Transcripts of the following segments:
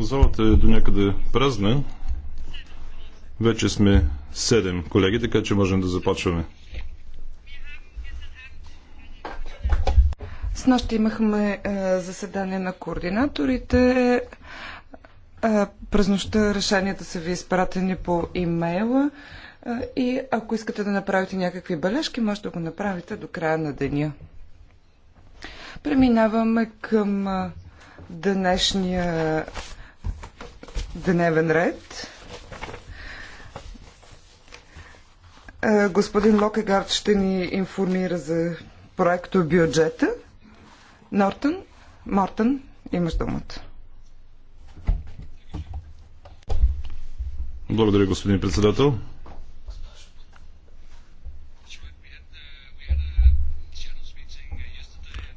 Залата е до някъде празна. Вече сме 7 колеги, така че можем да започваме. С нощ имахме е, заседание на координаторите. Е, през нощта решенията са ви изпратени по имейла. Е, и ако искате да направите някакви бележки, може да го направите до края на деня. Преминаваме към днешния дневен ред. Е, господин Локегард ще ни информира за проекто бюджета. Нортън, Мортън, имаш думата. Благодаря, господин председател.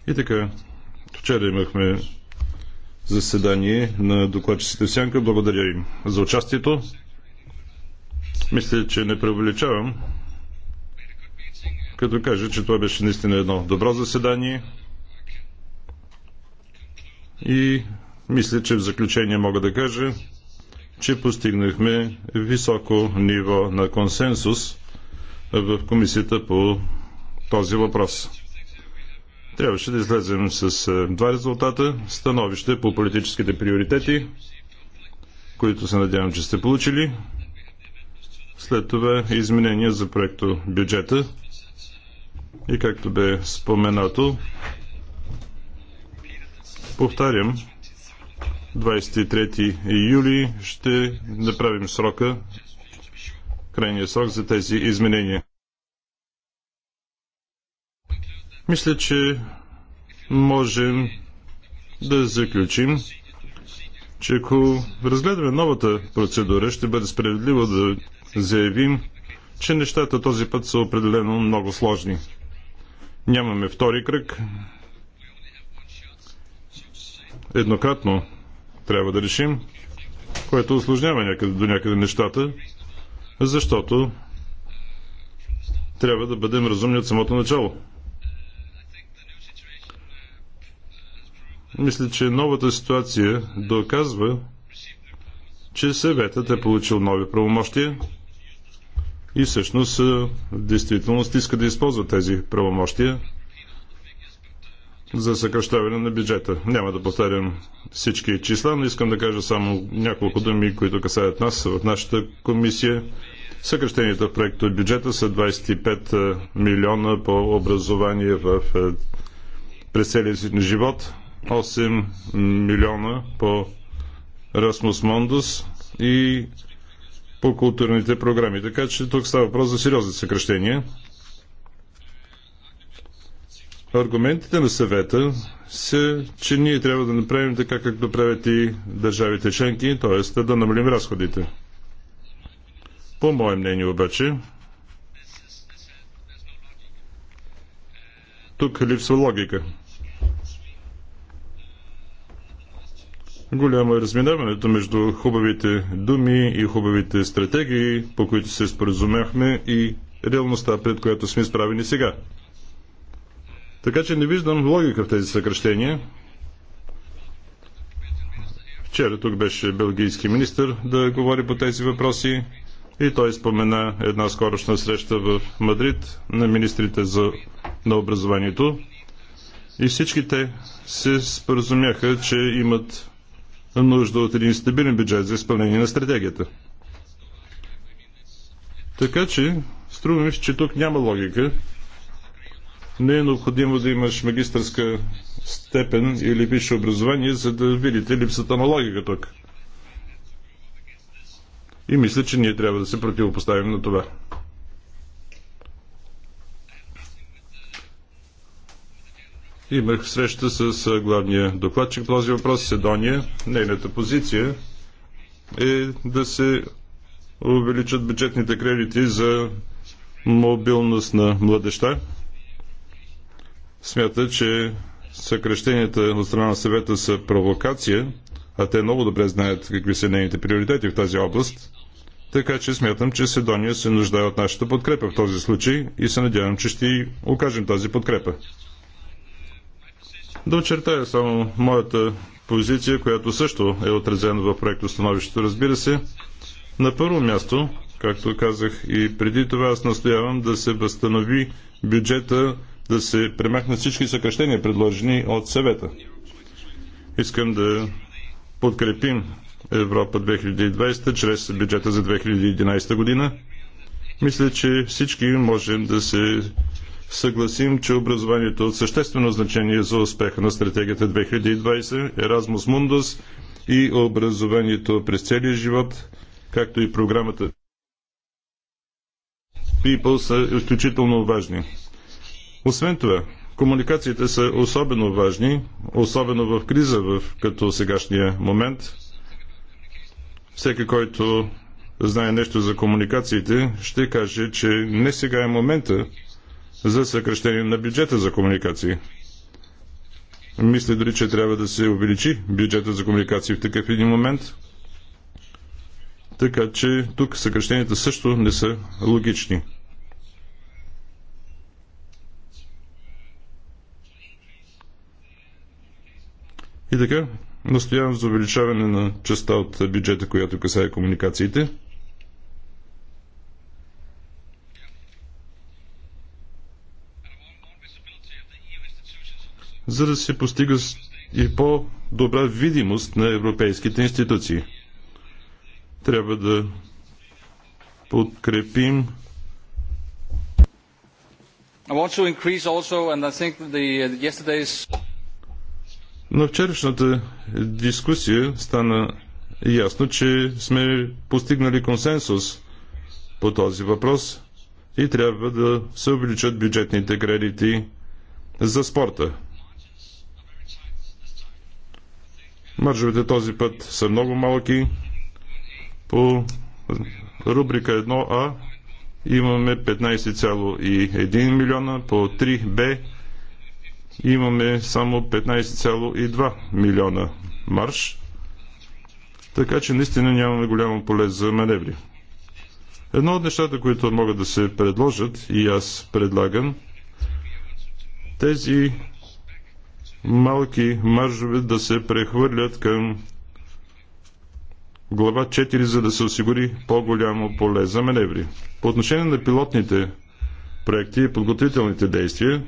И така, вчера имахме заседание на докладчиците в Сянка. Благодаря им за участието. Мисля, че не преувеличавам, като кажа, че това беше наистина едно добро заседание. И мисля, че в заключение мога да кажа, че постигнахме високо ниво на консенсус в комисията по този въпрос трябваше да излезем с е, два резултата. Становище по политическите приоритети, които се надявам, че сте получили. След това изменения за проекто бюджета. И както бе споменато, повтарям, 23 юли ще направим срока, крайния срок за тези изменения. Мисля, че можем да заключим, че ако разгледаме новата процедура, ще бъде справедливо да заявим, че нещата този път са определено много сложни. Нямаме втори кръг. Еднократно трябва да решим, което осложнява някъде, до някъде нещата, защото трябва да бъдем разумни от самото начало. Мисля, че новата ситуация доказва, че съветът е получил нови правомощия и всъщност в действителност иска да използва тези правомощия за съкръщаване на бюджета. Няма да повтарям всички числа, но искам да кажа само няколко думи, които касаят нас в нашата комисия. Съкръщенията в проекта от бюджета са 25 милиона по образование в през целия си живот, 8 милиона по Расмус Мондус и по културните програми. Така че тук става въпрос за сериозни съкръщения. Аргументите на съвета са, че ние трябва да направим така, както правят и държавите членки, т.е. да намалим разходите. По мое мнение обаче, тук липсва логика. Голямо е разминаването между хубавите думи и хубавите стратегии, по които се споразумяхме и реалността, пред която сме изправени сега. Така че не виждам логика в тези съкръщения. Вчера тук беше белгийски министр да говори по тези въпроси и той спомена една скорошна среща в Мадрид на министрите за, на образованието и всички те се споразумяха, че имат нужда от един стабилен бюджет за изпълнение на стратегията. Така че, струва ми се, че тук няма логика. Не е необходимо да имаш магистърска степен или висше образование, за да видите липсата на логика тук. И мисля, че ние трябва да се противопоставим на това. Имах среща с главния докладчик по този въпрос, Седония. Нейната позиция е да се увеличат бюджетните кредити за мобилност на младеща. Смята, че съкрещенията от страна на съвета са провокация, а те много добре знаят какви са нейните приоритети в тази област. Така че смятам, че Седония се нуждае от нашата подкрепа в този случай и се надявам, че ще окажем тази подкрепа. Да очертая само моята позиция, която също е отразена в проекто становището, разбира се. На първо място, както казах и преди това, аз настоявам да се възстанови бюджета, да се премахнат всички съкръщения, предложени от съвета. Искам да подкрепим Европа 2020 чрез бюджета за 2011 година. Мисля, че всички можем да се съгласим, че образованието е от съществено значение за успеха на стратегията 2020, Erasmus Mundus и образованието през целия живот, както и програмата People са изключително важни. Освен това, комуникациите са особено важни, особено в криза, в като сегашния момент. Всеки, който знае нещо за комуникациите, ще каже, че не сега е момента за съкръщение на бюджета за комуникации. Мисля дори, че трябва да се увеличи бюджета за комуникации в такъв един момент. Така че тук съкръщенията също не са логични. И така, настоявам за увеличаване на частта от бюджета, която касае комуникациите. за да се постига и по-добра видимост на европейските институции. Трябва да подкрепим на вчерашната дискусия стана ясно, че сме постигнали консенсус по този въпрос и трябва да се увеличат бюджетните кредити за спорта. Маржовете този път са много малки. По рубрика 1А имаме 15,1 милиона, по 3Б имаме само 15,2 милиона марш. Така че наистина нямаме голямо поле за маневри. Едно от нещата, които могат да се предложат и аз предлагам, тези малки маржове да се прехвърлят към глава 4, за да се осигури по-голямо поле за маневри. По отношение на пилотните проекти и подготвителните действия,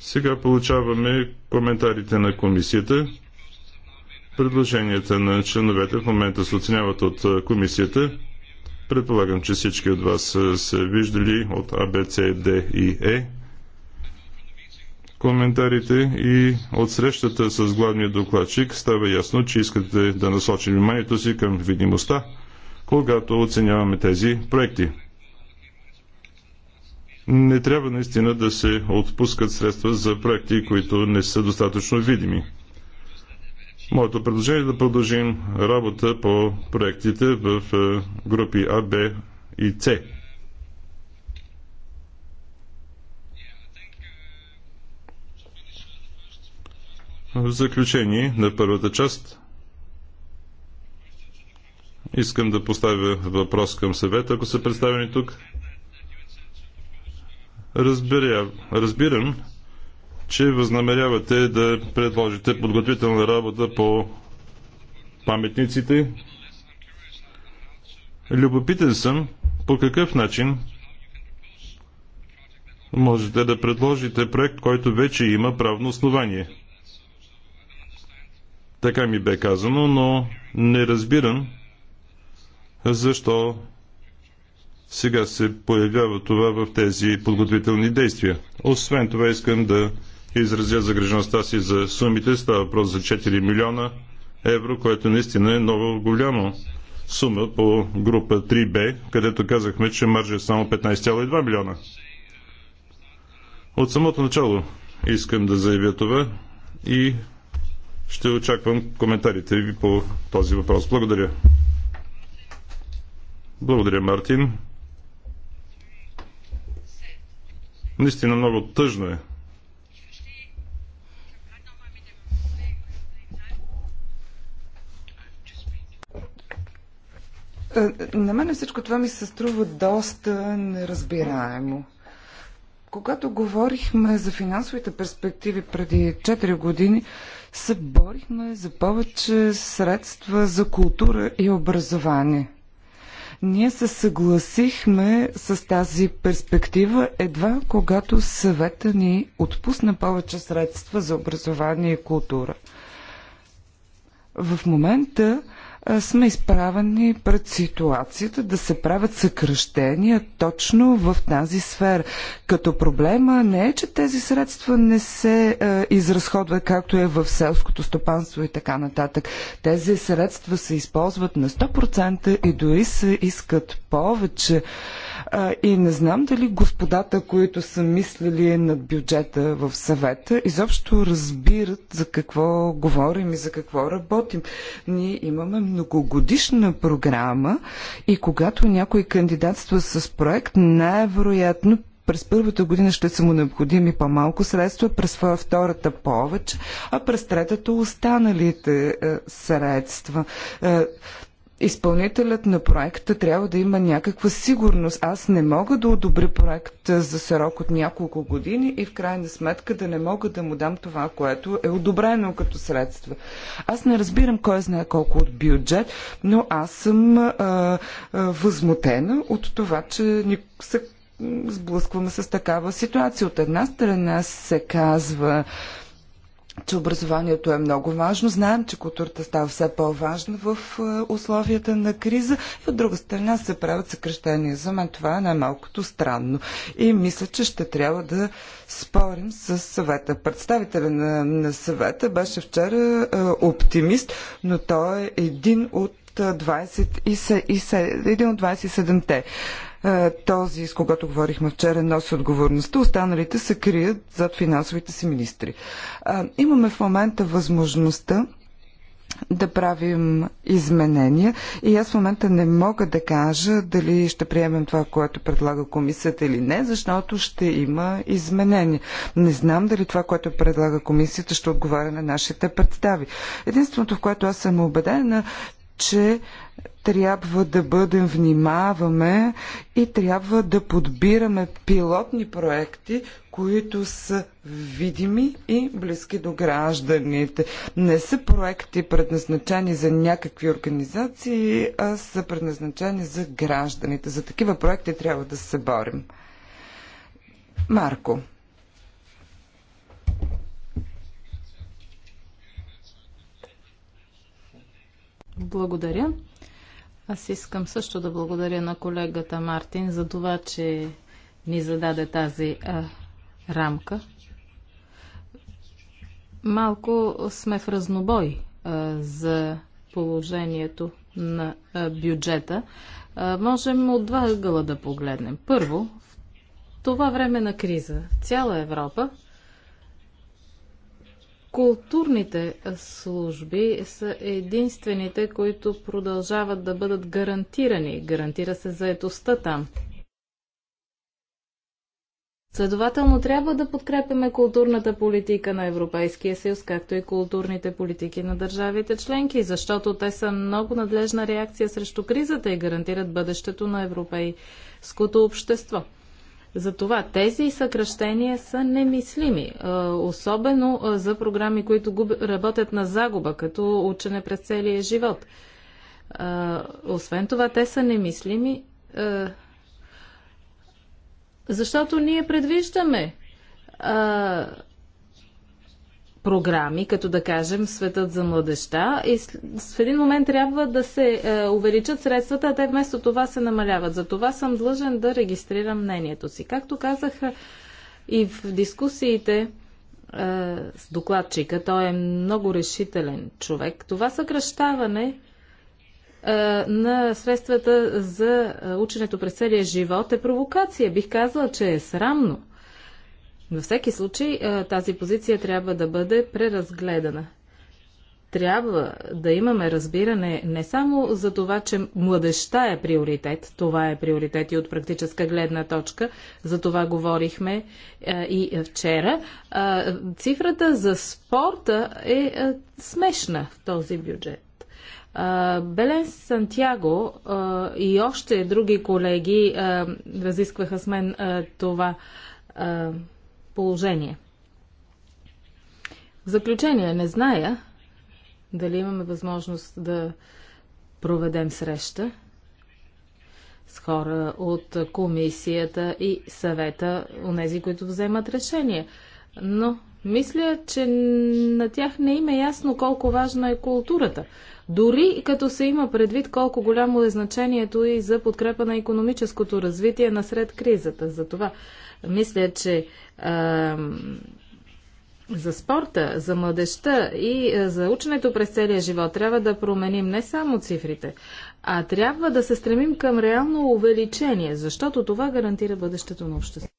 сега получаваме коментарите на комисията. Предложенията на членовете в момента се оценяват от комисията. Предполагам, че всички от вас са виждали от А, Б, С, Д и Е. E коментарите и от срещата с главния докладчик става ясно, че искате да насочим вниманието си към видимостта, когато оценяваме тези проекти. Не трябва наистина да се отпускат средства за проекти, които не са достатъчно видими. Моето предложение е да продължим работа по проектите в е, групи А, Б и С. В заключение на първата част искам да поставя въпрос към съвета, ако са представени тук. Разбира, разбирам, че възнамерявате да предложите подготвителна работа по паметниците. Любопитен съм по какъв начин можете да предложите проект, който вече има правно основание – така ми бе казано, но не разбирам защо сега се появява това в тези подготвителни действия. Освен това искам да изразя загрежеността си за сумите. Става въпрос за 4 милиона евро, което наистина е много голямо сума по група 3Б, където казахме, че маржа е само 15,2 милиона. От самото начало искам да заявя това и ще очаквам коментарите ви по този въпрос. Благодаря. Благодаря, Мартин. Наистина много тъжно е. е на мен всичко това ми се струва доста неразбираемо. Когато говорихме за финансовите перспективи преди 4 години, се борихме за повече средства за култура и образование. Ние се съгласихме с тази перспектива едва когато съвета ни отпусна повече средства за образование и култура. В момента е, сме изправени пред ситуацията да се правят съкръщения точно в тази сфера. Като проблема не е, че тези средства не се е, изразходват както е в селското стопанство и така нататък. Тези средства се използват на 100% и дори се искат повече. И не знам дали господата, които са мислили над бюджета в съвета, изобщо разбират за какво говорим и за какво работим. Ние имаме многогодишна програма и когато някой кандидатства с проект, най-вероятно през първата година ще са му необходими по-малко средства, през втората повече, а през третата останалите е, средства. Е, изпълнителят на проекта трябва да има някаква сигурност. Аз не мога да одобря проект за срок от няколко години и в крайна сметка да не мога да му дам това, което е одобрено като средства. Аз не разбирам кой знае колко от бюджет, но аз съм а, а, възмутена от това, че ни се сблъскваме с такава ситуация. От една страна се казва, че образованието е много важно. Знаем, че културата става все по-важна в е, условията на криза. И от друга страна се правят съкрещения. За мен това е най-малкото странно. И мисля, че ще трябва да спорим с съвета. Представителя на, на съвета беше вчера е, оптимист, но той е един от 27, е, един от 27-те. Е, този, с когато говорихме вчера, носи отговорността. Останалите се крият зад финансовите си министри. Е, имаме в момента възможността да правим изменения. И аз в момента не мога да кажа дали ще приемем това, което предлага комисията или не, защото ще има изменения. Не знам дали това, което предлага комисията, ще отговаря на нашите представи. Единственото, в което аз съм убедена, че трябва да бъдем внимаваме и трябва да подбираме пилотни проекти, които са видими и близки до гражданите. Не са проекти предназначени за някакви организации, а са предназначени за гражданите. За такива проекти трябва да се борим. Марко. Благодаря. Аз искам също да благодаря на колегата Мартин за това, че ни зададе тази а, рамка. Малко сме в разнобой а, за положението на а, бюджета. А, можем от два гъла да погледнем. Първо, в това време на криза цяла Европа Културните служби са единствените, които продължават да бъдат гарантирани. Гарантира се заетостта там. Следователно трябва да подкрепяме културната политика на Европейския съюз, както и културните политики на държавите членки, защото те са много надлежна реакция срещу кризата и гарантират бъдещето на европейското общество. Затова тези съкръщения са немислими, особено за програми, които работят на загуба, като учене през целия живот. Освен това, те са немислими, защото ние предвиждаме програми, като да кажем Светът за младеща. И в един момент трябва да се е, увеличат средствата, а те вместо това се намаляват. За това съм длъжен да регистрирам мнението си. Както казах е, и в дискусиите е, с докладчика, той е много решителен човек. Това съкръщаване е, на средствата за е, ученето през целия живот е провокация. Бих казала, че е срамно. Във всеки случай е, тази позиция трябва да бъде преразгледана. Трябва да имаме разбиране не само за това, че младеща е приоритет, това е приоритет и от практическа гледна точка, за това говорихме е, и вчера. Цифрата за спорта е, е смешна в този бюджет. Белен Сантьяго и още други колеги разискваха с мен това положение. В заключение, не зная дали имаме възможност да проведем среща с хора от комисията и съвета, онези, които вземат решение. Но мисля, че на тях не им е ясно колко важна е културата. Дори като се има предвид колко голямо е значението и за подкрепа на економическото развитие насред кризата. Затова мисля, че а, за спорта, за младеща и е, за ученето през целия живот трябва да променим не само цифрите, а трябва да се стремим към реално увеличение, защото това гарантира бъдещето на обществото.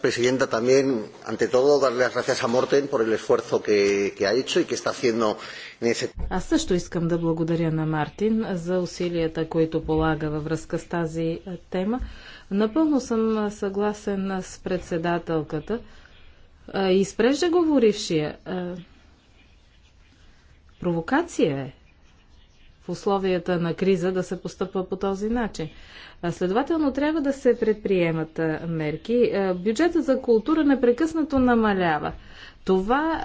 Presidenta, también, ante todo, darle las gracias a Morten por el esfuerzo que, que ha hecho y que está haciendo en ese... Аз също искам да благодаря на Мартин за усилията, които полага във връзка с тази тема. Напълно съм съгласен с председателката и с преждеговорившия. Провокация е в условията на криза да се постъпва по този начин. Следователно трябва да се предприемат мерки. Бюджетът за култура непрекъснато намалява. Това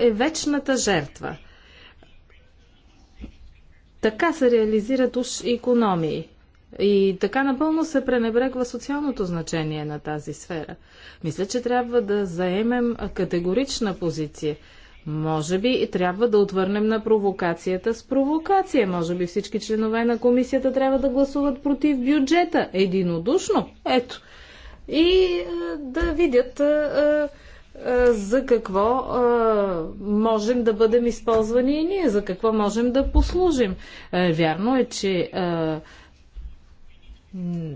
е вечната жертва. Така се реализират уж економии. И така напълно се пренебрегва социалното значение на тази сфера. Мисля, че трябва да заемем категорична позиция – може би и трябва да отвърнем на провокацията с провокация. Може би всички членове на комисията трябва да гласуват против бюджета единодушно. Ето. И да видят за какво е, можем да бъдем използвани и ние, за какво можем да послужим. Е, вярно е, че е,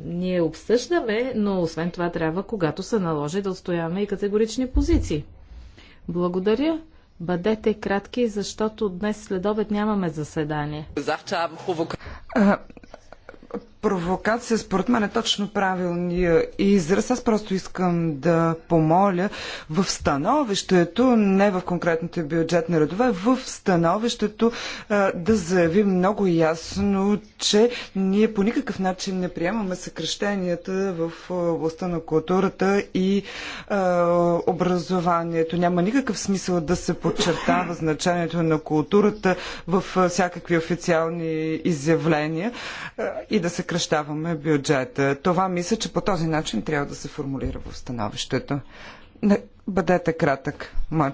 ние обсъждаме, но освен това трябва, когато се наложи, да отстояваме и категорични позиции. Благодаря. Бъдете кратки, защото днес след обед нямаме заседание. А, провокация, според мен е точно правилния израз. Аз просто искам да помоля в становището, не в конкретните бюджетни редове, в становището да заявим много ясно, че ние по никакъв начин не приемаме съкрещенията в областта на културата и образованието. Няма никакъв смисъл да се подчертава значението на културата в всякакви официални изявления и да се съкръщаваме бюджета. Това мисля, че по този начин трябва да се формулира в становището. Не, бъдете кратък, моля.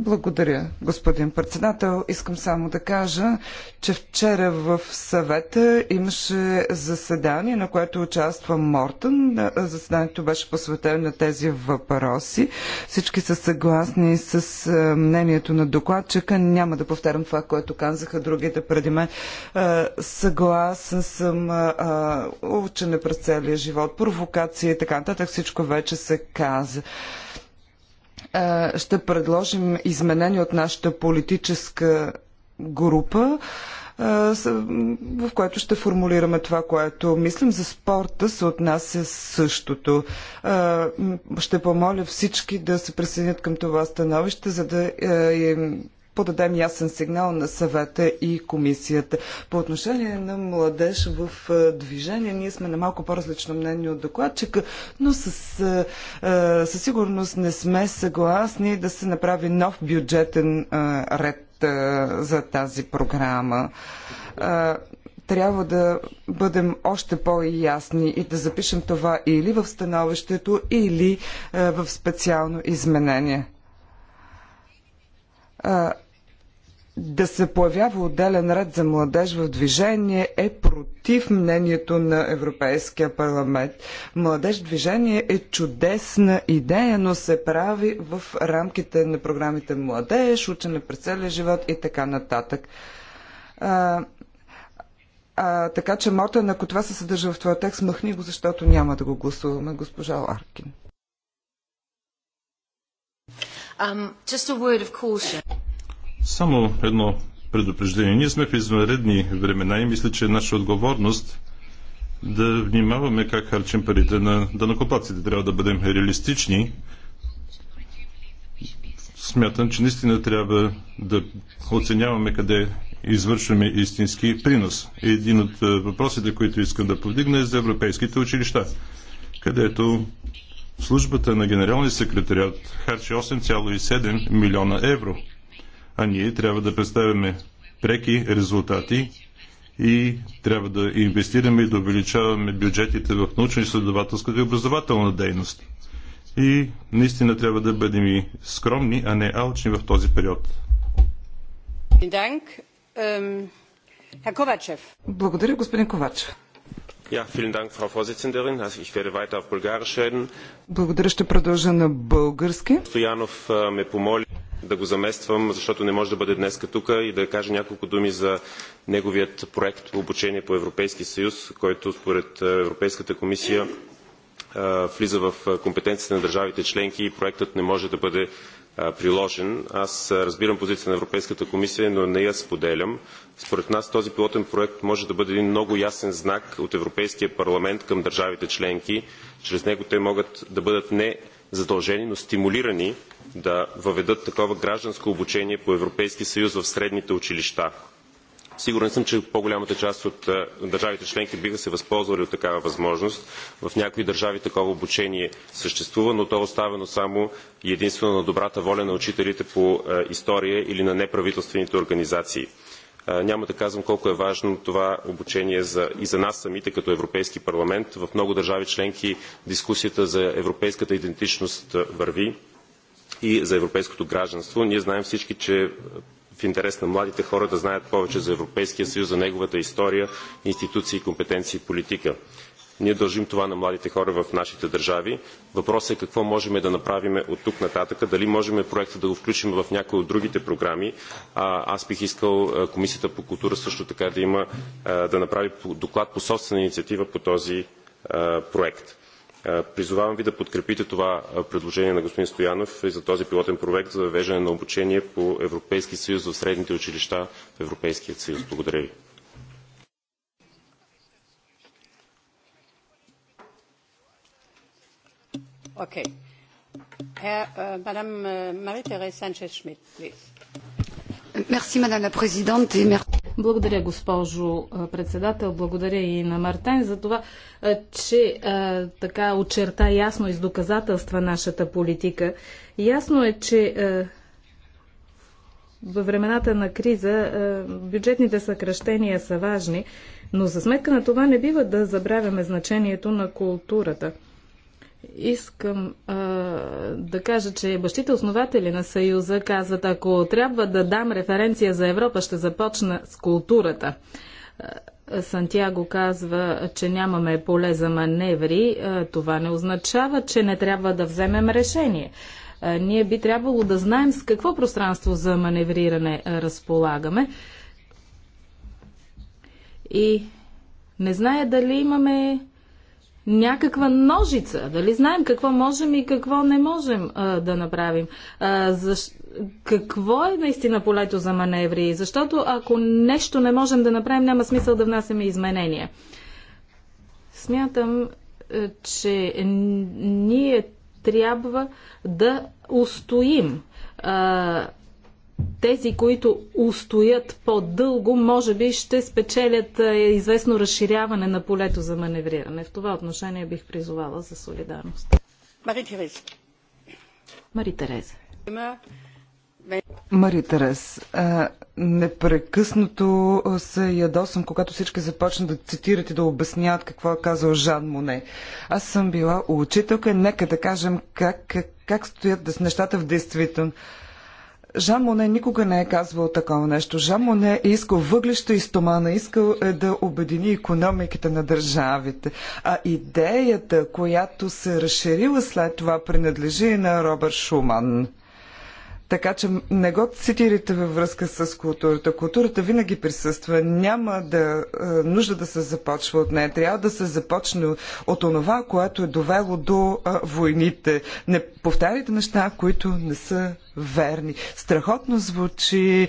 Благодаря, господин председател. Искам само да кажа, че вчера в съвета имаше заседание, на което участва Мортън. Заседанието беше посветено на тези въпроси. Всички са съгласни с е, мнението на докладчика. Няма да повтарям това, което казаха другите преди мен. Е, съгласен съм, е, учене през целия живот, провокация и така нататък. Всичко вече се каза. Е, ще предложим изменения от нашата политическа група, е, в което ще формулираме това, което мислим. За спорта се отнася същото. Е, ще помоля всички да се присъединят към това становище, за да им подадем ясен сигнал на съвета и комисията. По отношение на младеж в е, движение, ние сме на малко по-различно мнение от докладчика, но с, е, е, със сигурност не сме съгласни да се направи нов бюджетен ред за тази програма трябва да бъдем още по-ясни и да запишем това или в становището, или в специално изменение да се появява отделен ред за младеж в движение е против мнението на Европейския парламент. Младеж в движение е чудесна идея, но се прави в рамките на програмите Младеж, учене през целия живот и така нататък. А, а, така че, Мортен, ако това се съдържа в твоя текст, махни го, защото няма да го гласуваме, госпожа Ларкин. Um, Само едно предупреждение. Ние сме в извънредни времена и мисля, че е наша отговорност да внимаваме как харчим парите на данакоплаците. Трябва да бъдем реалистични. Смятам, че наистина трябва да оценяваме къде извършваме истински принос. Един от е, въпросите, които искам да повдигна е за европейските училища, където Службата на генералния секретариат харчи 8,7 милиона евро, а ние трябва да представяме преки резултати и трябва да инвестираме и да увеличаваме бюджетите в научно-изследователската и образователна дейност. И наистина трябва да бъдем и скромни, а не алчни в този период. Ähm, Благодаря, господин Ковачев. Благодаря, ще продължа на български. Стоянов ме помоли да го замествам, защото не може да бъде днес тук и да каже няколко думи за неговият проект по обучение по Европейски съюз, който според Европейската комисия влиза в компетенциите на държавите членки и проектът не може да бъде приложен. Аз разбирам позицията на Европейската комисия, но не я споделям. Според нас този пилотен проект може да бъде един много ясен знак от Европейския парламент към държавите членки. Чрез него те могат да бъдат не задължени, но стимулирани да въведат такова гражданско обучение по Европейски съюз в средните училища. Сигурен съм, че по-голямата част от държавите членки биха се възползвали от такава възможност. В някои държави такова обучение съществува, но то е оставено само и единствено на добрата воля на учителите по история или на неправителствените организации. Няма да казвам колко е важно това обучение за, и за нас самите като Европейски парламент. В много държави членки дискусията за европейската идентичност върви и за европейското гражданство. Ние знаем всички, че в интерес на младите хора да знаят повече за Европейския съюз, за неговата история, институции, компетенции и политика. Ние дължим това на младите хора в нашите държави. Въпросът е какво можем да направим от тук нататък, дали можем проекта да го включим в някои от другите програми. А, аз бих искал Комисията по култура също така да има да направи доклад по собствена инициатива по този проект. Е, призовавам ви да подкрепите това е, предложение на господин Стоянов и за този пилотен проект за въвеждане на обучение по Европейски съюз в средните училища в Европейския съюз. Благодаря ви. Okay. Herr, äh, Madame äh, Marie-Thérèse Sanchez-Schmidt, please. Merci, Madame la Présidente, et merci. Благодаря, госпожо председател. Благодаря и на Мартен за това, че така очерта ясно из доказателства нашата политика. Ясно е, че във времената на криза бюджетните съкръщения са важни, но за сметка на това не бива да забравяме значението на културата – Искам а, да кажа, че бащите основатели на Съюза казват, ако трябва да дам референция за Европа, ще започна с културата. Сантьяго казва, че нямаме поле за маневри. Това не означава, че не трябва да вземем решение. Ние би трябвало да знаем с какво пространство за маневриране разполагаме. И не зная дали имаме някаква ножица, дали знаем какво можем и какво не можем а, да направим. А, защ... Какво е наистина полето за маневри? Защото ако нещо не можем да направим, няма смисъл да внасяме изменения. Смятам, че ние трябва да устоим. А, тези, които устоят по-дълго, може би ще спечелят е, известно разширяване на полето за маневриране. В това отношение бих призовала за солидарност. Мари Терез. Мари Тереза. Мари Терес, непрекъснато се ядосам, когато всички започнат да цитират и да обясняват какво е казал Жан Моне. Аз съм била учителка, нека да кажем как, как стоят нещата в действителност. Жан Моне никога не е казвал такова нещо. Жан Моне е искал въглища и стомана, искал е да обедини економиките на държавите. А идеята, която се разширила след това, принадлежи и на Робър Шуман. Така че не го цитирайте във връзка с културата. Културата винаги присъства. Няма да, е, нужда да се започва от нея. Трябва да се започне от, от онова, което е довело до е, войните. Не повтаряйте неща, които не са верни. Страхотно звучи, е,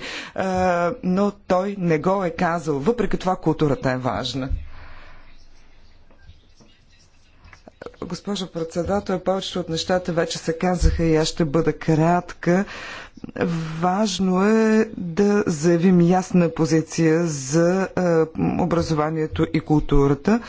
но той не го е казал. Въпреки това културата е важна. Госпожо председател, повечето от нещата вече се казаха и аз ще бъда кратка. Важно е да заявим ясна позиция за е, образованието и културата.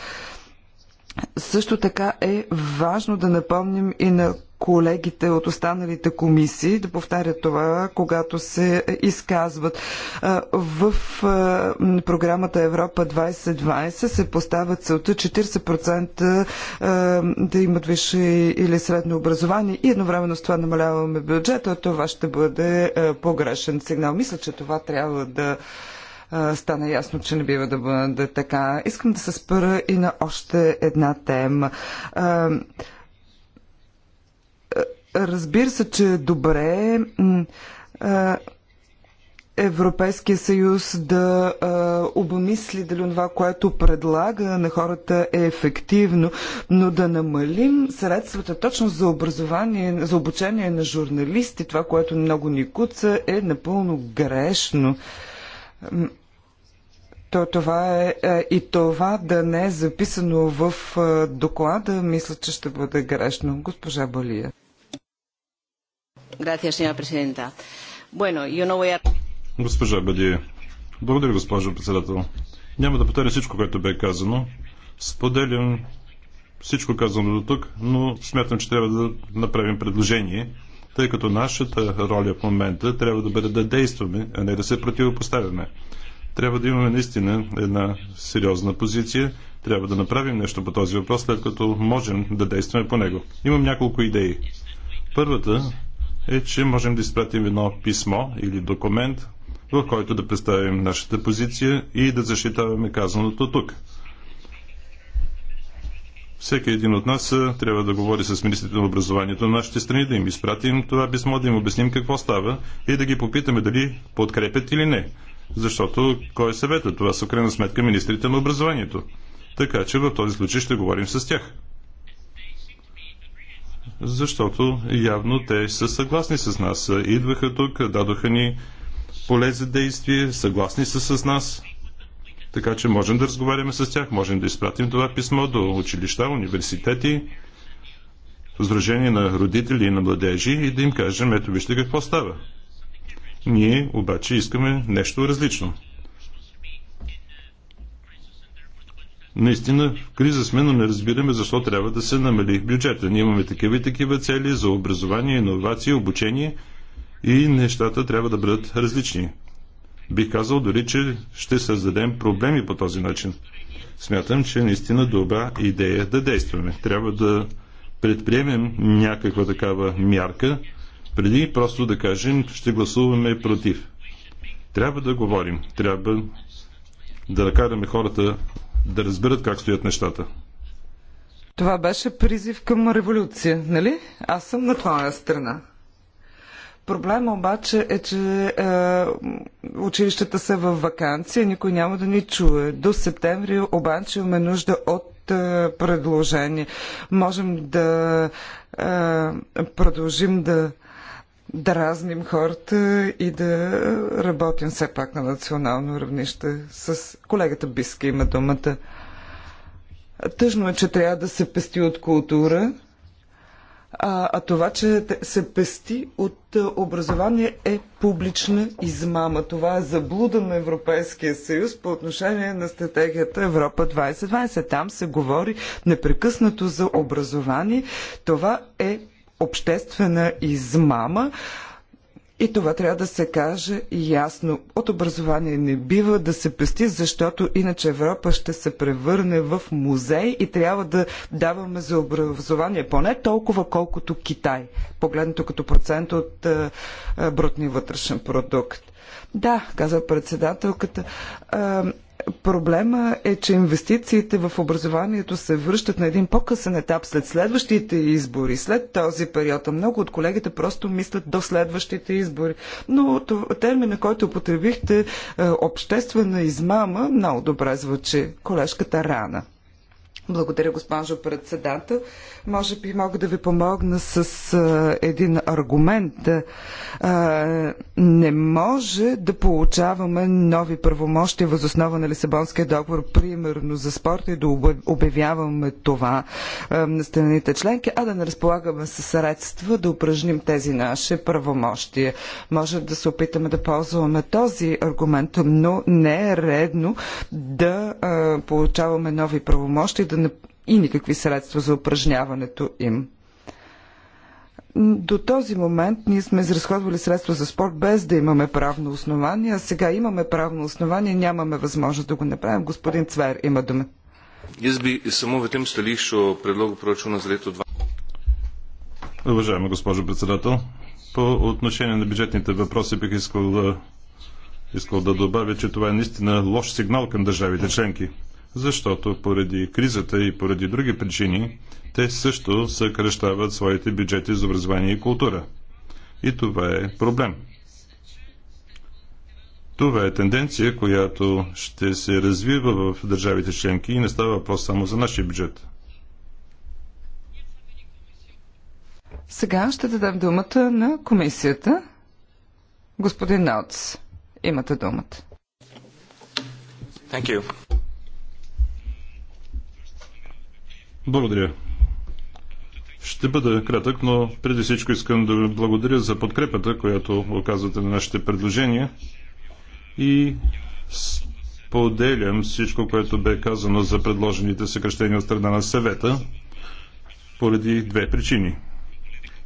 Също така е важно да напомним и на колегите от останалите комисии да повтарят това, когато се изказват. В програмата Европа 2020 се поставят целта 40% да имат висше или средно образование и едновременно с това намаляваме бюджета. Това ще бъде погрешен сигнал. Мисля, че това трябва да стана ясно, че не бива да бъде така. Искам да се спъра и на още една тема. Разбира се, че е добре Европейския съюз да обмисли дали това, което предлага на хората е ефективно, но да намалим средствата точно за образование, за обучение на журналисти, това, което много ни куца, е напълно грешно. То, това е, е, и това да не е записано в доклада, мисля, че ще бъде грешно. Госпожа Балия. Госпожа Бадие. Благодаря, госпожо председател. Няма да повторя всичко, което бе казано. Споделям всичко казано до тук, но смятам, че трябва да направим предложение, тъй като нашата роля в момента трябва да бъде да действаме, а не да се противопоставяме. Трябва да имаме наистина една сериозна позиция, трябва да направим нещо по този въпрос, след като можем да действаме по него. Имам няколко идеи. Първата е, че можем да изпратим едно писмо или документ, в който да представим нашата позиция и да защитаваме казаното тук. Всеки един от нас е, трябва да говори с министрите на образованието на нашите страни, да им изпратим това писмо, да им обясним какво става и да ги попитаме дали подкрепят или не. Защото кой е съвета? Това са крайна сметка министрите на образованието. Така че в този случай ще говорим с тях защото явно те са съгласни с нас. Идваха тук, дадоха ни поле за действие, съгласни са с нас. Така че можем да разговаряме с тях, можем да изпратим това писмо до училища, университети, Сдружение на родители и на младежи и да им кажем, ето вижте какво става. Ние обаче искаме нещо различно. Наистина в криза сме, но не разбираме защо трябва да се намали бюджета. Ние имаме такива и такива цели за образование, иновации, обучение и нещата трябва да бъдат различни. Бих казал дори, че ще създадем проблеми по този начин. Смятам, че е наистина добра идея да действаме. Трябва да предприемем някаква такава мярка, преди просто да кажем, ще гласуваме против. Трябва да говорим, трябва да накараме хората да разберат как стоят нещата. Това беше призив към революция, нали? Аз съм на твоя страна. Проблема обаче е, че е, училищата са във вакансия, никой няма да ни чуе. До септември обаче имаме нужда от е, предложение. Можем да е, продължим да дразним хората и да работим все пак на национално равнище. С колегата Биска има думата. Тъжно е, че трябва да се пести от култура, а, а това, че се пести от образование е публична измама. Това е заблуда на Европейския съюз по отношение на стратегията Европа 2020. Там се говори непрекъснато за образование. Това е обществена измама. И това трябва да се каже ясно. От образование не бива да се пести, защото иначе Европа ще се превърне в музей и трябва да даваме за образование поне толкова, колкото Китай, погледнато като процент от е, е, брутния вътрешен продукт. Да, каза председателката. Е, Проблема е, че инвестициите в образованието се връщат на един по-късен етап след следващите избори, след този период. А много от колегите просто мислят до следващите избори. Но термина, който употребихте, е, обществена измама, много добре звучи. Колежката Рана. Благодаря, госпожо председател. Може би мога да ви помогна с а, един аргумент. А, не може да получаваме нови правомощия възоснова на Лисабонския договор, примерно за спорта и да обявяваме това а, на страните членки, а да не разполагаме със средства да упражним тези наши правомощия. Може да се опитаме да ползваме този аргумент, но не е редно да а, получаваме нови правомощия не... и никакви средства за упражняването им. До този момент ние сме изразходвали средства за спорт без да имаме правно основание, а сега имаме правно основание и нямаме възможност да го направим. Господин Цвер има дума. Аз би само в тем stališču o predlogu за лето 2. Уважаема госпожо председател, по отношение на бюджетните въпроси бих искал да, искал да добавя, че това е наистина лош сигнал към държавите членки защото поради кризата и поради други причини те също съкръщават своите бюджети за образование и култура. И това е проблем. Това е тенденция, която ще се развива в държавите членки и не става въпрос само за нашия бюджет. Сега ще дадем думата на комисията. Господин Наутс, имате думата. Thank you. Благодаря. Ще бъда кратък, но преди всичко искам да ви благодаря за подкрепата, която оказвате на нашите предложения и споделям всичко, което бе казано за предложените съкрещения от страна на съвета поради две причини.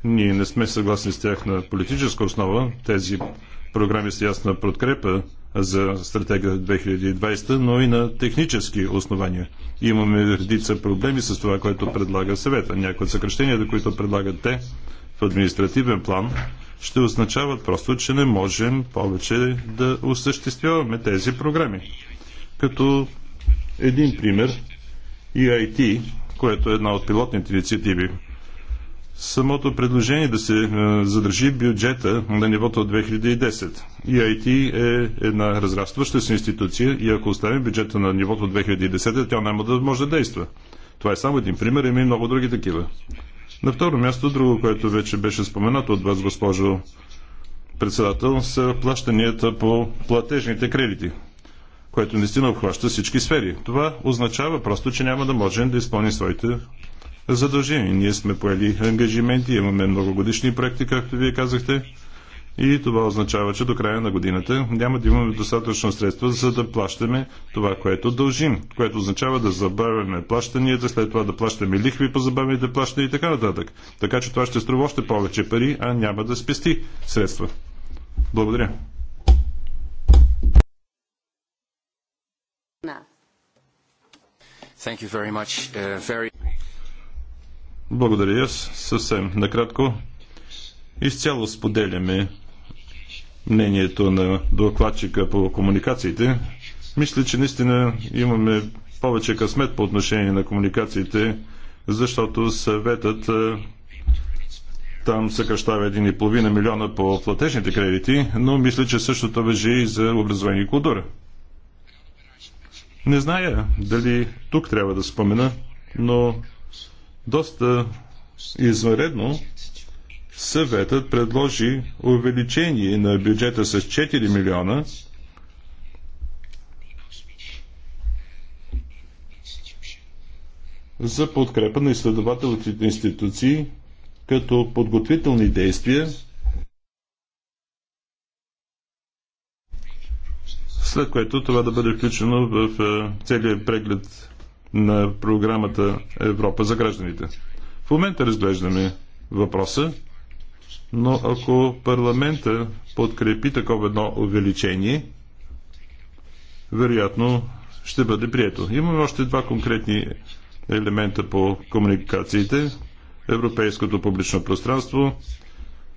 Ние не сме съгласни с тях на политическа основа. Тези програми с ясна подкрепа за стратегия 2020, но и на технически основания. Имаме редица проблеми с това, което предлага съвета. Някои от съкрещенията, които предлагат те в административен план, ще означават просто, че не можем повече да осъществяваме тези програми. Като един пример, EIT, което е една от пилотните инициативи самото предложение да се е, задържи бюджета на нивото от 2010. и IT е една разрастваща се институция и ако оставим бюджета на нивото от 2010, тя няма да може да действа. Това е само един пример, има и много други такива. На второ място, друго, което вече беше споменато от вас, госпожо председател, са плащанията по платежните кредити, което наистина обхваща всички сфери. Това означава просто, че няма да можем да изпълним своите задължение. Ние сме поели ангажименти, имаме многогодишни проекти, както вие казахте. И това означава, че до края на годината няма да имаме достатъчно средства, за да плащаме това, което дължим. Което означава да забавяме плащанията, след това да плащаме лихви по забавените плащания и така нататък. Така че това ще струва още повече пари, а няма да спести средства. Благодаря. Thank you very much. Uh, very... Благодаря аз. Съвсем накратко. Изцяло споделяме мнението на докладчика по комуникациите. Мисля, че наистина имаме повече късмет по отношение на комуникациите, защото съветът е, там съкръщава 1,5 милиона по платежните кредити, но мисля, че същото въжи и за образование и култура. Не зная дали тук трябва да спомена, но доста извънредно съветът предложи увеличение на бюджета с 4 милиона за подкрепа на изследователските институции като подготвителни действия след което това да бъде включено в е, целия преглед на програмата Европа за гражданите. В момента разглеждаме въпроса, но ако парламента подкрепи такова едно увеличение, вероятно ще бъде прието. Имаме още два конкретни елемента по комуникациите. Европейското публично пространство.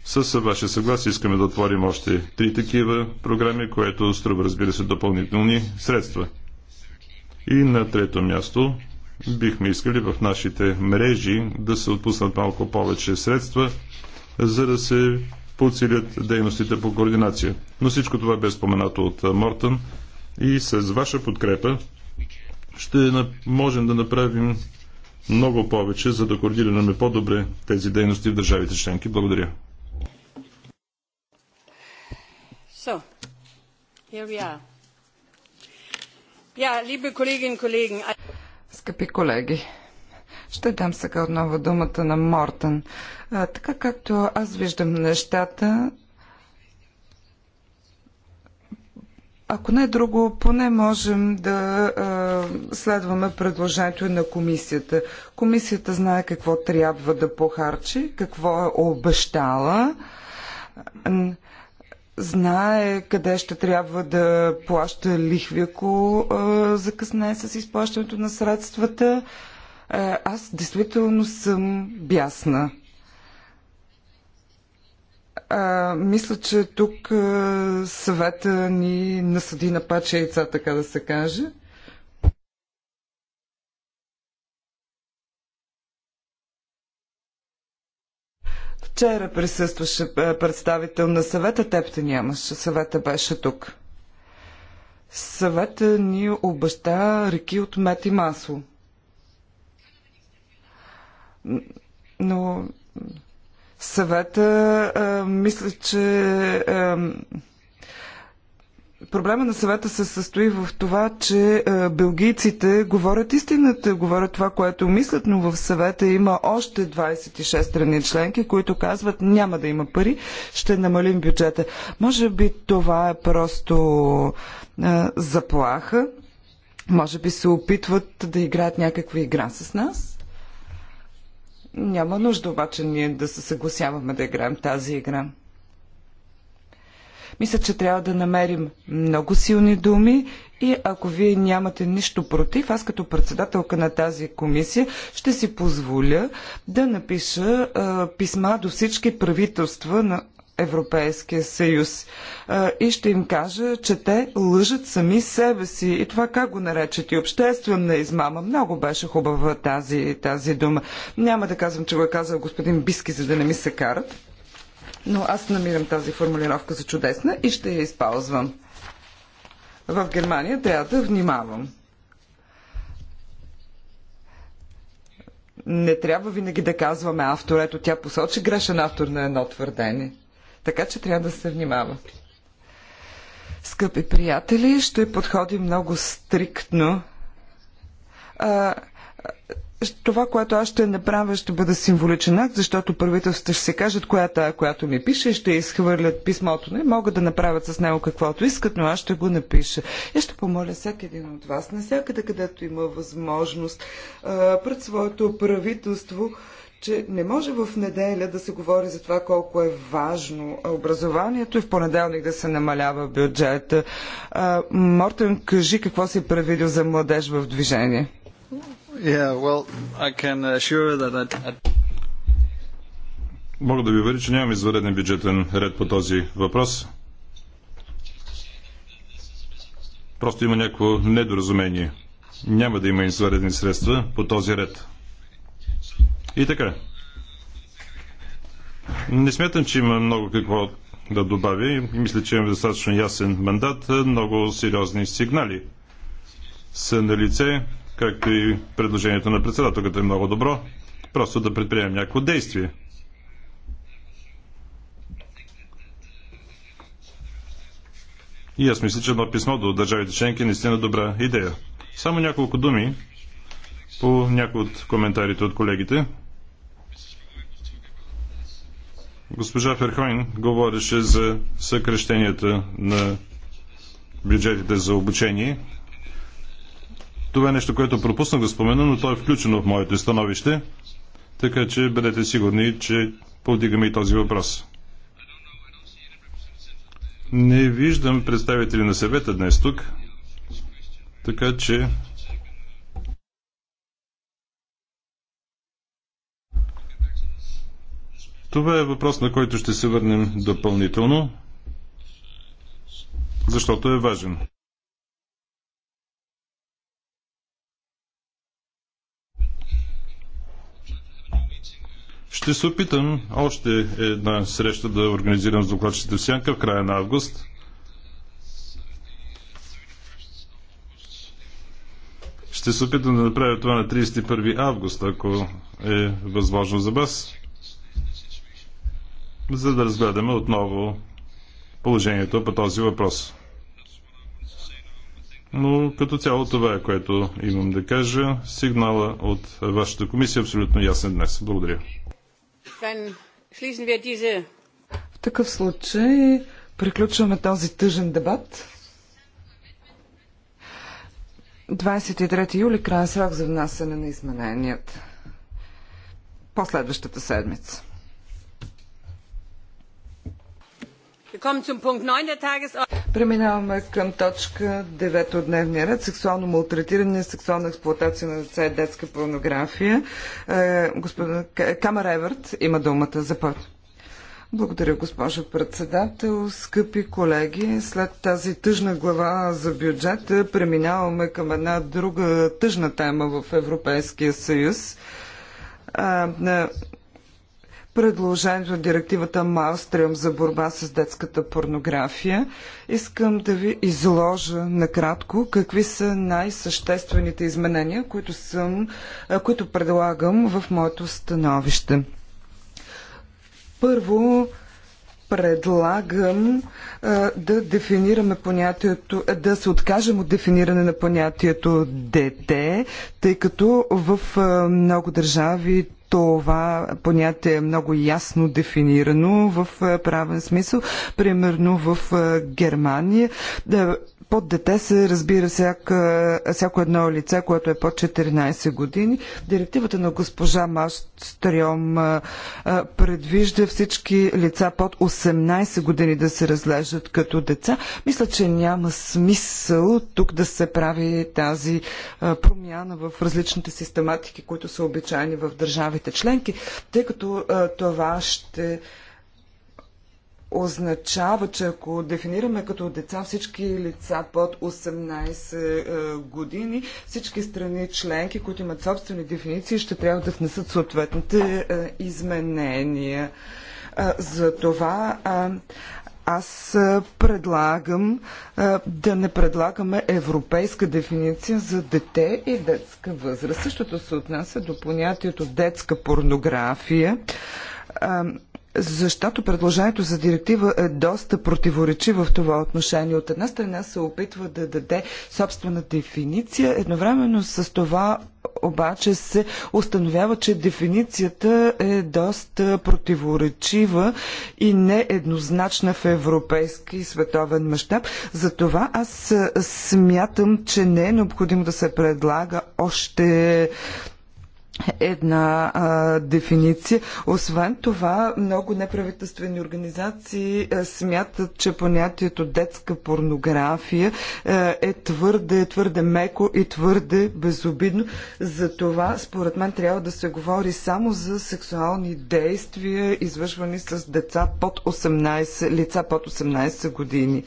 С ваше съгласие искаме да отворим още три такива програми, което струва, разбира се, допълнителни средства. И на трето място бихме искали в нашите мрежи да се отпуснат малко повече средства, за да се подсилят дейностите по координация. Но всичко това бе споменато от Мортън и с ваша подкрепа ще можем да направим много повече, за да координираме по-добре тези дейности в държавите членки. Благодаря. So, here we are. Скъпи колеги, ще дам сега отново думата на Мортън. А, така както аз виждам нещата, ако не е друго, поне можем да а, следваме предложението на комисията. Комисията знае какво трябва да похарчи, какво е обещала знае къде ще трябва да плаща лихви, ако закъсне с изплащането на средствата. Е, аз действително съм бясна. А, мисля, че тук а, съвета ни насъди на паче яйца, така да се каже. Вчера присъстваше е, представител на съвета, те нямаше, съвета беше тук. Съвета ни обеща реки от мед и масло. Но съвета а, е, мисля, че а, е, Проблема на съвета се състои в това, че е, белгийците говорят истината, говорят това, което мислят, но в съвета има още 26 страни членки, които казват няма да има пари, ще намалим бюджета. Може би това е просто е, заплаха. Може би се опитват да играят някаква игра с нас. Няма нужда обаче ние да се съгласяваме да играем тази игра. Мисля, че трябва да намерим много силни думи и ако вие нямате нищо против, аз като председателка на тази комисия ще си позволя да напиша а, писма до всички правителства на Европейския съюз а, и ще им кажа, че те лъжат сами себе си. И това как го наречат и Обществена измама. Много беше хубава тази, тази дума. Няма да казвам, че го е казал господин Биски, за да не ми се карат но аз намирам тази формулировка за чудесна и ще я използвам. В Германия трябва да внимавам. Не трябва винаги да казваме автор. Ето тя посочи грешен автор на едно твърдение. Така че трябва да се внимава. Скъпи приятели, ще подходим много стриктно. А, това, което аз ще направя, ще бъде символичен акт, защото правителствата ще се кажат, която, е която ми пише, ще изхвърлят писмото. Не могат да направят с него каквото искат, но аз ще го напиша. И ще помоля всеки един от вас, навсякъде, където има възможност, пред своето правителство, че не може в неделя да се говори за това колко е важно образованието и в понеделник да се намалява бюджета. Мортен, кажи какво си е правил за младеж в движение. Мога да ви уверя, че нямам извънреден бюджетен ред по този въпрос. Просто има някакво недоразумение. Няма да има извънредни средства по този ред. И така. Не смятам, че има много какво да добавя. Мисля, че имаме достатъчно ясен мандат. Много сериозни сигнали са на лице както и предложението на председателката е много добро, просто да предприемем някакво действие. И аз мисля, че едно писмо до държавите членки е наистина добра идея. Само няколко думи по някои от коментарите от колегите. Госпожа Ферхойн говореше за съкрещенията на бюджетите за обучение това е нещо, което пропуснах да спомена, но то е включено в моето становище, така че бъдете сигурни, че повдигаме и този въпрос. Не виждам представители на съвета днес тук, така че Това е въпрос, на който ще се върнем допълнително, защото е важен. Ще се опитам още една среща да организирам с докладчите в Сянка в края на август. Ще се опитам да направя това на 31 август, ако е възможно за вас, за да разгледаме отново положението по този въпрос. Но като цяло това е което имам да кажа. Сигнала от вашата комисия е абсолютно ясен днес. Благодаря. В такъв случай приключваме този тъжен дебат. 23 юли крайен срок за внасяне на измененията. Последващата седмица. Преминаваме към точка 9 от дневния ред. Сексуално малтретиране, сексуална експлуатация на деца и детска порнография. Е, господин Камера Еверт има думата за път. Благодаря, госпожо председател. Скъпи колеги, след тази тъжна глава за бюджета преминаваме към една друга тъжна тема в Европейския съюз е, предложението на директивата Малстрем за борба с детската порнография, искам да ви изложа накратко какви са най-съществените изменения, които, съм, които предлагам в моето становище. Първо, предлагам а, да дефинираме понятието, да се откажем от дефиниране на понятието дете, тъй като в а, много държави това понятие е много ясно дефинирано в е, правен смисъл. Примерно в е, Германия е, под дете се разбира всяка, всяко едно лице, което е под 14 години. Директивата на госпожа Мастриом предвижда всички лица под 18 години да се разглеждат като деца. Мисля, че няма смисъл тук да се прави тази промяна в различните систематики, които са обичайни в държавите държавите членки, тъй като това ще означава, че ако дефинираме като деца всички лица под 18 години, всички страни членки, които имат собствени дефиниции, ще трябва да внесат съответните изменения. За това аз предлагам да не предлагаме европейска дефиниция за дете и детска възраст. Същото се отнася до понятието детска порнография защото предложението за директива е доста противоречиво в това отношение. От една страна се опитва да даде собствена дефиниция, едновременно с това обаче се установява, че дефиницията е доста противоречива и не еднозначна в европейски и световен мащаб. Затова аз смятам, че не е необходимо да се предлага още една а, дефиниция. Освен това, много неправителствени организации а, смятат, че понятието детска порнография а, е твърде, твърде меко и твърде безобидно. За това, според мен, трябва да се говори само за сексуални действия, извършвани с деца под 18, лица под 18 години.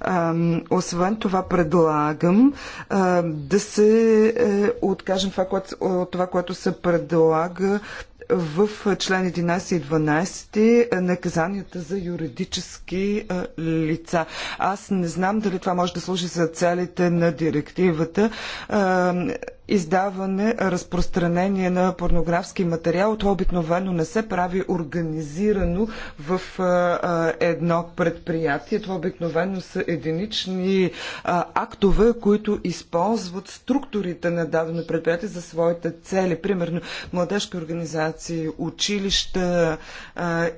А, освен това, предлагам а, да се а, е, откажем това, което, това, което се се предлага в член 11 и 12 наказанията за юридически лица. Аз не знам дали това може да служи за целите на директивата издаване, разпространение на порнографски материал, Това обикновено не се прави организирано в едно предприятие. Това обикновено са единични актове, които използват структурите на дадено предприятие за своите цели. Примерно младежки организации, училища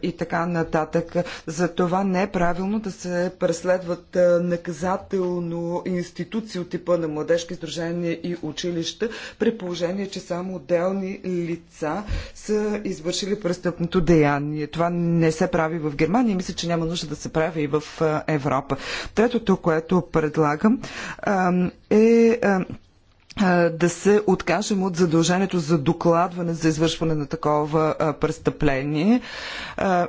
и така нататък. За това не е правилно да се преследват наказателно институции от типа на младежки сдружения и училища равнища, при положение, че само отделни лица са извършили престъпното деяние. Това не се прави в Германия и мисля, че няма нужда да се прави и в Европа. Третото, което предлагам е да се откажем от задължението за докладване за извършване на такова престъпление.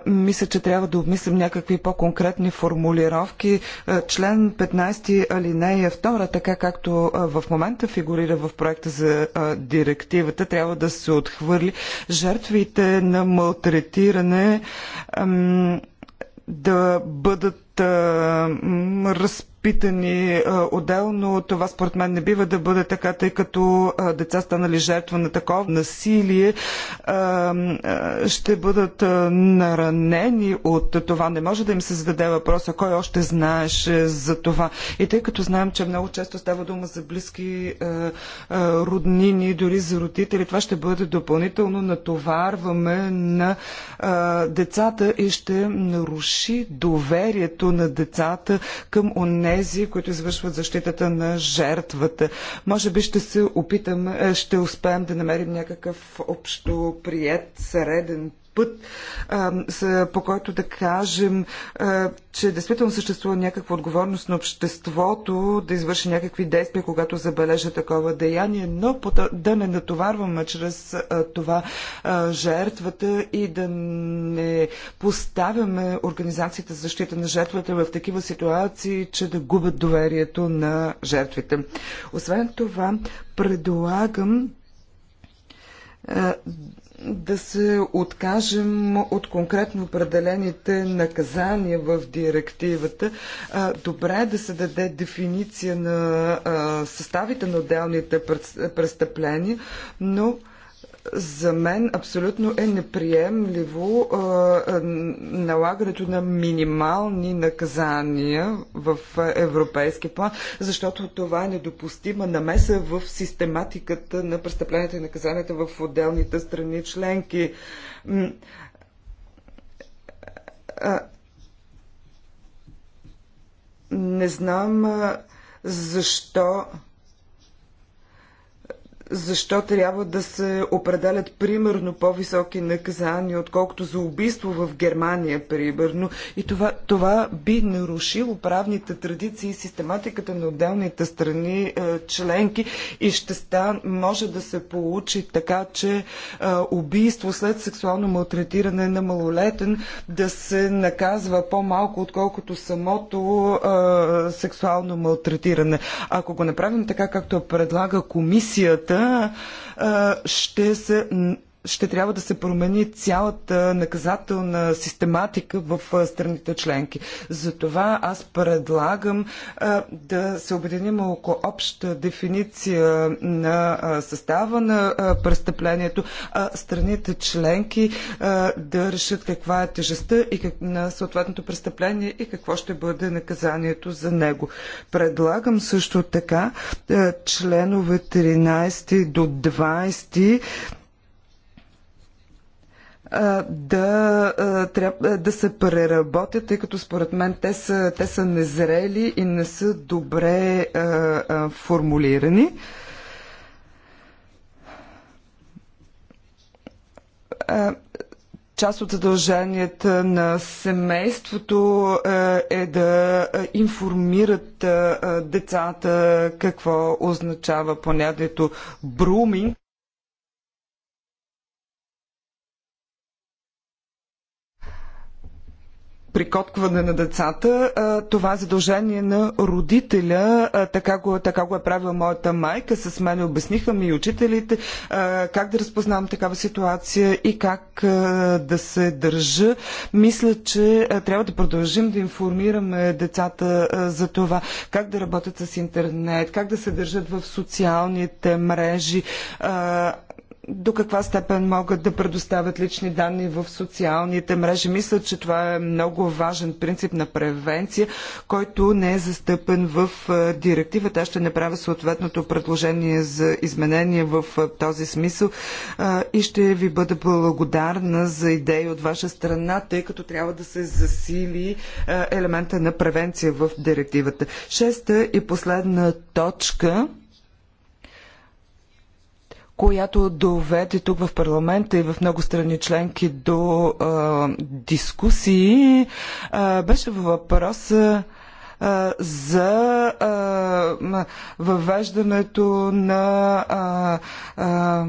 Мисля, че трябва да обмислим някакви по-конкретни формулировки. Член 15 алинея 2, така както в момента фигурира в проекта за директивата, трябва да се отхвърли жертвите на малтретиране да бъдат разпределени Питани отделно. Това според мен не бива да бъде така, тъй като деца станали жертва на такова насилие ще бъдат наранени от това. Не може да им се зададе въпроса кой още знаеш за това. И тъй като знаем, че много често става дума за близки роднини, дори за родители, това ще бъде допълнително натоварваме на децата и ще наруши доверието на децата към онези онези, които извършват защитата на жертвата. Може би ще се опитам, е, ще успеем да намерим някакъв общо прият, среден път, по който да кажем, че действително съществува някаква отговорност на обществото да извърши някакви действия, когато забележа такова деяние, но да не натоварваме чрез това жертвата и да не поставяме организацията за защита на жертвата в такива ситуации, че да губят доверието на жертвите. Освен това, предлагам да се откажем от конкретно определените наказания в директивата. Добре е да се даде дефиниция на съставите на отделните престъпления, но за мен абсолютно е неприемливо налагането на минимални наказания в европейски план, защото това е недопустима намеса в систематиката на престъпленията и наказанията в отделните страни членки не знам защо защо трябва да се определят примерно по-високи наказания, отколкото за убийство в Германия, примерно. И това, това би нарушило правните традиции и систематиката на отделните страни е, членки и ще стан, може да се получи така, че е, убийство след сексуално малтретиране на малолетен да се наказва по-малко, отколкото самото е, сексуално малтретиране. Ако го направим така, както предлага комисията, ще се ще трябва да се промени цялата наказателна систематика в страните членки. Затова аз предлагам да се обединим около обща дефиниция на състава на престъплението, а страните членки да решат каква е тежестта и как, на съответното престъпление и какво ще бъде наказанието за него. Предлагам също така членове 13 до 20 да, да се преработят, тъй като според мен те са, те са незрели и не са добре формулирани. част от задълженията на семейството е да информират децата какво означава понятието бруминг. прикоткване на децата. Това задължение на родителя. Така го, така го е правила моята майка. С мен обясниха ми и учителите как да разпознавам такава ситуация и как да се държа. Мисля, че трябва да продължим да информираме децата за това как да работят с интернет, как да се държат в социалните мрежи до каква степен могат да предоставят лични данни в социалните мрежи. Мисля, че това е много важен принцип на превенция, който не е застъпен в директивата. Аз ще направя съответното предложение за изменение в този смисъл и ще ви бъда благодарна за идеи от ваша страна, тъй като трябва да се засили елемента на превенция в директивата. Шеста и последна точка която доведе тук в парламента и в много страни членки до а, дискусии, а, беше въпрос а, за а, въвеждането на а, а,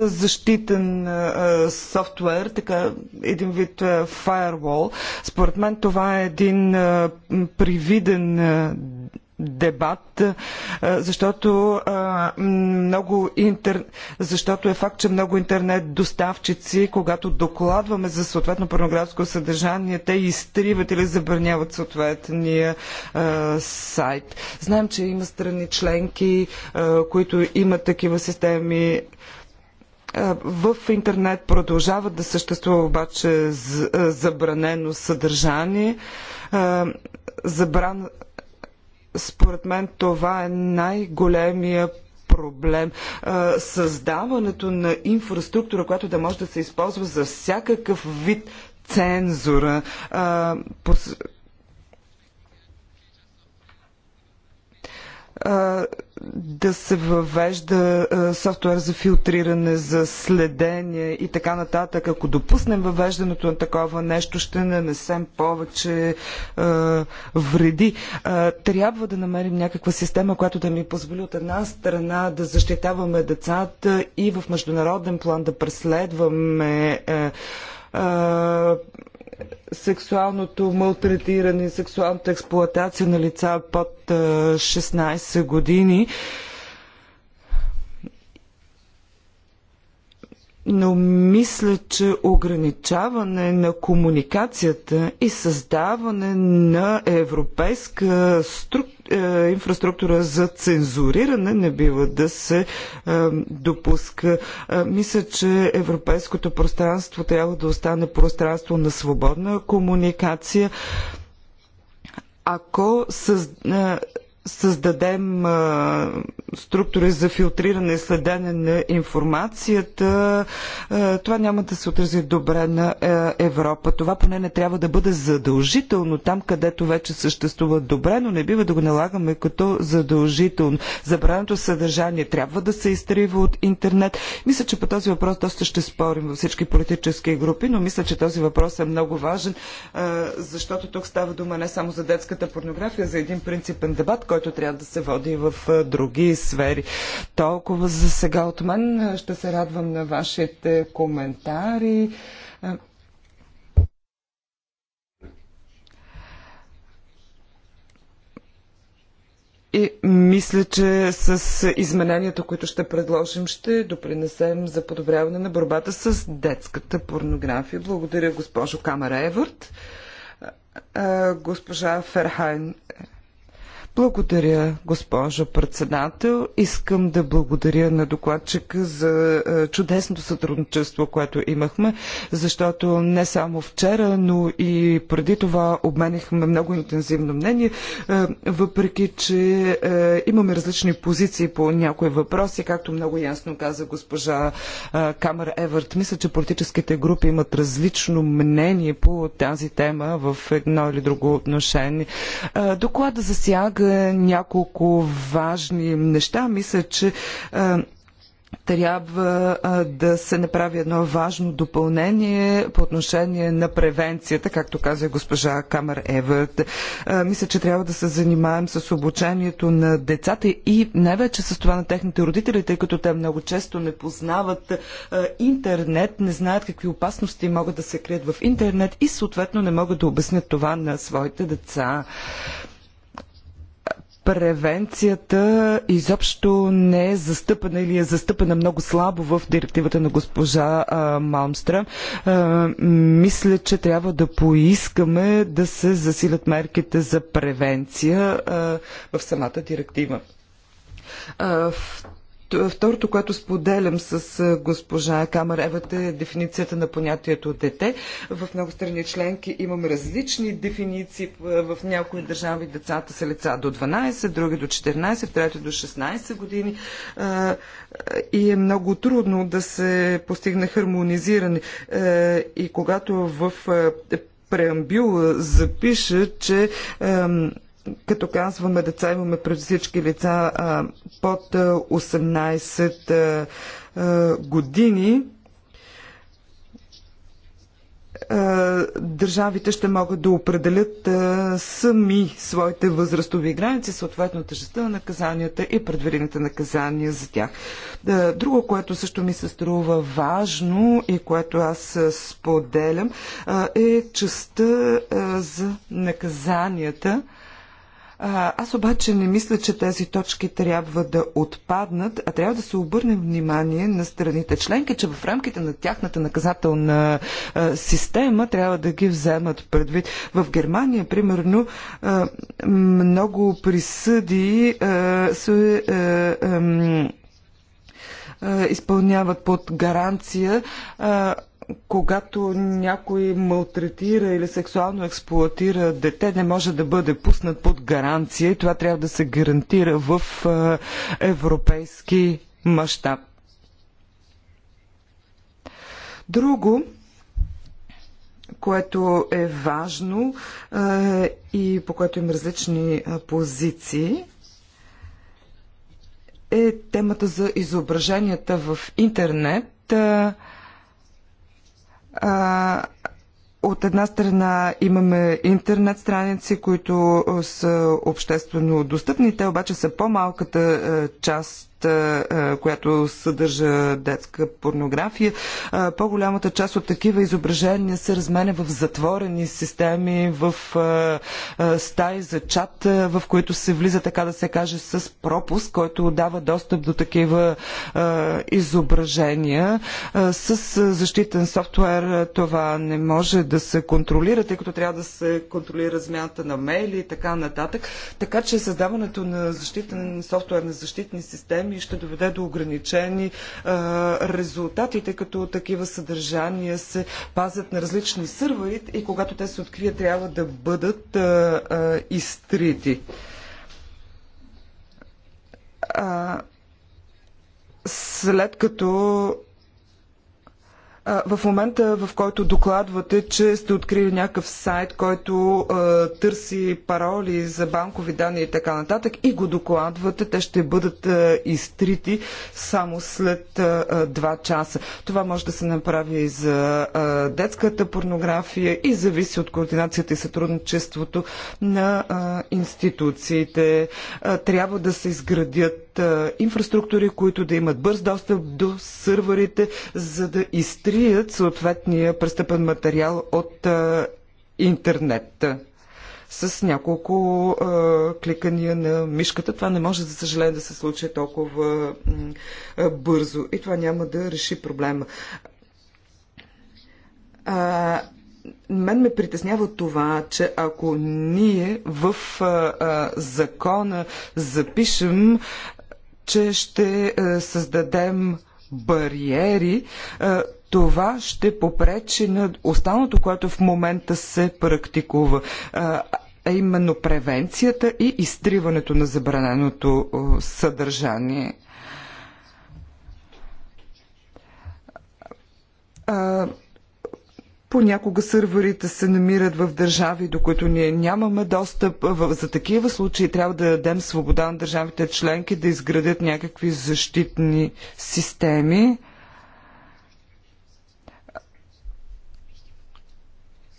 защитен а, софтуер, така един вид а, Според мен това е един а, привиден а, дебат, защото, много интер... защото е факт, че много интернет доставчици, когато докладваме за съответно порнографско съдържание, те изтриват или забраняват съответния сайт. Знаем, че има страни членки, които имат такива системи в интернет продължава да съществува обаче забранено съдържание, забрана според мен това е най-големия проблем. Създаването на инфраструктура, която да може да се използва за всякакъв вид цензура. да се въвежда софтуер за филтриране, за следение и така нататък. Ако допуснем въвеждането на такова нещо, ще нанесем повече вреди. трябва да намерим някаква система, която да ни позволи от една страна да защитаваме децата и в международен план да преследваме сексуалното малтретиране, сексуалната експлоатация на лица под 16 години. но мисля, че ограничаване на комуникацията и създаване на европейска струк... Е, инфраструктура за цензуриране не бива да се е, допуска. Е, мисля, че европейското пространство трябва да остане пространство на свободна комуникация ако създадем а, структури за филтриране и следене на информацията, а, това няма да се отрази добре на а, Европа. Това поне не трябва да бъде задължително там, където вече съществува добре, но не бива да го налагаме като задължително. Забраното съдържание трябва да се изтрива от интернет. Мисля, че по този въпрос доста ще спорим във всички политически групи, но мисля, че този въпрос е много важен, а, защото тук става дума не само за детската порнография, за един принципен дебат, който трябва да се води в други сфери. Толкова за сега от мен. Ще се радвам на вашите коментари. И мисля, че с измененията, които ще предложим, ще допринесем за подобряване на борбата с детската порнография. Благодаря, госпожо Камера Евърт. Госпожа Ферхайн благодаря, госпожо председател. Искам да благодаря на докладчика за е, чудесното сътрудничество, което имахме, защото не само вчера, но и преди това обменихме много интензивно мнение, е, въпреки че е, имаме различни позиции по някои въпроси, както много ясно каза госпожа Камера Еверт. Мисля, че политическите групи имат различно мнение по тази тема в едно или друго отношение. Доклада засяга е, няколко важни неща. Мисля, че е, трябва е, да се направи едно важно допълнение по отношение на превенцията, както каза госпожа Камър Еверт. мисля, че трябва да се занимаем с обучението на децата и най-вече с това на техните родители, тъй като те много често не познават интернет, не знаят какви опасности могат да се крият в интернет и съответно не могат да обяснят това на своите деца превенцията изобщо не е застъпена или е застъпена много слабо в директивата на госпожа Малмстра. Мисля, че трябва да поискаме да се засилят мерките за превенция в самата директива. Второто, което споделям с госпожа Камаревата е дефиницията на понятието дете. В много страни членки имам различни дефиниции. В някои държави децата са лица до 12, други до 14, в трети до 16 години. И е много трудно да се постигне хармонизиране. И когато в преамбюла запиша, че като казваме деца, имаме през всички лица а, под 18 а, години. А, държавите ще могат да определят а, сами своите възрастови граници, съответно тежестта на наказанията и предвидените наказания за тях. А, друго, което също ми се струва важно и което аз споделям, е частта за наказанията. Аз обаче не мисля, че тези точки трябва да отпаднат, а трябва да се обърне внимание на страните членки, че в рамките на тяхната наказателна система трябва да ги вземат предвид. В Германия, примерно, много присъди се изпълняват под гаранция когато някой малтретира или сексуално експлуатира дете, не може да бъде пуснат под гаранция и това трябва да се гарантира в европейски мащаб. Друго, което е важно и по което има различни позиции, е темата за изображенията в интернет – а, от една страна имаме интернет страници, които са обществено достъпни, те обаче са по-малката част която съдържа детска порнография. По-голямата част от такива изображения се разменя в затворени системи, в стаи за чат, в които се влиза, така да се каже, с пропуск, който дава достъп до такива изображения. С защитен софтуер това не може да се контролира, тъй като трябва да се контролира размяната на мейли и така нататък. Така че създаването на защитен софтуер, на защитни системи проблеми и ще доведе до ограничени резултатите, като такива съдържания се пазят на различни сървъри и когато те се открият, трябва да бъдат изтрити. след като в момента, в който докладвате, че сте открили някакъв сайт, който търси пароли за банкови данни и така нататък и го докладвате, те ще бъдат изтрити само след два 2 часа. Това може да се направи и за детската порнография и зависи от координацията и сътрудничеството на институциите. трябва да се изградят имат инфраструктури, които да имат бърз достъп до сървърите, за да изтрият съответния престъпен материал от интернет с няколко а, кликания на мишката. Това не може, за съжаление, да се случи толкова а, бързо и това няма да реши проблема. А, мен ме притеснява това, че ако ние в а, а, закона запишем че ще е, създадем бариери, е, това ще попречи на останалото, което в момента се практикува е, а именно превенцията и изтриването на забраненото съдържание. Понякога сървърите се намират в държави, до които ние нямаме достъп. За такива случаи трябва да дадем свобода на държавите членки да изградят някакви защитни системи.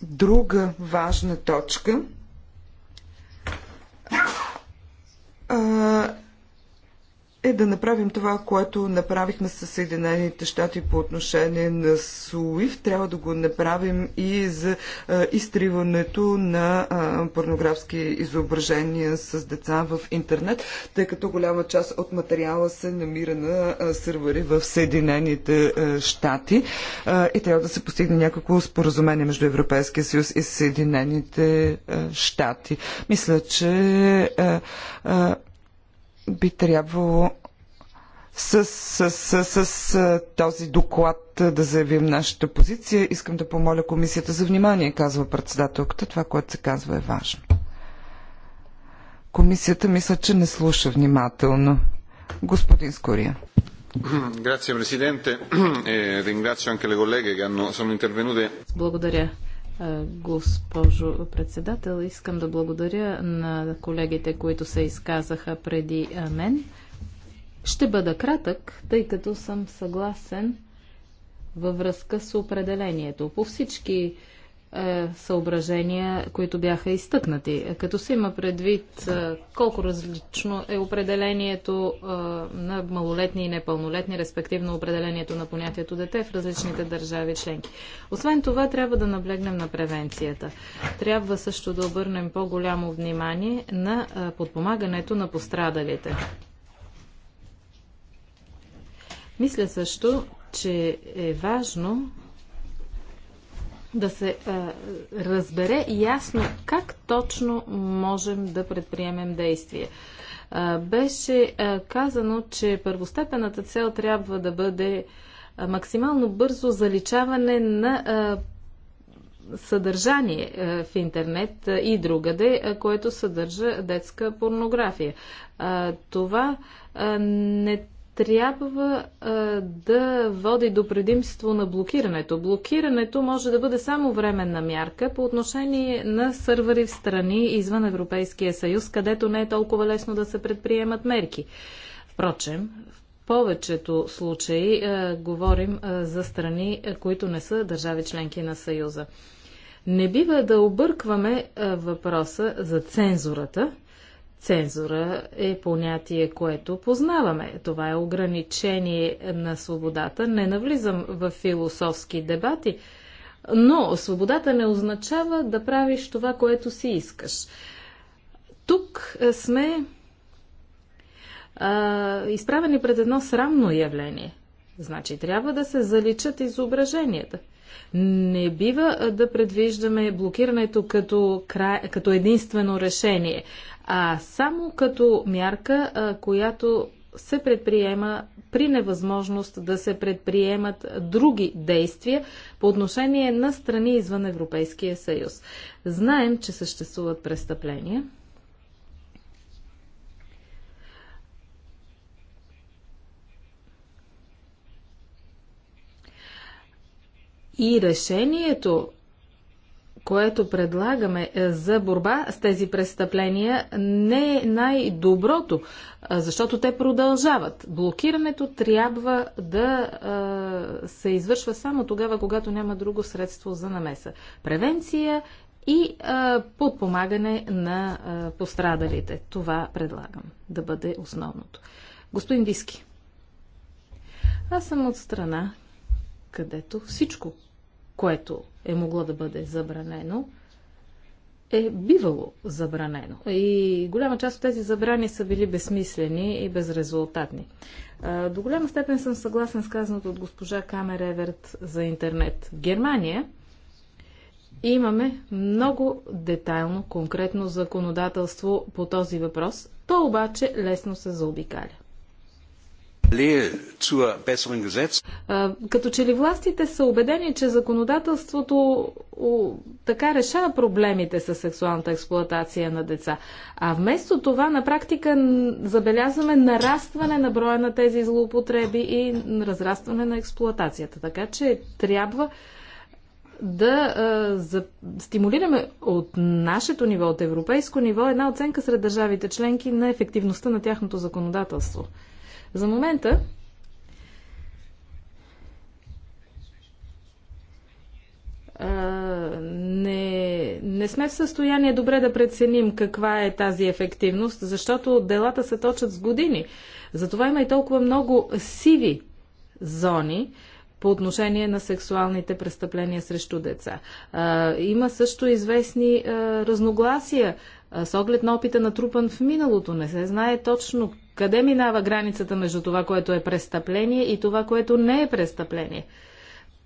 Друга важна точка е да направим това, което направихме с Съединените щати по отношение на СУИФ. Трябва да го направим и за а, изтриването на а, порнографски изображения с деца в интернет, тъй като голяма част от материала се намира на сървъри в Съединените а, щати а, и трябва да се постигне някакво споразумение между Европейския съюз и Съединените а, щати. Мисля, че а, а, би трябвало с, с, с, с, с този доклад да заявим нашата позиция. Искам да помоля комисията за внимание, казва председателката. Това, което се казва, е важно. Комисията мисля, че не слуша внимателно. Господин Скория. Е, Благодаря, президенте. Ringrazio anche le colleghe che sono intervenute. Благодаря, Госпожо председател, искам да благодаря на колегите, които се изказаха преди мен. Ще бъда кратък, тъй като съм съгласен във връзка с определението. По всички е, съображения, които бяха изтъкнати. Като се има предвид е, колко различно е определението е, на малолетни и непълнолетни, респективно определението на понятието дете в различните държави членки. Освен това, трябва да наблегнем на превенцията. Трябва също да обърнем по-голямо внимание на подпомагането на пострадалите. Мисля също, че е важно да се а, е, разбере ясно как точно можем да предприемем действие. А, е, беше а, е, казано, че първостепената цел трябва да бъде а, максимално бързо заличаване на а, съдържание в интернет и другаде, което съдържа детска порнография. Това не трябва а, да води до предимство на блокирането. Блокирането може да бъде само временна мярка по отношение на сървъри в страни извън Европейския съюз, където не е толкова лесно да се предприемат мерки. Впрочем, в повечето случаи а, говорим а, за страни, а, които не са държави членки на съюза. Не бива да объркваме а, въпроса за цензурата – Цензура е понятие, което познаваме. Това е ограничение на свободата. Не навлизам в философски дебати, но свободата не означава да правиш това, което си искаш. Тук е, сме а, изправени пред едно срамно явление. Значи трябва да се заличат изображенията – не бива да предвиждаме блокирането като, край, като единствено решение, а само като мярка, която се предприема при невъзможност да се предприемат други действия по отношение на страни извън Европейския съюз. Знаем, че съществуват престъпления, И решението, което предлагаме е, за борба с тези престъпления, не е най-доброто, защото те продължават. Блокирането трябва да се извършва само тогава, когато няма друго средство за намеса. Превенция и подпомагане на пострадалите. Това предлагам да бъде основното. Господин Диски, аз съм от страна, където всичко, което е могло да бъде забранено, е бивало забранено. И голяма част от тези забрани са били безсмислени и безрезултатни. До голяма степен съм съгласен с казаното от госпожа Камер Еверт за интернет. В Германия имаме много детайлно, конкретно законодателство по този въпрос. То обаче лесно се заобикаля. Като че ли властите са убедени, че законодателството така решава проблемите с сексуалната експлоатация на деца. А вместо това на практика забелязваме нарастване на броя на тези злоупотреби и разрастване на експлоатацията. Така че трябва да а, за, стимулираме от нашето ниво, от европейско ниво, една оценка сред държавите членки на ефективността на тяхното законодателство. За момента не, не сме в състояние добре да преценим каква е тази ефективност, защото делата се точат с години. Затова има и толкова много сиви зони по отношение на сексуалните престъпления срещу деца. А, има също известни а, разногласия с оглед на опита натрупан в миналото. Не се знае точно къде минава границата между това, което е престъпление и това, което не е престъпление.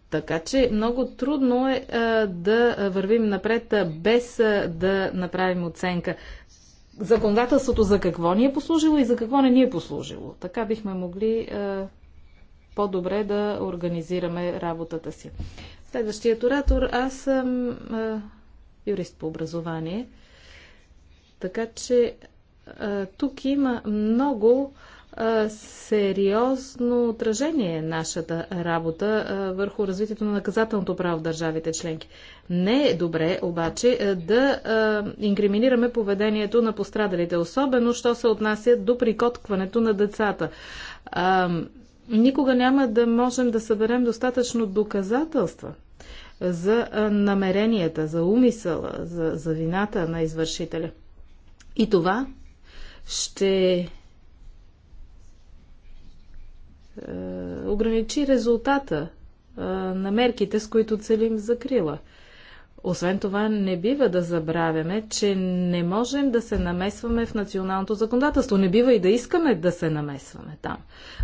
Така че много трудно е а, да вървим напред а, без а, да направим оценка. Законодателството за какво ни е послужило и за какво не ни е послужило. Така бихме могли а, по-добре да организираме работата си. Следващият оратор, аз съм а, юрист по образование. Така че тук има много сериозно отражение нашата работа върху развитието на наказателното право в държавите членки. Не е добре обаче да инкриминираме поведението на пострадалите, особено що се отнася до прикоткването на децата. Никога няма да можем да съберем достатъчно доказателства за намеренията, за умисъла, за, за вината на извършителя. И това ще е, ограничи резултата е, на мерките, с които целим закрила. Освен това, не бива да забравяме, че не можем да се намесваме в националното законодателство. Не бива и да искаме да се намесваме там.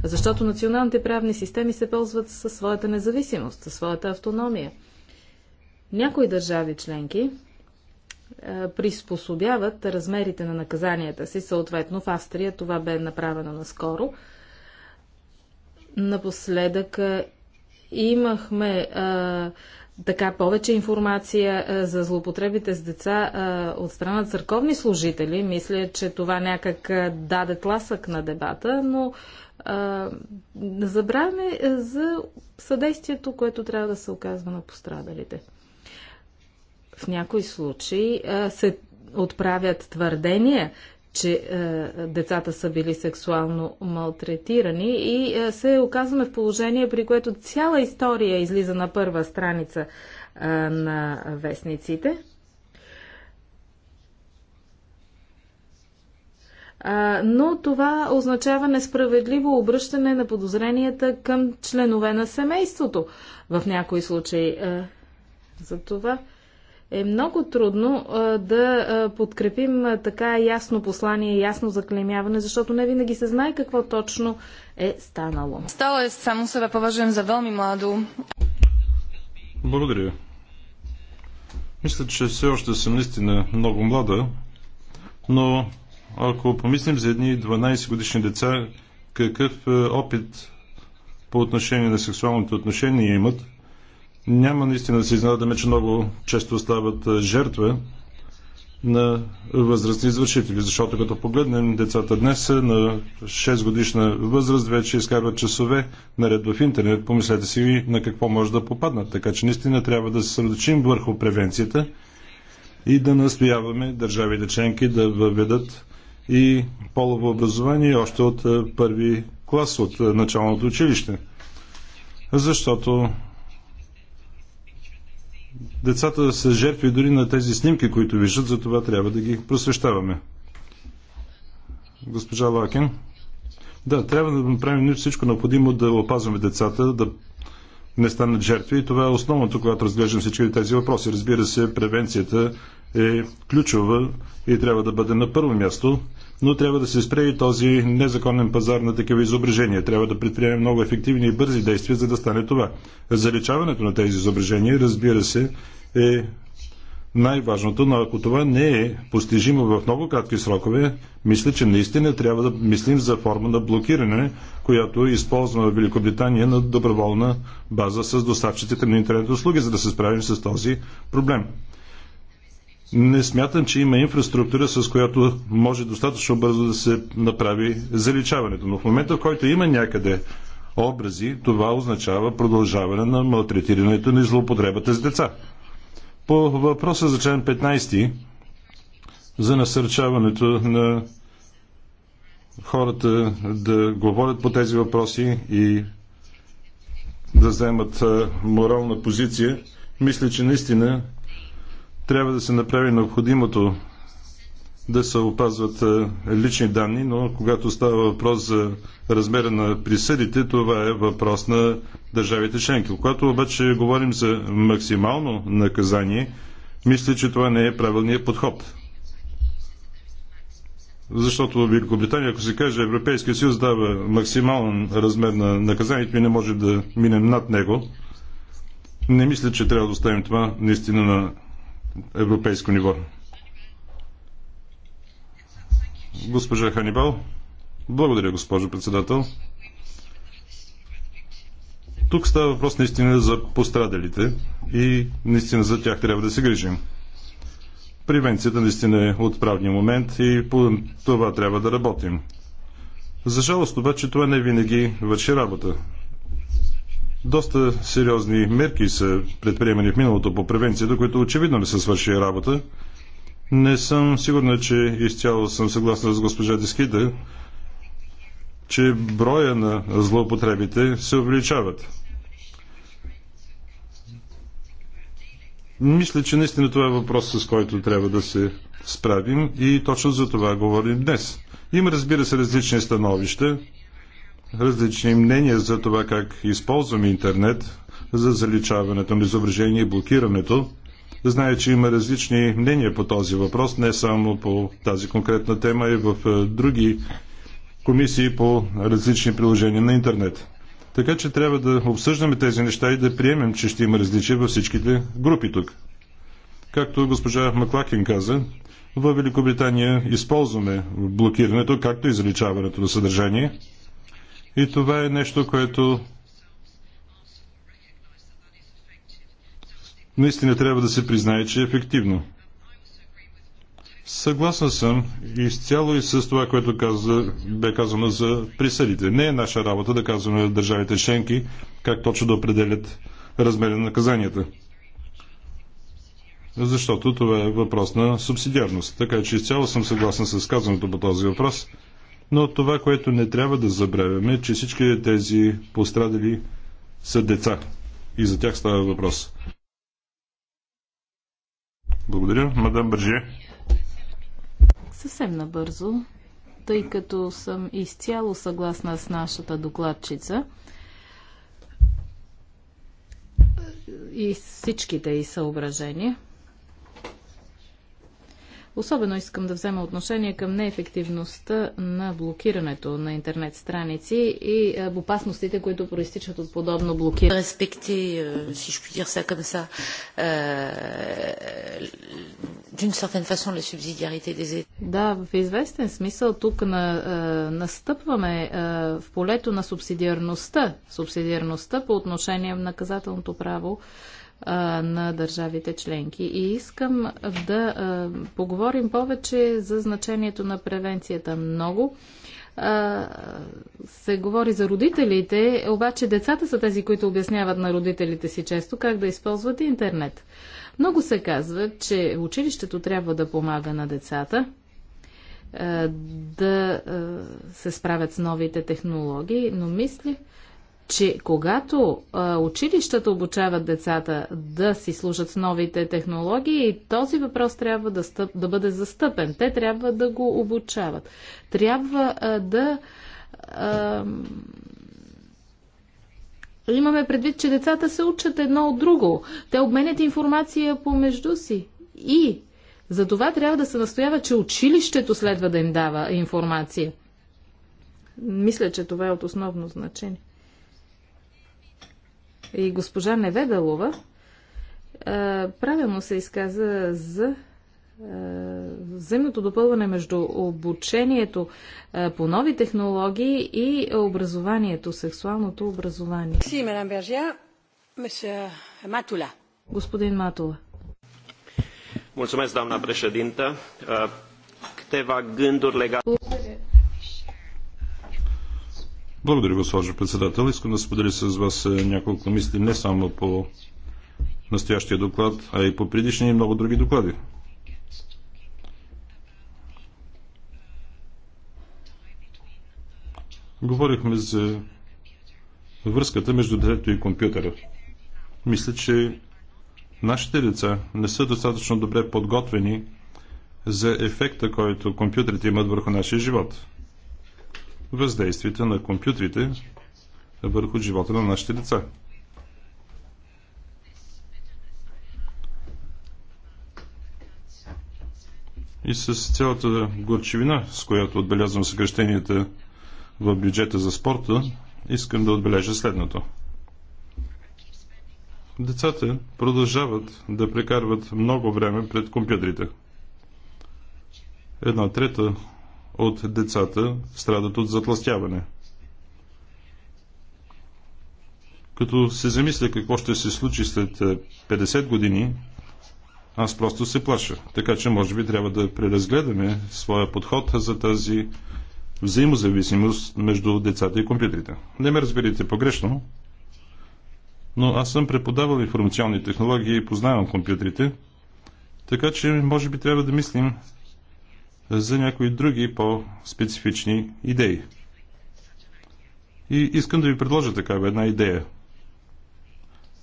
Защото националните правни системи се ползват със своята независимост, със своята автономия. Някои държави членки е, приспособяват размерите на наказанията си. Съответно в Австрия това бе направено наскоро. Напоследък е, имахме а, е, така повече информация а, за злоупотребите с деца а, от страна на църковни служители. Мисля, че това някак даде тласък на дебата, но забравяме за съдействието, което трябва да се оказва на пострадалите в някои случаи се отправят твърдения, че е, децата са били сексуално малтретирани и е, се оказваме в положение, при което цяла история излиза на първа страница е, на вестниците. но това означава несправедливо обръщане на подозренията към членове на семейството в някои случаи. За това е много трудно да подкрепим така ясно послание, ясно заклемяване, защото не винаги се знае какво точно е станало. Стало е само себе поважуем за велми младо. Благодаря. Мисля, че все още съм наистина много млада, но ако помислим за едни 12 годишни деца, какъв е, опит по отношение на сексуалното отношения имат, няма наистина да се изненадаме, че много често стават жертва на възрастни извършители, защото като погледнем децата днес на 6 годишна възраст вече изкарват часове наред в интернет. Помислете си на какво може да попаднат. Така че наистина трябва да се съсредоточим върху превенцията и да настояваме държавите членки да въведат и полово образование още от първи клас от началното училище. Защото децата са жертви дори на тези снимки, които виждат, за това трябва да ги просвещаваме. Госпожа Лакин. Да, трябва да направим всичко необходимо да опазваме децата, да не станат жертви. И това е основното, когато разглеждам всички тези въпроси. Разбира се, превенцията е ключова и трябва да бъде на първо място но трябва да се спре и този незаконен пазар на такива изображения. Трябва да предприемем много ефективни и бързи действия, за да стане това. Заличаването на тези изображения, разбира се, е най-важното, но ако това не е постижимо в много кратки срокове, мисля, че наистина трябва да мислим за форма на блокиране, която използва Великобритания на доброволна база с доставчиците на интернет услуги, за да се справим с този проблем. Не смятам, че има инфраструктура, с която може достатъчно бързо да се направи заличаването. Но в момента, в който има някъде образи, това означава продължаване на малтретирането на злоупотребата с деца. По въпроса за член 15 за насърчаването на хората да говорят по тези въпроси и да вземат морална позиция, мисля, че наистина трябва да се направи необходимото да се опазват е, лични данни, но когато става въпрос за размера на присъдите, това е въпрос на държавите членки. Когато обаче говорим за максимално наказание, мисля, че това не е правилният подход. Защото в Великобритания, ако се каже Европейския съюз дава максимален размер на наказанието и не може да минем над него, не мисля, че трябва да оставим това наистина на европейско ниво. Госпожа Ханибал. Благодаря, госпожо председател. Тук става въпрос наистина за пострадалите и наистина за тях трябва да се грижим. Превенцията наистина е отправния момент и по това трябва да работим. За жалост обаче това не винаги върши работа. Доста сериозни мерки са предприемани в миналото по превенцията, които очевидно не са свършили работа. Не съм сигурна, че изцяло съм съгласна с госпожа Дискида, че броя на злоупотребите се увеличават. Мисля, че наистина това е въпрос, с който трябва да се справим и точно за това говорим днес. Има, разбира се, различни становища различни мнения за това как използваме интернет за заличаването на изображение и блокирането. Знае, че има различни мнения по този въпрос, не само по тази конкретна тема, и в е, други комисии по различни приложения на интернет. Така че трябва да обсъждаме тези неща и да приемем, че ще има различия във всичките групи тук. Както госпожа Маклакин каза, във Великобритания използваме блокирането, както и заличаването на съдържание – и това е нещо, което наистина трябва да се признае, че е ефективно. Съгласен съм изцяло и с това, което каза, бе казано за присъдите. Не е наша работа да казваме на държавите членки как точно да определят размера на наказанията. Защото това е въпрос на субсидиарност. Така че изцяло съм съгласен с казаното по този въпрос. Но това, което не трябва да забравяме, е, че всички тези пострадали са деца. И за тях става въпрос. Благодаря. Мадам Бърже. Съвсем набързо, тъй като съм изцяло съгласна с нашата докладчица и всичките и съображения. Особено искам да взема отношение към неефективността на блокирането на интернет страници и опасностите, които проистичат от подобно блокиране. Респекти, си ще puis са към са, d'une certaine façon la subsidiarité des Да, в известен смисъл тук на, настъпваме в полето на субсидиарността, субсидиарността по отношение на наказателното право на държавите членки. И искам да поговорим повече за значението на превенцията. Много се говори за родителите, обаче децата са тези, които обясняват на родителите си често как да използват интернет. Много се казва, че училището трябва да помага на децата да се справят с новите технологии, но мисля, че когато а, училищата обучават децата да си служат с новите технологии, този въпрос трябва да, стъп, да бъде застъпен. Те трябва да го обучават. Трябва а, да. А, имаме предвид, че децата се учат едно от друго. Те обменят информация помежду си. И за това трябва да се настоява, че училището следва да им дава информация. Мисля, че това е от основно значение. И госпожа Неведалова правилно се изказа за взаимното допълване между обучението по нови технологии и образованието, сексуалното образование. Господин Матула. Mulțumesc, doamna președintă. Câteva gânduri legate... Благодаря, госпожо председател. Искам да споделя с вас е, няколко мисли не само по настоящия доклад, а и по предишни и много други доклади. Говорихме за връзката между детето и компютъра. Мисля, че нашите деца не са достатъчно добре подготвени за ефекта, който компютрите имат върху нашия живот въздействията на компютрите върху живота на нашите деца. И с цялата горчевина, с която отбелязвам съкрещенията в бюджета за спорта, искам да отбележа следното. Децата продължават да прекарват много време пред компютрите. Една трета от децата страдат от затластяване. Като се замисля какво ще се случи след 50 е, години, аз просто се плаша. Така че може би трябва да преразгледаме своя подход за тази взаимозависимост между децата и компютрите. Не ме разберете погрешно, но аз съм преподавал информационни технологии и познавам компютрите, така че може би трябва да мислим за някои други по-специфични идеи. И искам да ви предложа такава една идея.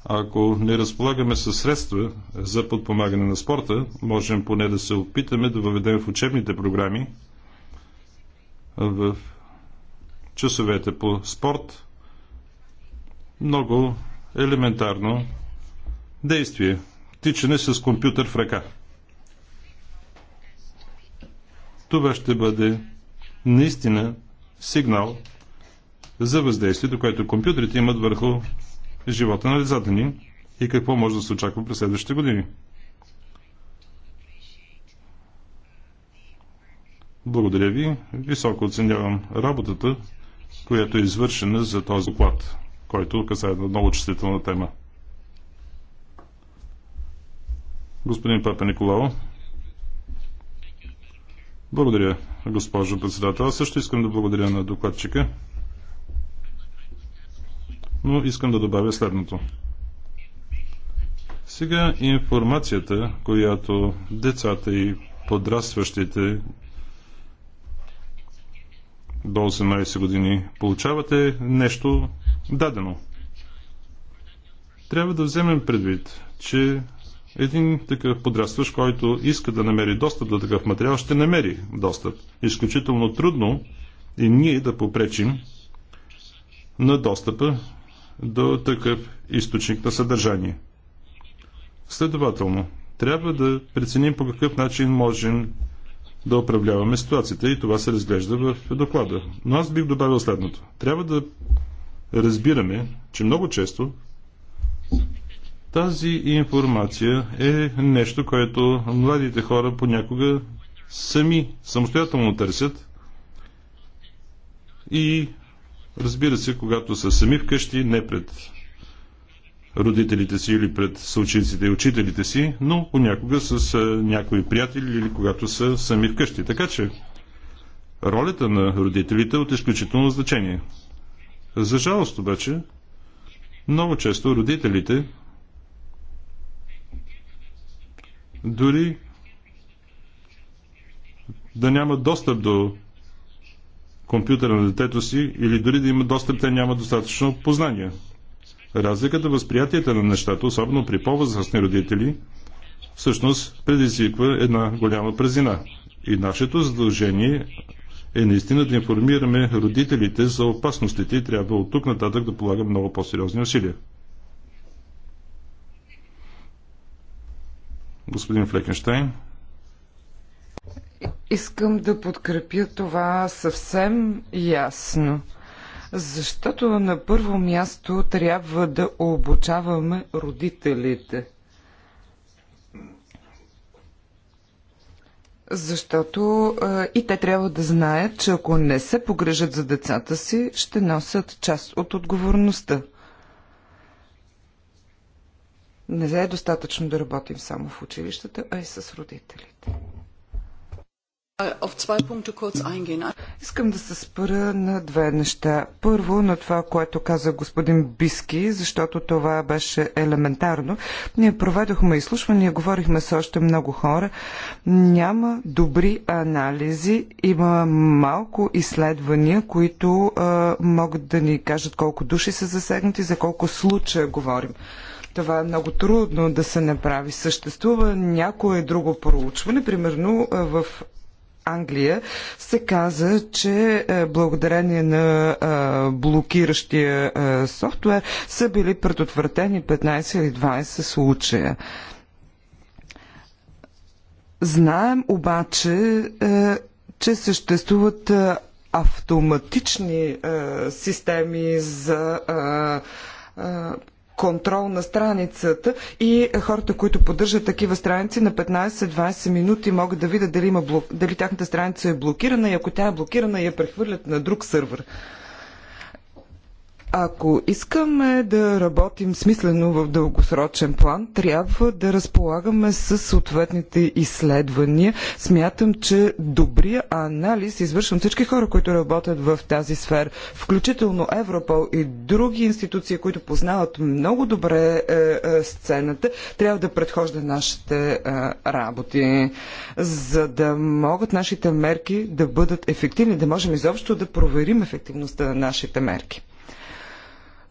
Ако не разполагаме със средства за подпомагане на спорта, можем поне да се опитаме да въведем в учебните програми в часовете по спорт много елементарно действие. Тичане с компютър в ръка. Това ще бъде наистина сигнал за въздействието, което компютрите имат върху живота на децата ни и какво може да се очаква през следващите години. Благодаря ви. Високо оценявам работата, която е извършена за този доклад, който касае една много чувствителна тема. Господин Папа Николао, благодаря, госпожо председател. Аз също искам да благодаря на докладчика, но искам да добавя следното. Сега информацията, която децата и подрастващите до 18 години получавате е нещо дадено. Трябва да вземем предвид, че един такъв подрастващ, който иска да намери достъп до такъв материал, ще намери достъп. Изключително трудно и ние да попречим на достъпа до такъв източник на съдържание. Следователно, трябва да преценим по какъв начин можем да управляваме ситуацията и това се разглежда в доклада. Но аз бих добавил следното. Трябва да разбираме, че много често тази информация е нещо, което младите хора понякога сами, самостоятелно търсят и разбира се, когато са сами вкъщи, не пред родителите си или пред съучениците и учителите си, но понякога с е, някои приятели или когато са сами вкъщи. Така че ролята на родителите е от изключително значение. За жалост обаче, много често родителите дори да няма достъп до компютъра на детето си или дори да има достъп, те няма достатъчно познания. Разликата в възприятията на нещата, особено при по-възрастни родители, всъщност предизвиква една голяма празина. И нашето задължение е наистина да информираме родителите за опасностите и трябва от тук нататък да полагаме много по-сериозни усилия. Господин Флекенштейн. Искам да подкрепя това съвсем ясно. Защото на първо място трябва да обучаваме родителите. Защото а, и те трябва да знаят, че ако не се погрежат за децата си, ще носят част от отговорността. Не е достатъчно да работим само в училищата, а и с родителите. Искам да се спра на две неща. Първо, на това, което каза господин Биски, защото това беше елементарно. Ние проведохме изслушвания, говорихме с още много хора. Няма добри анализи, има малко изследвания, които а, могат да ни кажат колко души са засегнати, за колко случая говорим. Това е много трудно да се направи. Съществува някое друго проучване, примерно в Англия се каза, че благодарение на блокиращия софтуер са били предотвратени 15 или 20 случая. Знаем обаче, че съществуват автоматични системи за контрол на страницата и хората, които поддържат такива страници на 15-20 минути могат да видят дали, има блок... дали тяхната страница е блокирана и ако тя е блокирана я прехвърлят на друг сървър. Ако искаме да работим смислено в дългосрочен план, трябва да разполагаме с съответните изследвания. Смятам, че добрия анализ извършвам всички хора, които работят в тази сфера, включително Европол и други институции, които познават много добре е, е, сцената, трябва да предхожда нашите е, работи, за да могат нашите мерки да бъдат ефективни, да можем изобщо да проверим ефективността на нашите мерки.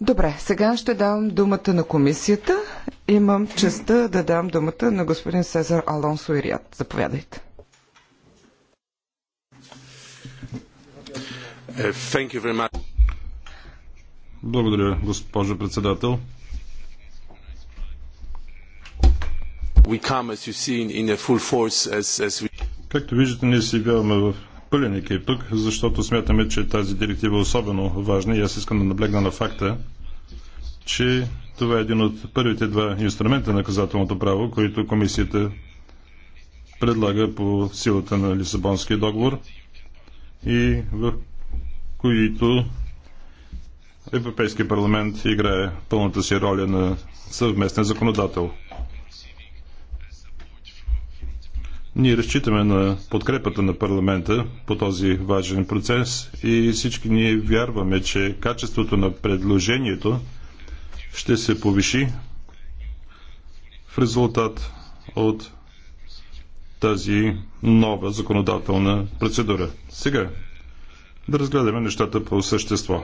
Добре, сега ще давам думата на комисията. Имам честа да дам думата на господин Сезар Алонсо Ириат. Заповядайте. Е, Благодаря, госпожо председател. Come, as, as we... Както виждате, ние се явяваме в пълен екип тук, защото смятаме, че тази директива е особено важна и аз искам да наблегна на факта, че това е един от първите два инструмента на наказателното право, които комисията предлага по силата на Лисабонския договор и в които Европейския парламент играе пълната си роля на съвместен законодател. Ние разчитаме на подкрепата на парламента по този важен процес и всички ние вярваме, че качеството на предложението ще се повиши в резултат от тази нова законодателна процедура. Сега да разгледаме нещата по същество.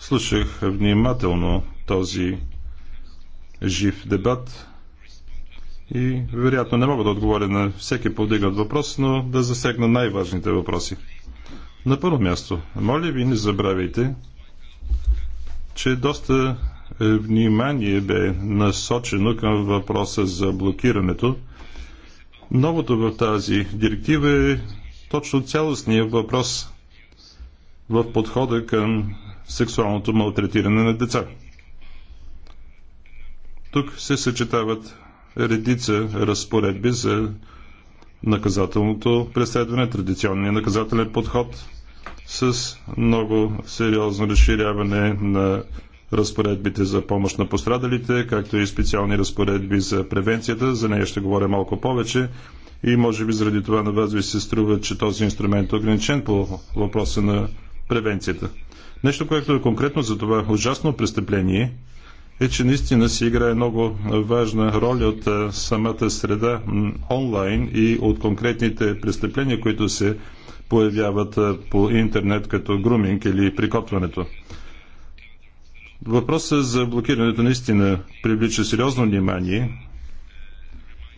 Слушах внимателно този жив дебат и вероятно не мога да отговоря на всеки повдигат въпрос, но да засегна най-важните въпроси. На първо място, моля ви не забравяйте, че доста е, внимание бе насочено към въпроса за блокирането. Новото в тази директива е точно цялостния въпрос в подхода към сексуалното малтретиране на деца. Тук се съчетават редица разпоредби за наказателното преследване, традиционния наказателен подход с много сериозно разширяване на разпоредбите за помощ на пострадалите, както и специални разпоредби за превенцията. За нея ще говоря малко повече и може би заради това на вас ви се струва, че този инструмент е ограничен по въпроса на превенцията. Нещо, което е конкретно за това ужасно престъпление, е, че наистина си играе много важна роля от самата среда онлайн и от конкретните престъпления, които се появяват по интернет като груминг или прикотването. Въпросът за блокирането наистина привлича сериозно внимание,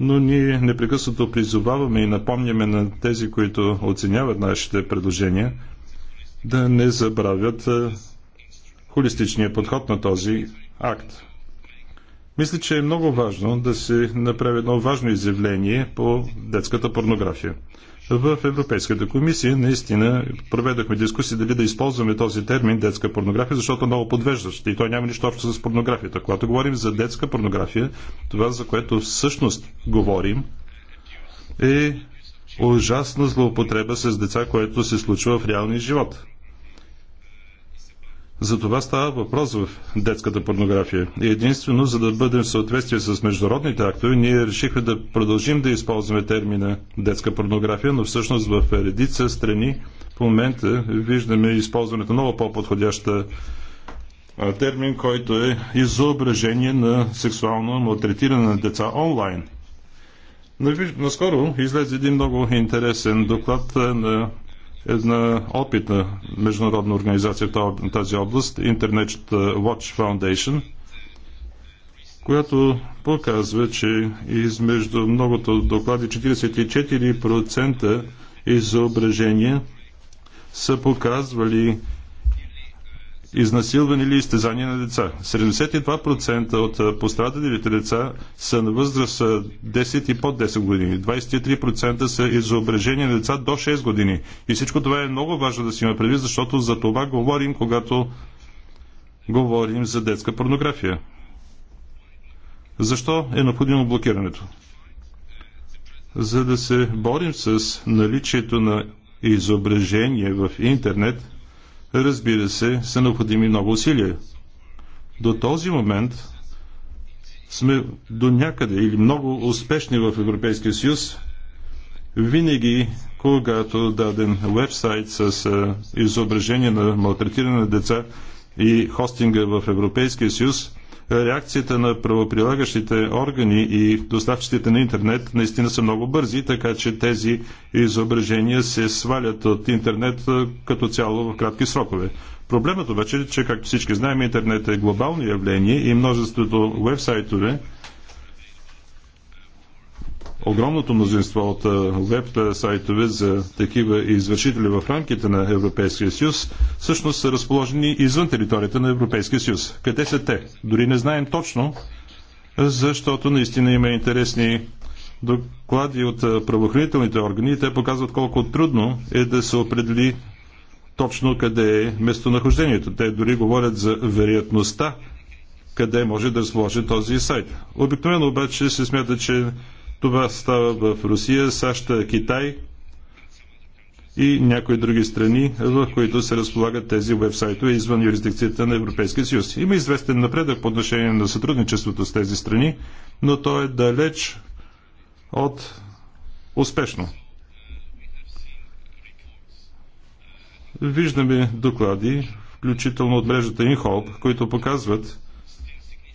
но ние непрекъснато призоваваме и напомняме на тези, които оценяват нашите предложения, да не забравят холистичния подход на този акт. Мисля, че е много важно да се направи едно важно изявление по детската порнография. В Европейската комисия наистина проведохме дискусии дали да използваме този термин детска порнография, защото е много подвеждащ и той няма нищо общо с порнографията. Когато говорим за детска порнография, това за което всъщност говорим е ужасна злоупотреба с деца, което се случва в реалния живот. За това става въпрос в детската порнография. И единствено, за да бъдем в съответствие с международните актове, ние решихме да продължим да използваме термина детска порнография, но всъщност в редица страни в момента виждаме използването много по-подходяща термин, който е изображение на сексуално малтретиране на деца онлайн. Наскоро излезе един много интересен доклад на една опитна международна организация в тази област, Internet Watch Foundation, която показва, че измежду многото доклади 44% изображения са показвали изнасилване или изтезание на деца. 72% от пострадалите деца са на възраст 10 и под 10 години. 23% са изображения на деца до 6 години. И всичко това е много важно да си има предвид, защото за това говорим, когато говорим за детска порнография. Защо е необходимо блокирането? За да се борим с наличието на изображение в интернет – разбира се, са необходими много усилия. До този момент сме до някъде или много успешни в Европейския съюз. Винаги, когато даден вебсайт с изображение на малтретиране на деца и хостинга в Европейския съюз реакцията на правоприлагащите органи и доставчиците на интернет наистина са много бързи, така че тези изображения се свалят от интернет като цяло в кратки срокове. Проблемът обаче е, че, както всички знаем, интернет е глобално явление и множеството вебсайтове, огромното мнозинство от веб сайтове за такива извършители в рамките на Европейския съюз всъщност са разположени извън територията на Европейския съюз. Къде са те? Дори не знаем точно, защото наистина има интересни доклади от правоохранителните органи и те показват колко трудно е да се определи точно къде е местонахождението. Те дори говорят за вероятността къде може да разположи този сайт. Обикновено обаче се смята, че това става в Русия, САЩ, Китай и някои други страни, в които се разполагат тези вебсайтове извън юрисдикцията на Европейския съюз. Има известен напредък по отношение на сътрудничеството с тези страни, но то е далеч от успешно. Виждаме доклади, включително от мрежата InHope, които показват,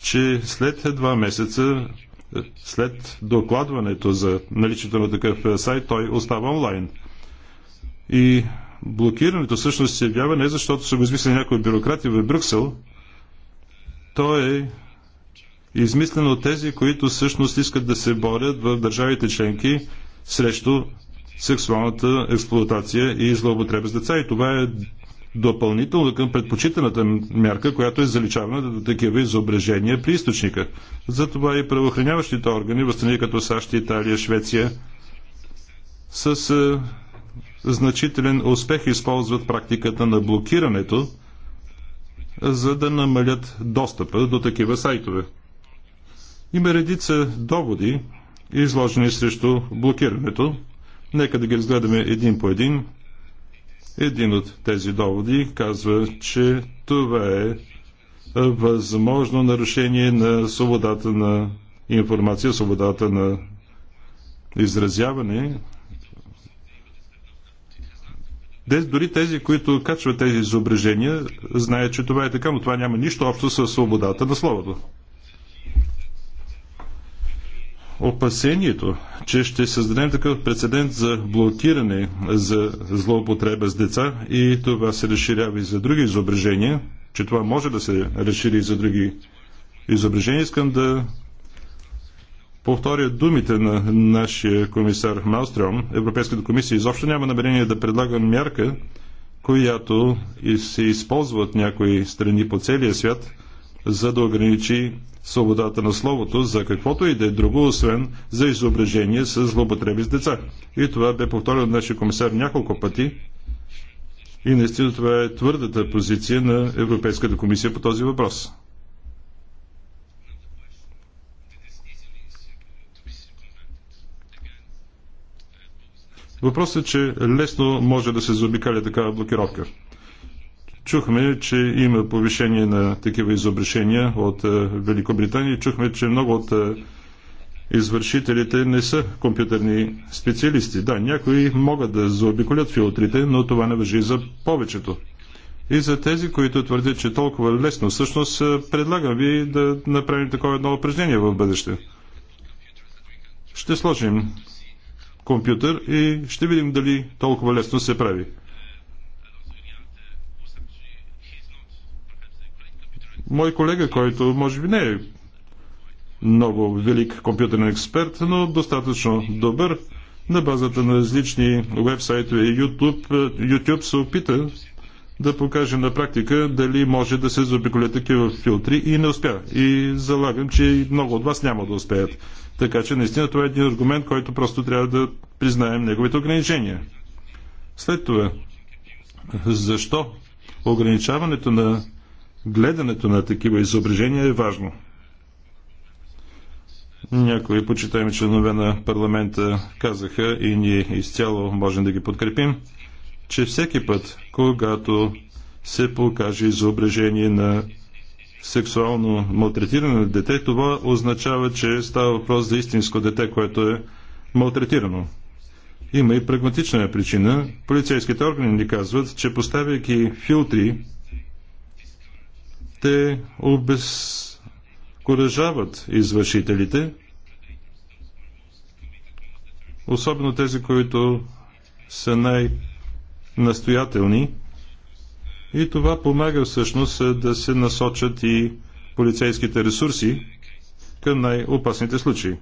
че след два месеца след докладването за наличието на такъв е, сайт, той остава онлайн. И блокирането всъщност се явява не защото са го измислили някои бюрократи в Брюксел, то е измислено от тези, които всъщност искат да се борят в държавите членки срещу сексуалната експлуатация и злоупотреба с деца. И това е допълнително към предпочитаната мярка, която е заличаване до такива изображения при източника. Затова и правоохраняващите органи в страни като САЩ, Италия, Швеция с а, е, значителен успех използват практиката на блокирането, за да намалят достъпа до такива сайтове. Има редица доводи, изложени срещу блокирането. Нека да ги разгледаме един по един един от тези доводи казва, че това е възможно нарушение на свободата на информация, свободата на изразяване. Дес, дори тези, които качват тези изображения, знаят, че това е така, но това няма нищо общо с свободата на словото опасението, че ще създадем такъв прецедент за блокиране за злоупотреба с деца и това се разширява и за други изображения, че това може да се разшири и за други изображения, искам да повторя думите на нашия комисар Малстром. Европейската комисия изобщо няма намерение да предлага мярка, която се използва от някои страни по целия свят, за да ограничи свободата на словото за каквото и да е друго, освен за изображение с злоупотреби с деца. И това бе повторено от нашия комисар няколко пъти. И наистина това е твърдата позиция на Европейската комисия по този въпрос. Въпросът е, че лесно може да се заобикаля такава блокировка. Чухме, че има повишение на такива изобрешения от е, Великобритания. Чухме, че много от е, извършителите не са компютърни специалисти. Да, някои могат да заобиколят филтрите, но това не въжи за повечето. И за тези, които твърдят, че толкова лесно, всъщност е, предлагам ви да направим такова едно упражнение в бъдеще. Ще сложим компютър и ще видим дали толкова лесно се прави. мой колега, който може би не е много велик компютърен експерт, но достатъчно добър, на базата на различни вебсайтове и YouTube, YouTube се опита да покаже на практика дали може да се заобиколят такива филтри и не успя. И залагам, че много от вас няма да успеят. Така че наистина това е един аргумент, който просто трябва да признаем неговите ограничения. След това, защо ограничаването на гледането на такива изображения е важно. Някои почитаеми членове на парламента казаха и ние изцяло можем да ги подкрепим, че всеки път, когато се покаже изображение на сексуално малтретиране на дете, това означава, че става въпрос за истинско дете, което е малтретирано. Има и прагматична причина. Полицейските органи ни казват, че поставяйки филтри те обезкуражават извършителите, особено тези, които са най-настоятелни и това помага всъщност да се насочат и полицейските ресурси към най-опасните случаи.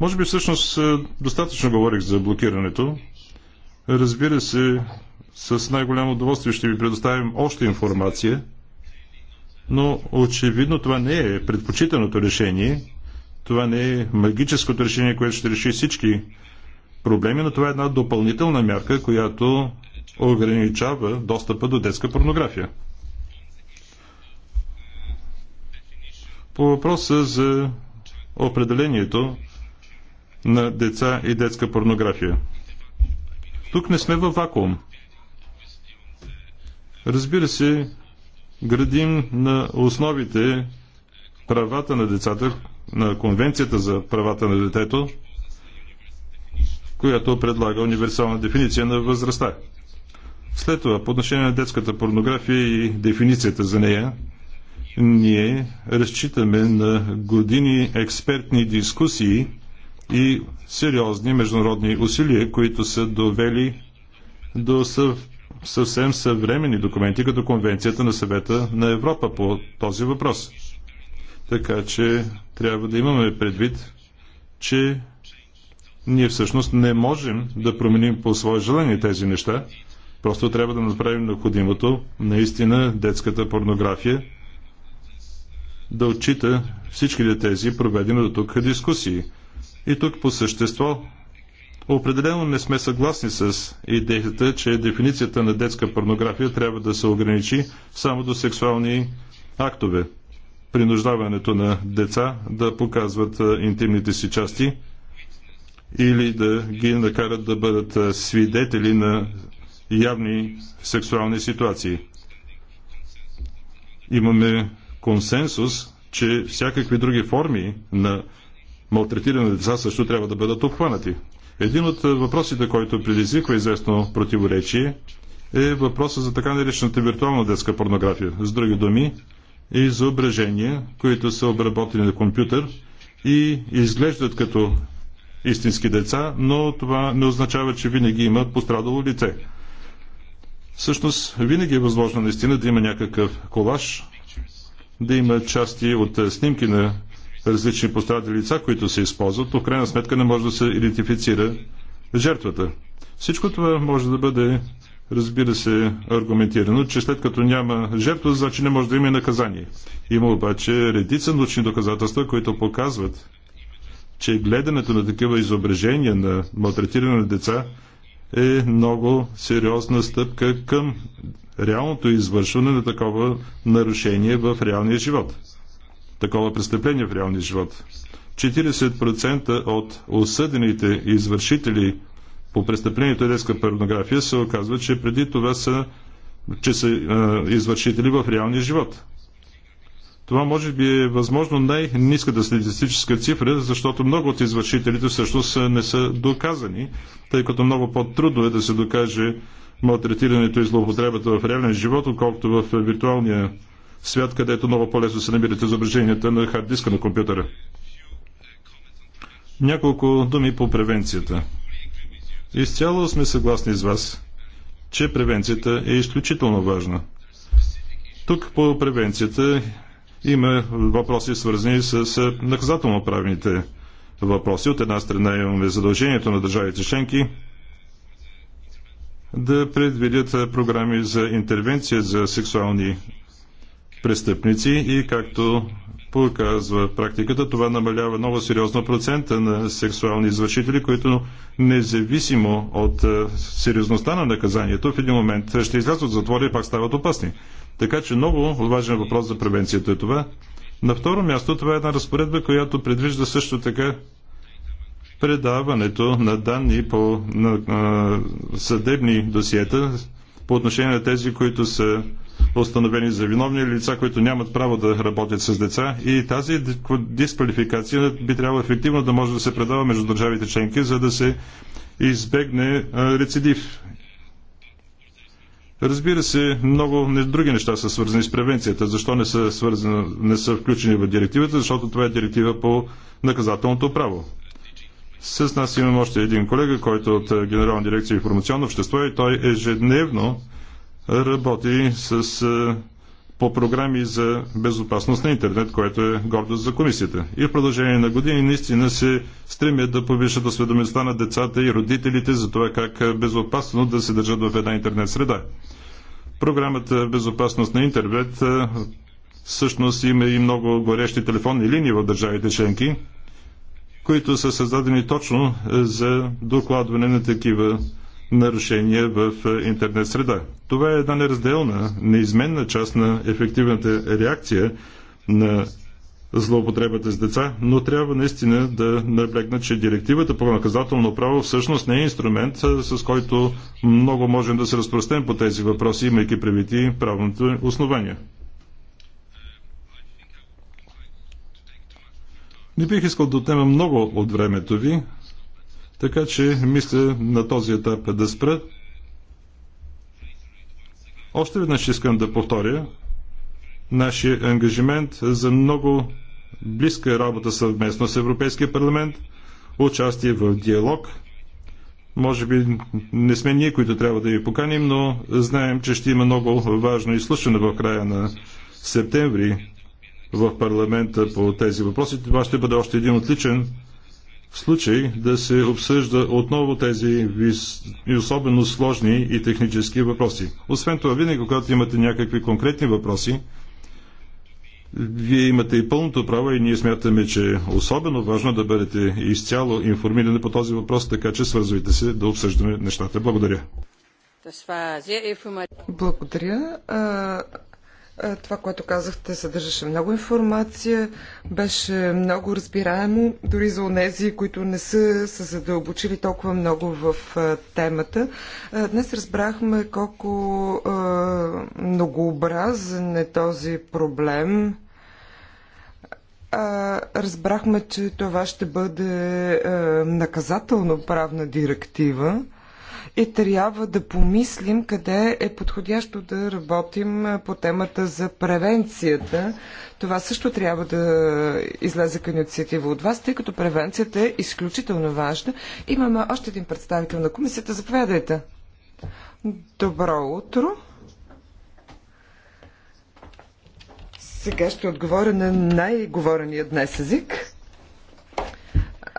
Може би всъщност е, достатъчно говорих за блокирането. Разбира се, с най-голямо удоволствие ще ви предоставим още информация, но очевидно това не е предпочитаното решение. Това не е магическото решение, което ще реши всички проблеми, но това е една допълнителна мярка, която ограничава достъпа до детска порнография. По въпроса за определението на деца и детска порнография. Тук не сме във вакуум. Разбира се, градим на основите правата на децата, на Конвенцията за правата на детето, която предлага универсална дефиниция на възрастта. След това, по отношение на детската порнография и дефиницията за нея, ние разчитаме на години експертни дискусии – и сериозни международни усилия, които са довели до съв... съвсем съвремени документи, като Конвенцията на съвета на Европа по този въпрос. Така че трябва да имаме предвид, че ние всъщност не можем да променим по свое желание тези неща. Просто трябва да направим необходимото, наистина, детската порнография да отчита всичките тези проведени до тук дискусии. И тук по същество определено не сме съгласни с идеята, че дефиницията на детска порнография трябва да се ограничи само до сексуални актове. Принуждаването на деца да показват интимните си части или да ги накарат да бъдат свидетели на явни сексуални ситуации. Имаме консенсус, че всякакви други форми на малтретирани деца също трябва да бъдат обхванати. Един от е, въпросите, който предизвиква известно противоречие, е въпроса за така наречената виртуална детска порнография. С други думи, изображения, които са обработени на компютър и изглеждат като истински деца, но това не означава, че винаги има пострадало лице. Всъщност, винаги е възможно наистина да има някакъв колаж, да има части от е, снимки на различни пострадали лица, които се използват, то в крайна сметка не може да се идентифицира жертвата. Всичко това може да бъде, разбира се, аргументирано, че след като няма жертва, значи не може да има и наказание. Има обаче редица научни доказателства, които показват, че гледането на такива изображения на малтретиране на деца е много сериозна стъпка към реалното извършване на такова нарушение в реалния живот такова престъпление в реалния живот. 40% от осъдените извършители по престъплението детска порнография се оказва, че преди това са, че са е, извършители в реалния живот. Това може би е възможно най-низката статистическа цифра, защото много от извършителите всъщност не са доказани, тъй като много по-трудно е да се докаже малтретирането и злоупотребата в реалния живот, отколкото в виртуалния свят, където много по-лесно се намират изображенията на хард диска на компютъра. Няколко думи по превенцията. Изцяло сме съгласни с вас, че превенцията е изключително важна. Тук по превенцията има въпроси свързани с наказателно правените въпроси. От една страна имаме задължението на държавите членки да предвидят програми за интервенция за сексуални престъпници и както показва практиката, това намалява много сериозно процента на сексуални извършители, които независимо от е, сериозността на наказанието, в един момент ще излязат от затвора и пак стават опасни. Така че много важен въпрос за превенцията е това. На второ място това е една разпоредба, която предвижда също така предаването на данни по на, на, съдебни досиета по отношение на тези, които са установени за виновни лица, които нямат право да работят с деца и тази дисквалификация би трябвало ефективно да може да се предава между държавите членки, за да се избегне рецидив. Разбира се, много други неща са свързани с превенцията. Защо не са, свързани, не са включени в директивата? Защото това е директива по наказателното право. С нас имам още един колега, който е от Генерална дирекция информационно общество и той ежедневно работи с, е, по програми за безопасност на интернет, което е гордост за комисията. И в продължение на години наистина се стремят да повишат осведомеността на децата и родителите за това как безопасно да се държат в една интернет среда. Програмата Безопасност на интернет е, всъщност има и много горещи телефонни линии в държавите членки, които са създадени точно е, за докладване на такива нарушения в е, интернет среда. Това е една неразделна, неизменна част на ефективната реакция на злоупотребата с деца, но трябва наистина да наблегна, че директивата по наказателно право всъщност не е инструмент, е, с който много можем да се разпростем по тези въпроси, имайки предвид и правното основание. Не бих искал да отнема много от времето ви. Така че мисля на този етап да спра. Още веднъж искам да повторя нашия ангажимент за много близка работа съвместно с Европейския парламент, участие в диалог. Може би не сме ние, които трябва да ви поканим, но знаем, че ще има много важно изслушане в края на септември в парламента по тези въпроси. Това ще бъде още един отличен в случай да се обсъжда отново тези и особено сложни и технически въпроси. Освен това, винаги когато имате някакви конкретни въпроси, вие имате и пълното право и ние смятаме, че е особено важно да бъдете изцяло информирани по този въпрос, така че свързвайте се да обсъждаме нещата. Благодаря. Благодаря. Е, това, което казахте, съдържаше много информация, беше много разбираемо, дори за онези, които не са се задълбочили толкова много в е, темата. Е, днес разбрахме колко многообразен е този проблем. Разбрахме, че това ще бъде наказателно правна директива и трябва да помислим къде е подходящо да работим по темата за превенцията. Това също трябва да излезе към инициатива от вас, тъй като превенцията е изключително важна. Имаме още един представител на комисията. Заповядайте. Добро утро. Сега ще отговоря на най-говорения днес език.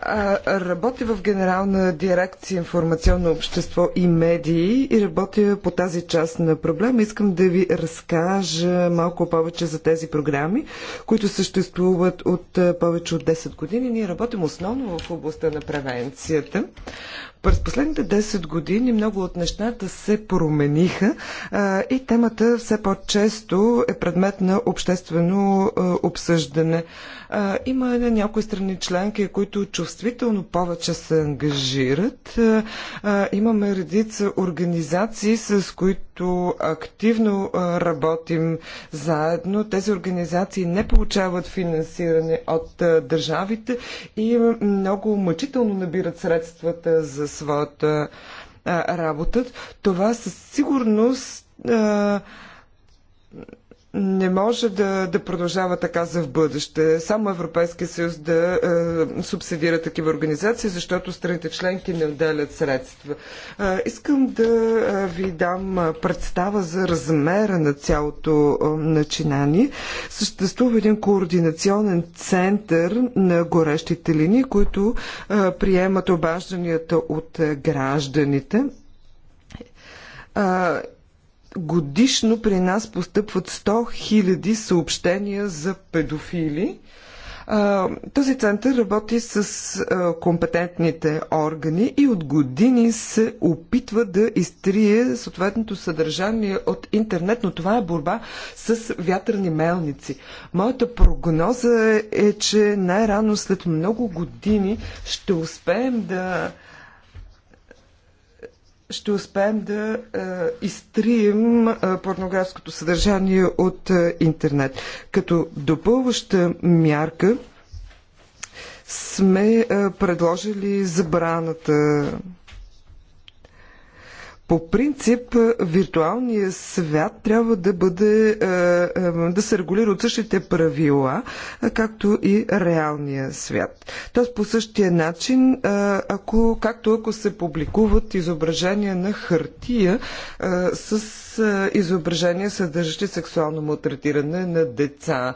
Работя в Генерална дирекция информационно общество и медии и работя по тази част на проблема. Искам да ви разкажа малко повече за тези програми, които съществуват от повече от 10 години. Ние работим основно в областта на превенцията. През последните 10 години много от нещата се промениха а, и темата все по-често е предмет на обществено а, обсъждане. А, има някои страни членки, които чувствително повече се ангажират. А, а, имаме редица организации, с които активно а, работим заедно. Тези организации не получават финансиране от а, държавите и много мъчително набират средствата за своята работа. Това със сигурност не може да, да продължава така за в бъдеще. Само Европейския съюз да е, субсидира такива организации, защото страните членки не отделят средства. Е, искам да е, ви дам представа за размера на цялото е, начинание. Съществува един координационен център на горещите линии, които е, приемат обажданията от е, гражданите годишно при нас постъпват 100 000 съобщения за педофили. Този център работи с компетентните органи и от години се опитва да изтрие съответното съдържание от интернет, но това е борба с вятърни мелници. Моята прогноза е, че най-рано след много години ще успеем да ще успеем да е, изтрием е, порнографското съдържание от е, интернет. Като допълваща мярка сме предложили забраната по принцип, е, виртуалният свят трябва да бъде, е, е, да се регулира от същите правила, както и реалния свят. Тоест по същия начин, ако, както ако се публикуват изображения на хартия с изображения, съдържащи сексуално малтретиране на деца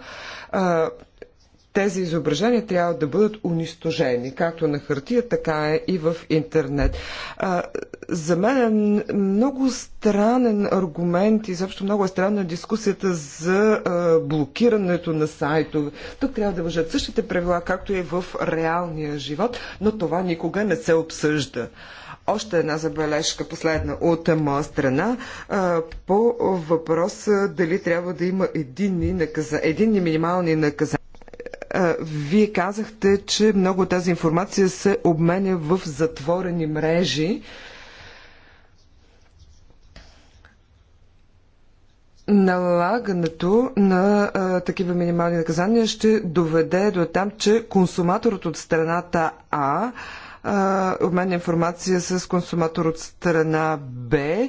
тези изображения трябва да бъдат унищожени, както на хартия, така е и в интернет. А, за мен е много странен аргумент и заобщо много е странна дискусията за а, блокирането на сайтове. Тук трябва да въжат същите правила, както и в реалния живот, но това никога не се обсъжда. Още една забележка, последна от моя страна, по въпрос дали трябва да има единни, наказа, единни минимални наказания вие казахте, че много от тази информация се обменя в затворени мрежи. налагането на а, такива минимални наказания ще доведе до там, че консуматорът от страната А обмен информация с консуматор от страна Б.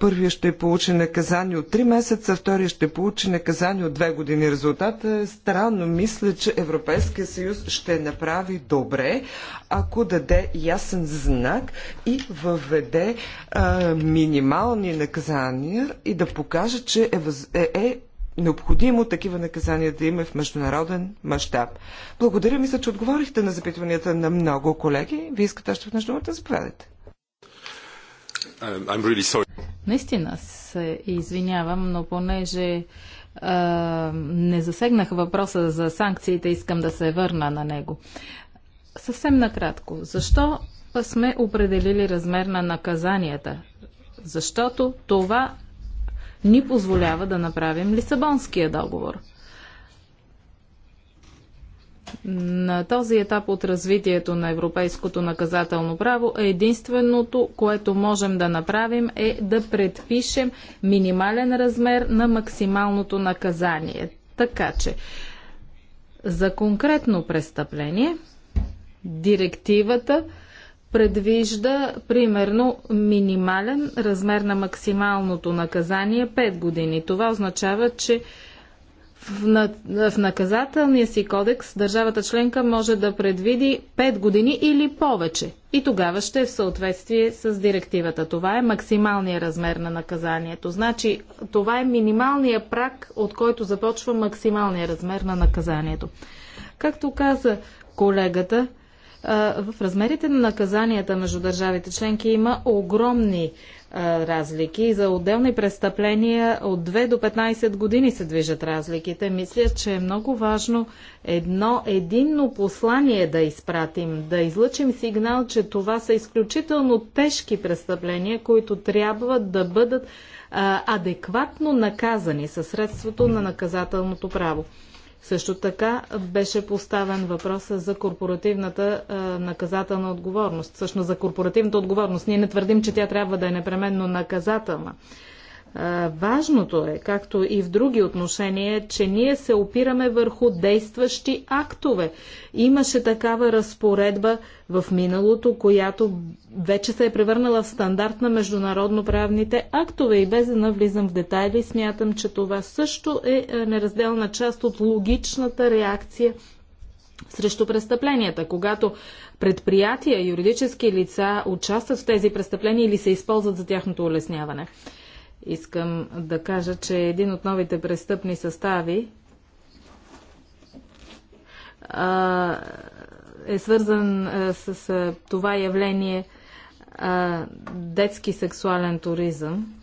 Първият ще получи наказание от 3 месеца, втория ще получи наказание от 2 години. Резултата е странно. Мисля, че Европейския съюз ще направи добре, ако даде ясен знак и въведе а, минимални наказания и да покаже, че е, е, е необходимо такива наказания да има в международен мащаб. Благодаря, мисля, че отговорихте на запитванията на много колеги. Вие искате още веднъж думата, заповядайте. Um, really Наистина се извинявам, но понеже а, не засегнах въпроса за санкциите, искам да се върна на него. Съвсем накратко. Защо сме определили размер на наказанията? Защото това ни позволява да направим Лисабонския договор. На този етап от развитието на европейското наказателно право единственото, което можем да направим е да предпишем минимален размер на максималното наказание. Така че за конкретно престъпление директивата предвижда примерно минимален размер на максималното наказание 5 години. Това означава, че в наказателния си кодекс държавата членка може да предвиди 5 години или повече. И тогава ще е в съответствие с директивата. Това е максималният размер на наказанието. Значи това е минималният прак, от който започва максималния размер на наказанието. Както каза колегата, в размерите на наказанията между държавите членки има огромни разлики. За отделни престъпления от 2 до 15 години се движат разликите. Мисля, че е много важно едно единно послание да изпратим, да излъчим сигнал, че това са изключително тежки престъпления, които трябва да бъдат адекватно наказани със средството на наказателното право. Също така беше поставен въпроса за корпоративната а, наказателна отговорност. Също за корпоративната отговорност. Ние не твърдим, че тя трябва да е непременно наказателна. Важното е, както и в други отношения, че ние се опираме върху действащи актове. Имаше такава разпоредба в миналото, която вече се е превърнала в стандарт на международно-правните актове и без да навлизам в детайли, смятам, че това също е, е неразделна част от логичната реакция срещу престъпленията. Когато предприятия, юридически лица участват в тези престъпления или се използват за тяхното улесняване. Искам да кажа, че един от новите престъпни състави а, е свързан а, с а, това явление а, детски сексуален туризъм.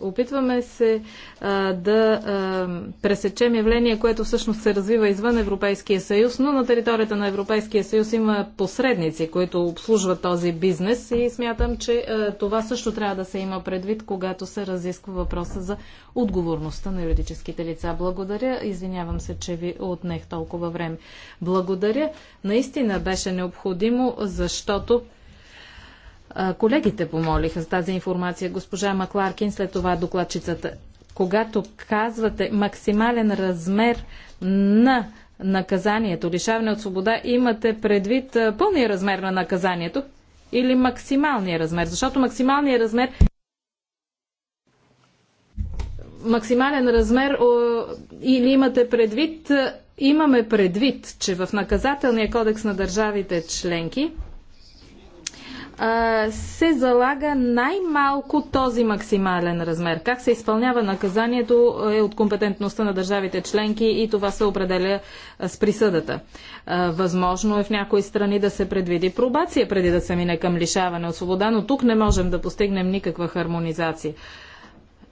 Опитваме се а, да а, пресечем явление, което всъщност се развива извън Европейския съюз, но на територията на Европейския съюз има посредници, които обслужват този бизнес и смятам, че а, това също трябва да се има предвид, когато се разисква въпроса за отговорността на юридическите лица. Благодаря. Извинявам се, че ви отнех толкова време. Благодаря. Наистина беше необходимо, защото Колегите помолиха за тази информация. Госпожа Макларкин, след това докладчицата. Когато казвате максимален размер на наказанието, лишаване от свобода, имате предвид пълния размер на наказанието или максималния размер? Защото максималния размер максимален размер или имате предвид, имаме предвид, че в наказателния кодекс на държавите членки се залага най-малко този максимален размер. Как се изпълнява наказанието е от компетентността на държавите членки и това се определя с присъдата. Възможно е в някои страни да се предвиди пробация преди да се мине към лишаване от свобода, но тук не можем да постигнем никаква хармонизация.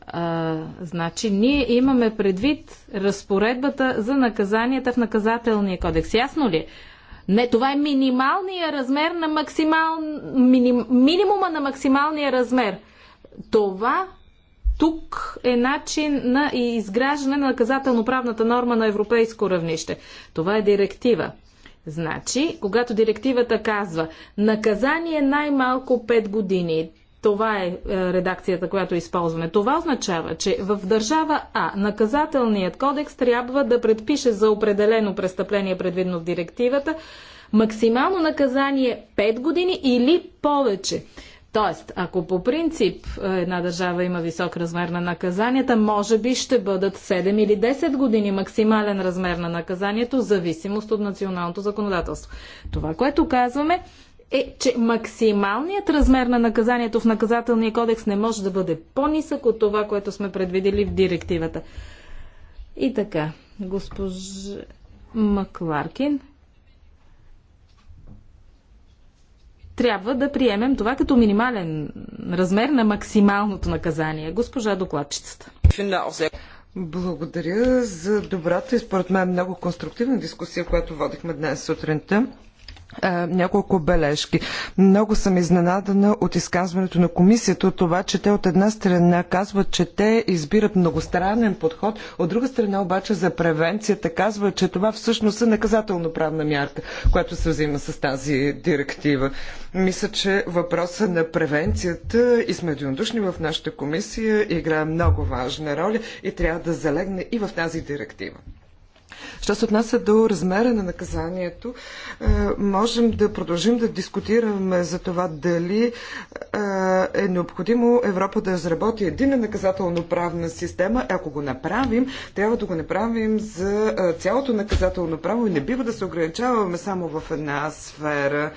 А, значи ние имаме предвид разпоредбата за наказанията в наказателния кодекс. Ясно ли? Е? Не, това е минималния размер на максимал... Миним... минимума на максималния размер. Това тук е начин на изграждане на наказателно-правната норма на европейско равнище. Това е директива. Значи, когато директивата казва наказание най-малко 5 години, това е, е редакцията, която използваме. Това означава, че в държава А наказателният кодекс трябва да предпише за определено престъпление, предвидно в директивата, максимално наказание 5 години или повече. Тоест, ако по принцип е, една държава има висок размер на наказанията, може би ще бъдат 7 или 10 години максимален размер на наказанието, в зависимост от националното законодателство. Това, което казваме, е, че максималният размер на наказанието в наказателния кодекс не може да бъде по-нисък от това, което сме предвидели в директивата. И така, госпожа Макларкин, трябва да приемем това като минимален размер на максималното наказание. Госпожа докладчицата. Благодаря за добрата и според мен много конструктивна дискусия, която водихме днес сутринта. Е, няколко бележки. Много съм изненадана от изказването на комисията, от това, че те от една страна казват, че те избират многостранен подход, от друга страна обаче за превенцията казват, че това всъщност е наказателно-правна мярка, която се взима с тази директива. Мисля, че въпроса на превенцията и сме единодушни в нашата комисия играе много важна роля и трябва да залегне и в тази директива. Що се отнася до размера на наказанието, е, можем да продължим да дискутираме за това дали е, е необходимо Европа да разработи един наказателно-правна система. Ако го направим, трябва да го направим за е, цялото наказателно право и не бива да се ограничаваме само в една сфера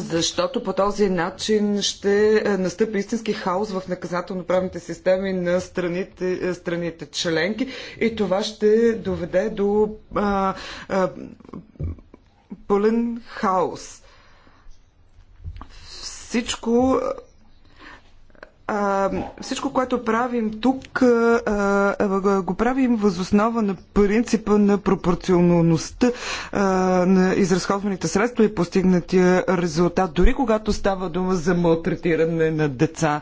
защото по този начин ще е, настъпи истински хаос в наказателно-правните системи на страните, е, страните членки и това ще доведе до а, а, пълен хаос. Всичко а, всичко, което правим тук, а, а, го правим възоснова на принципа на пропорционалността а, на изразходваните средства и постигнатия резултат, дори когато става дума за малтретиране на деца.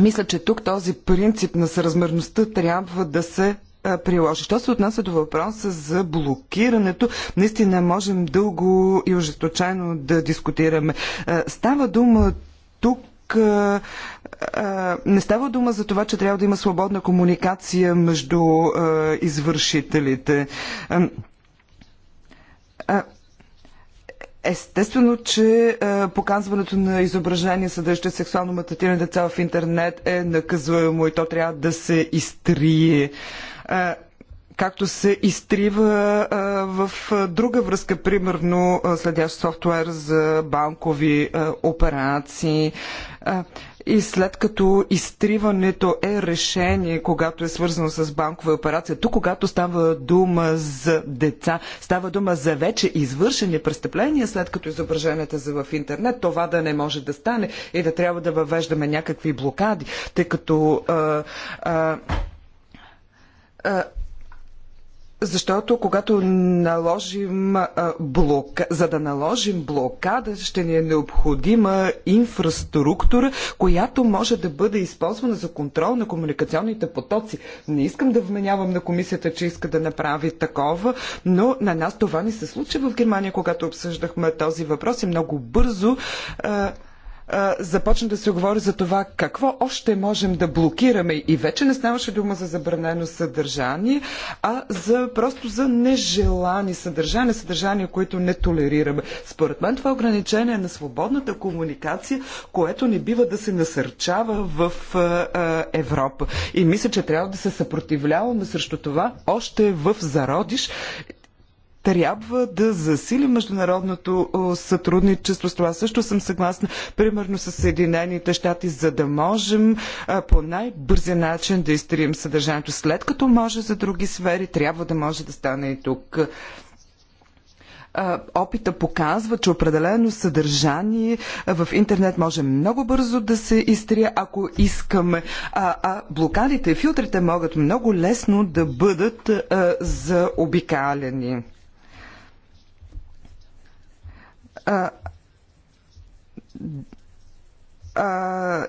Мисля, че тук този принцип на съразмерността трябва да се приложи. Що се отнася до въпроса за блокирането, наистина можем дълго и ожесточено да дискутираме. Става дума тук а, а, не става дума за това, че трябва да има свободна комуникация между а, извършителите. а, Естествено, че е, показването на изображения, съдържащи сексуално мататирани деца в интернет е наказуемо и то трябва да се изтрие. Е, както се изтрива в друга връзка, примерно следящ софтуер за банкови операции. И след като изтриването е решение, когато е свързано с банкова операция, тук когато става дума за деца, става дума за вече извършени престъпления, след като изображенията са в интернет, това да не може да стане и да трябва да въвеждаме някакви блокади, тъй като а, а, а, защото когато наложим блока, за да наложим блокада, ще ни е необходима инфраструктура, която може да бъде използвана за контрол на комуникационните потоци. Не искам да вменявам на комисията, че иска да направи такова, но на нас това не се случи в Германия, когато обсъждахме този въпрос и много бързо започна да се говори за това какво още можем да блокираме и вече не ставаше дума за забранено съдържание, а за, просто за нежелани съдържания, съдържания, които не толерираме. Според мен това ограничение е на свободната комуникация, което не бива да се насърчава в Европа. И мисля, че трябва да се съпротивляваме срещу това още в зародиш трябва да засили международното сътрудничество. С това също съм съгласна, примерно с Съединените щати, за да можем по най-бързия начин да изтрием съдържанието. След като може за други сфери, трябва да може да стане и тук опита показва, че определено съдържание в интернет може много бързо да се изтрия, ако искаме. А, а блокадите и филтрите могат много лесно да бъдат а, заобикаляни а, а,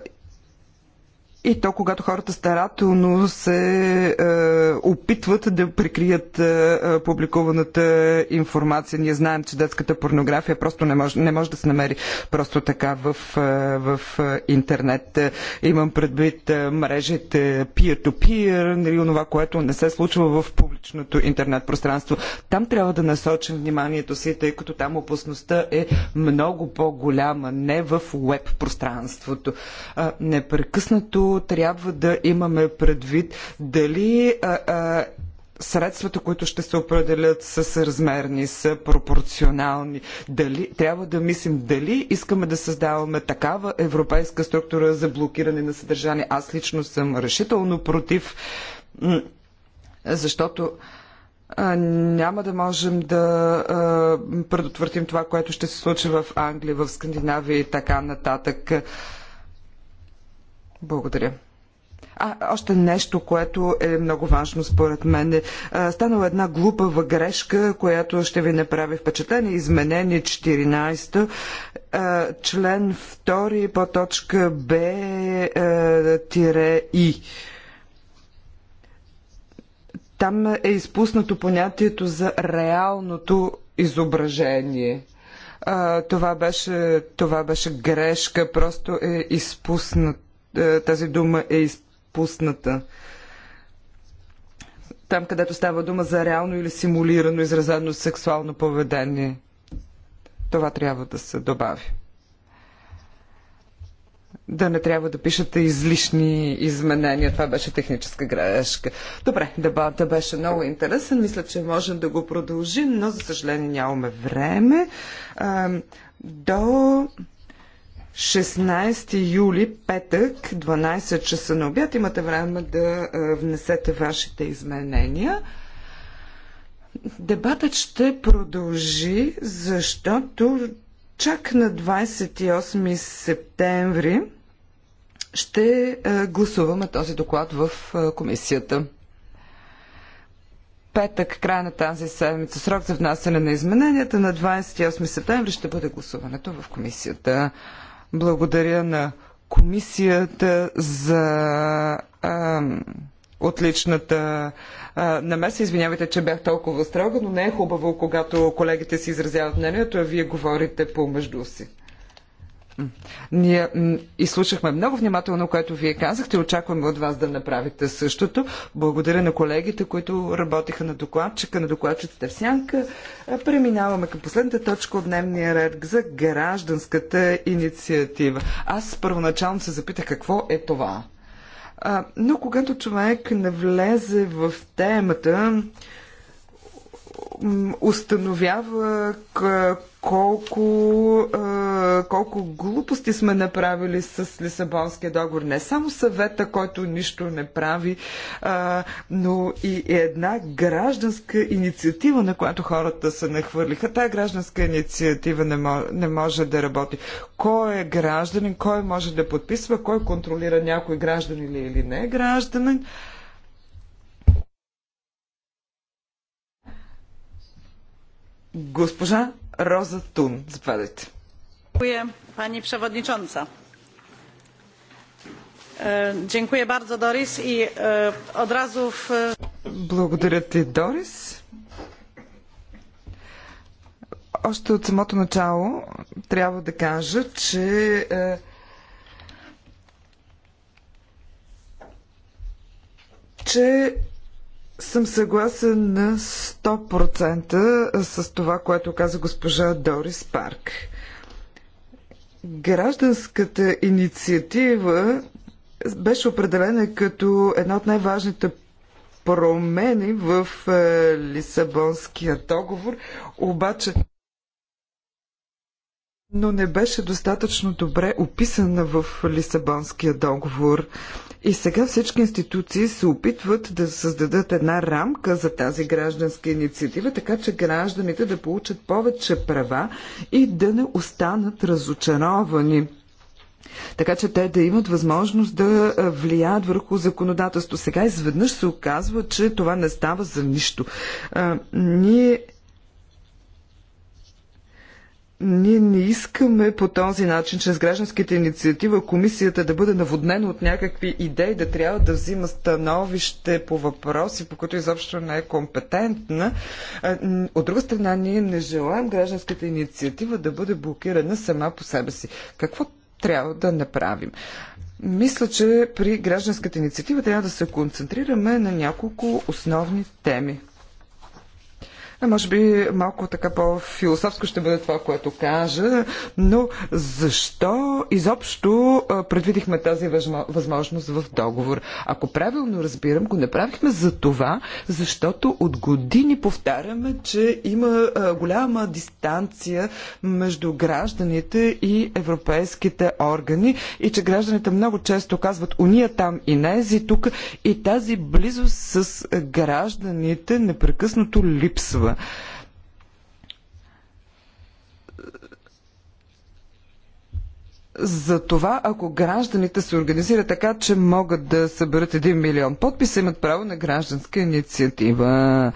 и то, когато хората старателно се е, опитват да прикрият е, е, публикуваната информация. Ние знаем, че детската порнография просто не може, не може да се намери просто така в, е, в е, интернет. Имам предвид мрежите peer-to-peer, нали, онова, което не се случва в публичното интернет пространство. Там трябва да насочим вниманието си, тъй като там опасността е много по-голяма, не в веб пространството. непрекъснато трябва да имаме предвид дали а, а, средствата, които ще се определят са съразмерни, са пропорционални. Дали, трябва да мислим дали искаме да създаваме такава европейска структура за блокиране на съдържание. Аз лично съм решително против, защото няма да можем да предотвратим това, което ще се случи в Англия, в Скандинавия и така нататък. Благодаря. А, още нещо, което е много важно според мен. Е, станала една глупава грешка, която ще ви направи впечатление. Изменение 14, е, член 2 по точка Б е, тире И. Там е изпуснато понятието за реалното изображение. Това беше, това беше грешка, просто е изпуснат е, тази дума е изпусната. Там, където става дума за реално или симулирано изразено сексуално поведение. Това трябва да се добави. Да не трябва да пишете излишни изменения. Това беше техническа грешка. Добре, дебата беше много интересен. Мисля, че можем да го продължим, но за съжаление нямаме време. до 16 юли, петък, 12 часа на обяд. Имате време да внесете вашите изменения. Дебатът ще продължи, защото чак на 28 септември ще гласуваме този доклад в комисията. Петък, края на тази седмица, срок за внасяне на измененията на 28 септември ще бъде гласуването в комисията. Благодаря на комисията за а, отличната а, намеса. Извинявайте, че бях толкова строга, но не е хубаво, когато колегите си изразяват мнението, а вие говорите помежду си. Ние изслушахме много внимателно, което вие казахте. Очакваме от вас да направите същото. Благодаря на колегите, които работиха на докладчика, на докладчиците в сянка. Преминаваме към последната точка от дневния ред за гражданската инициатива. Аз първоначално се запитах какво е това. Но когато човек навлезе в темата, установява колко, а, колко глупости сме направили с Лисабонския договор. Не само съвета, който нищо не прави, а, но и една гражданска инициатива, на която хората се нахвърлиха. Тая гражданска инициатива не, мож, не може да работи. Кой е гражданин, кой може да подписва, кой контролира някой гражданин или не е гражданин. Госпожа Роза Тун. Заповядайте. Dziękuję Pani Przewodnicząca. E, dziękuję bardzo Doris i e, od razu w... Благодаря ти, Дорис. Още от самото начало трябва да кажа, че е, че съм съгласен на 100% с това, което каза госпожа Дорис Парк. Гражданската инициатива беше определена като една от най-важните промени в е, Лисабонския договор, обаче но не беше достатъчно добре описана в Лисабонския договор. И сега всички институции се опитват да създадат една рамка за тази гражданска инициатива, така че гражданите да получат повече права и да не останат разочаровани. Така че те да имат възможност да влияят върху законодателство. Сега изведнъж се оказва, че това не става за нищо. А, ние ние не искаме по този начин, чрез гражданските инициатива, комисията да бъде наводнена от някакви идеи, да трябва да взима становище по въпроси, по които изобщо не е компетентна. От друга страна, ние не желаем гражданската инициатива да бъде блокирана сама по себе си. Какво трябва да направим? Мисля, че при гражданската инициатива трябва да се концентрираме на няколко основни теми. А може би малко така по-философско ще бъде това, което кажа, но защо изобщо предвидихме тази възможност в договор? Ако правилно разбирам, го направихме за това, защото от години повтаряме, че има голяма дистанция между гражданите и европейските органи и че гражданите много често казват уния там и нези тук и тази близост с гражданите непрекъснато липсва. За това, ако гражданите се организират така, че могат да съберат 1 милион подписа, имат право на гражданска инициатива.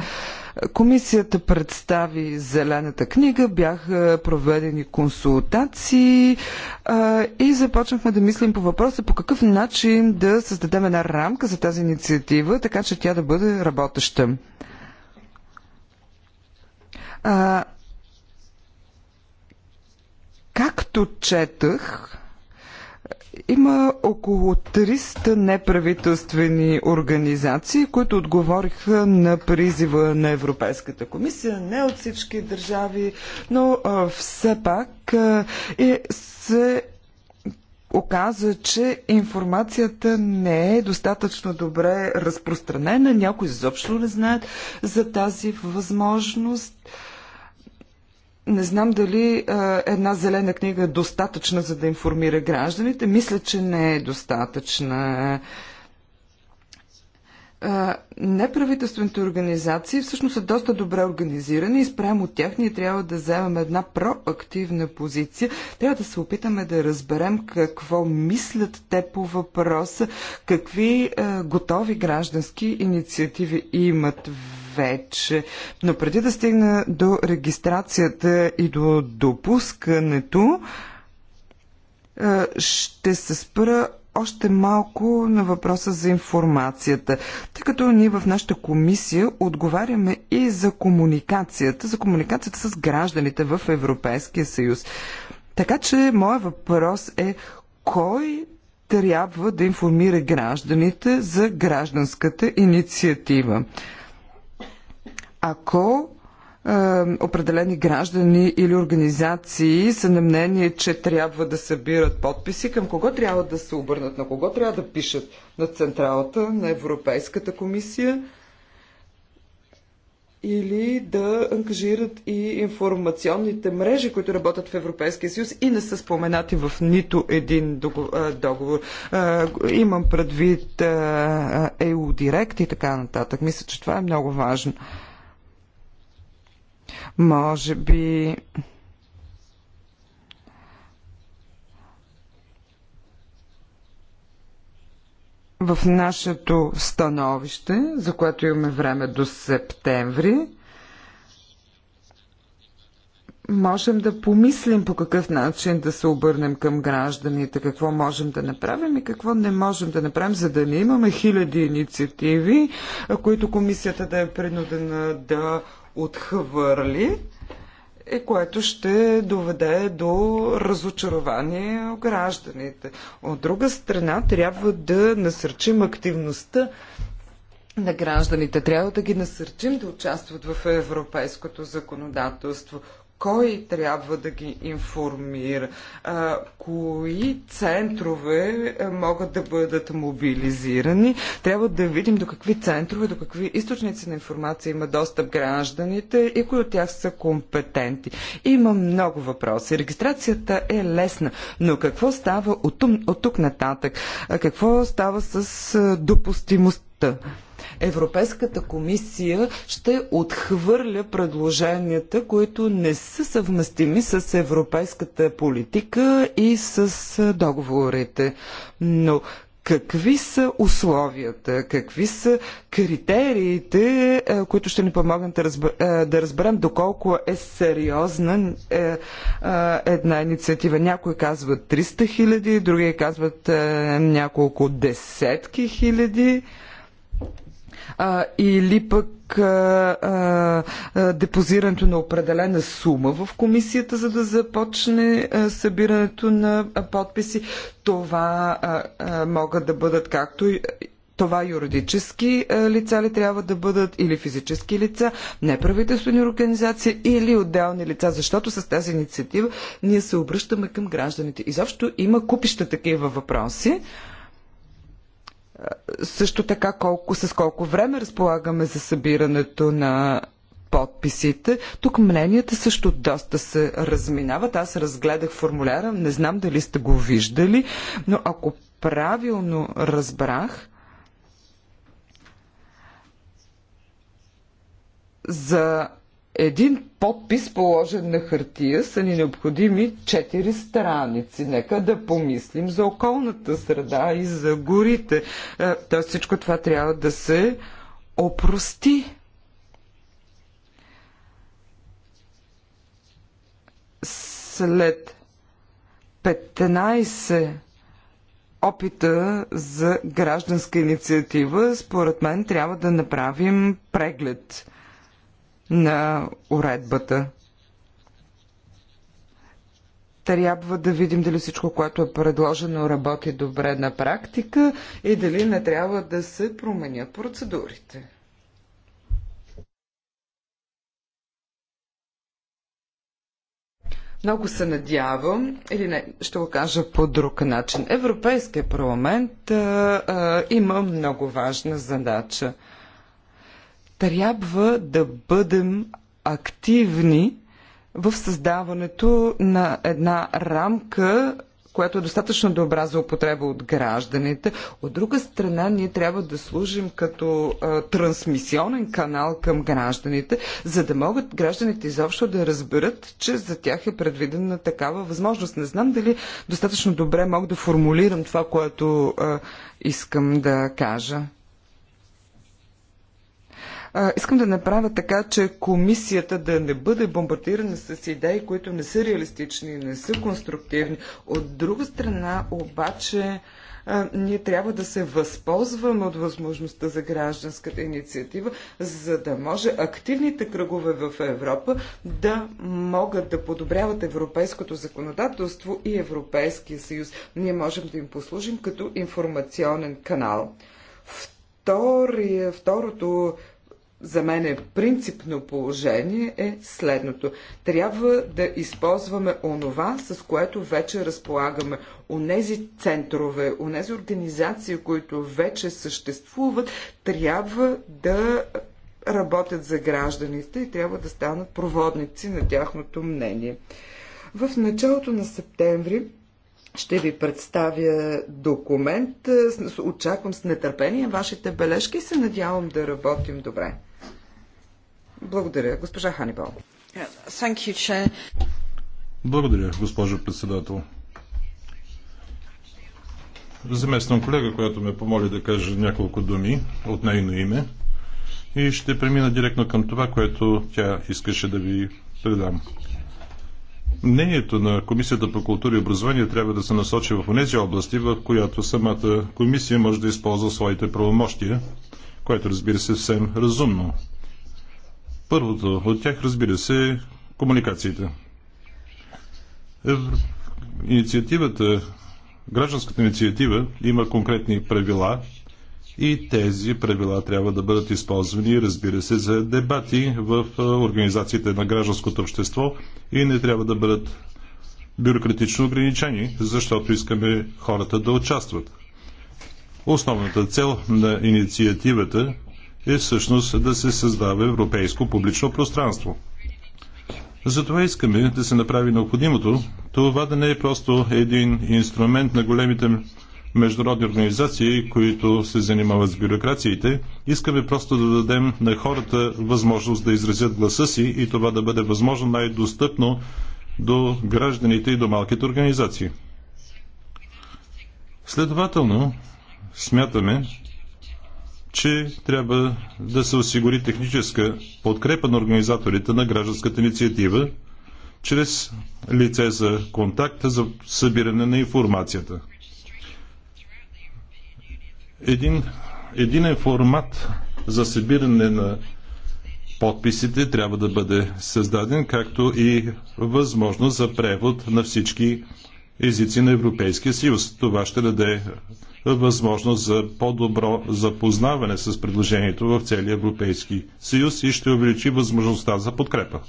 Комисията представи зелената книга, бяха проведени консултации а, и започнахме да мислим по въпроса по какъв начин да създадем една рамка за тази инициатива, така че тя да бъде работеща. А, както четах, има около 300 неправителствени организации, които отговориха на призива на Европейската комисия. Не от всички държави, но а, все пак а, е, се оказа, че информацията не е достатъчно добре разпространена. Някои изобщо не знаят за тази възможност. Не знам дали а, една зелена книга е достатъчна, за да информира гражданите. Мисля, че не е достатъчна неправителствените организации всъщност са доста добре организирани и спрямо от тях ние трябва да вземем една проактивна позиция. Трябва да се опитаме да разберем какво мислят те по въпроса, какви е, готови граждански инициативи имат вече. Но преди да стигна до регистрацията и до допускането, ще се спра още малко на въпроса за информацията, тъй като ние в нашата комисия отговаряме и за комуникацията, за комуникацията с гражданите в Европейския съюз. Така че моят въпрос е кой трябва да информира гражданите за гражданската инициатива? Ако е, определени граждани или организации са на мнение, че трябва да събират подписи, към кого трябва да се обърнат, на кого трябва да пишат на Централата, на Европейската комисия или да ангажират и информационните мрежи, които работят в Европейския съюз и не са споменати в нито един договор. Е, е, имам предвид ЕУ Директ и така нататък. Мисля, че това е много важно. Може би в нашето становище, за което имаме време до септември, можем да помислим по какъв начин да се обърнем към гражданите, какво можем да направим и какво не можем да направим, за да не имаме хиляди инициативи, които комисията да е принудена да отхвърли и което ще доведе до разочарование у гражданите. От друга страна, трябва да насърчим активността на гражданите. Трябва да ги насърчим да участват в европейското законодателство кой трябва да ги информира, а, кои центрове е, могат да бъдат мобилизирани. Трябва да видим до какви центрове, до какви източници на информация има достъп гражданите и кои от тях са компетенти. Има много въпроси. Регистрацията е лесна, но какво става от, от тук нататък? Какво става с допустимостта? Европейската комисия ще отхвърля предложенията, които не са съвместими с европейската политика и с договорите. Но какви са условията, какви са критериите, които ще ни помогнат да, да разберем доколко е сериозна е, една инициатива. Някои казват 300 хиляди, други казват няколко десетки хиляди а, или пък депозирането на определена сума в комисията, за да започне събирането на подписи. Това могат да бъдат както това юридически лица ли трябва да бъдат или физически лица, неправителствени организации или отделни лица, защото с тази инициатива ние се обръщаме към гражданите. Изобщо има купища такива въпроси също така колко, с колко време разполагаме за събирането на подписите. Тук мненията също доста се разминават. Аз разгледах формуляра, не знам дали сте го виждали, но ако правилно разбрах, за един подпис, положен на хартия, са ни необходими 4 страници. Нека да помислим за околната среда и за горите. Е, тоест всичко това трябва да се опрости. След 15 опита за гражданска инициатива, според мен трябва да направим преглед на уредбата. Трябва да видим дали всичко, което е предложено, работи добре на практика и дали не трябва да се променят процедурите. Много се надявам, или не, ще го кажа по друг начин. Европейския парламент а, а, има много важна задача. Трябва да бъдем активни в създаването на една рамка, която е достатъчно добра за употреба от гражданите. От друга страна, ние трябва да служим като а, трансмисионен канал към гражданите, за да могат гражданите изобщо да разберат, че за тях е предвидена такава възможност. Не знам дали достатъчно добре мога да формулирам това, което а, искам да кажа. А, искам да направя така, че комисията да не бъде бомбардирана с идеи, които не са реалистични, не са конструктивни. От друга страна, обаче, ние трябва да се възползваме от възможността за гражданската инициатива, за да може активните кръгове в Европа да могат да подобряват европейското законодателство и Европейския съюз. Ние можем да им послужим като информационен канал. Втория, второто за мен е принципно положение е следното. Трябва да използваме онова, с което вече разполагаме. Онези центрове, онези организации, които вече съществуват, трябва да работят за гражданите и трябва да станат проводници на тяхното мнение. В началото на септември ще ви представя документ. Очаквам с нетърпение вашите бележки и се надявам да работим добре. Благодаря. Госпожа Ханибал. Благодаря, госпожо председател. Замествам колега, която ме помоли да каже няколко думи от нейно име и ще премина директно към това, което тя искаше да ви предам. Мнението на Комисията по култура и образование трябва да се насочи в тези области, в която самата комисия може да използва своите правомощия, което разбира се е съвсем разумно. Първото от тях, разбира се, е комуникациите. Евро... Инициативата, гражданската инициатива има конкретни правила и тези правила трябва да бъдат използвани, разбира се, за дебати в организациите на гражданското общество и не трябва да бъдат бюрократично ограничени, защото искаме хората да участват. Основната цел на инициативата е всъщност да се създава европейско публично пространство. Затова искаме да се направи необходимото това да не е просто един инструмент на големите международни организации, които се занимават с бюрокрациите. Искаме просто да дадем на хората възможност да изразят гласа си и това да бъде възможно най-достъпно до гражданите и до малките организации. Следователно, смятаме, че трябва да се осигури техническа подкрепа на организаторите на гражданската инициатива чрез лице за контакт за събиране на информацията. Един, един формат за събиране на подписите трябва да бъде създаден, както и възможност за превод на всички езици на Европейския съюз. Това ще даде възможност за по-добро запознаване с предложението в целия Европейски съюз и ще увеличи възможността за подкрепа.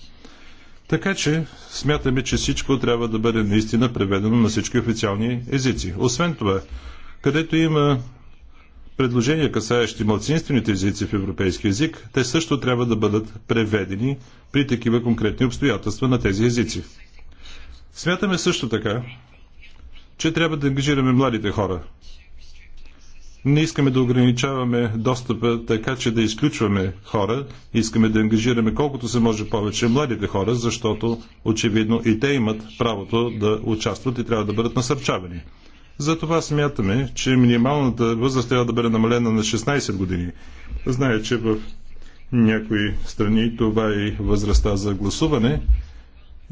Така че смятаме, че всичко трябва да бъде наистина преведено на всички официални езици. Освен това, където има предложения, касаещи младсинствените езици в европейски език, те също трябва да бъдат преведени при такива конкретни обстоятелства на тези езици. Смятаме също така, че трябва да ангажираме младите хора не искаме да ограничаваме достъпа така, че да изключваме хора. Искаме да ангажираме колкото се може повече младите хора, защото очевидно и те имат правото да участват и трябва да бъдат насърчавани. Затова смятаме, че минималната възраст трябва да бъде намалена на 16 години. Зная, че в някои страни това е възрастта за гласуване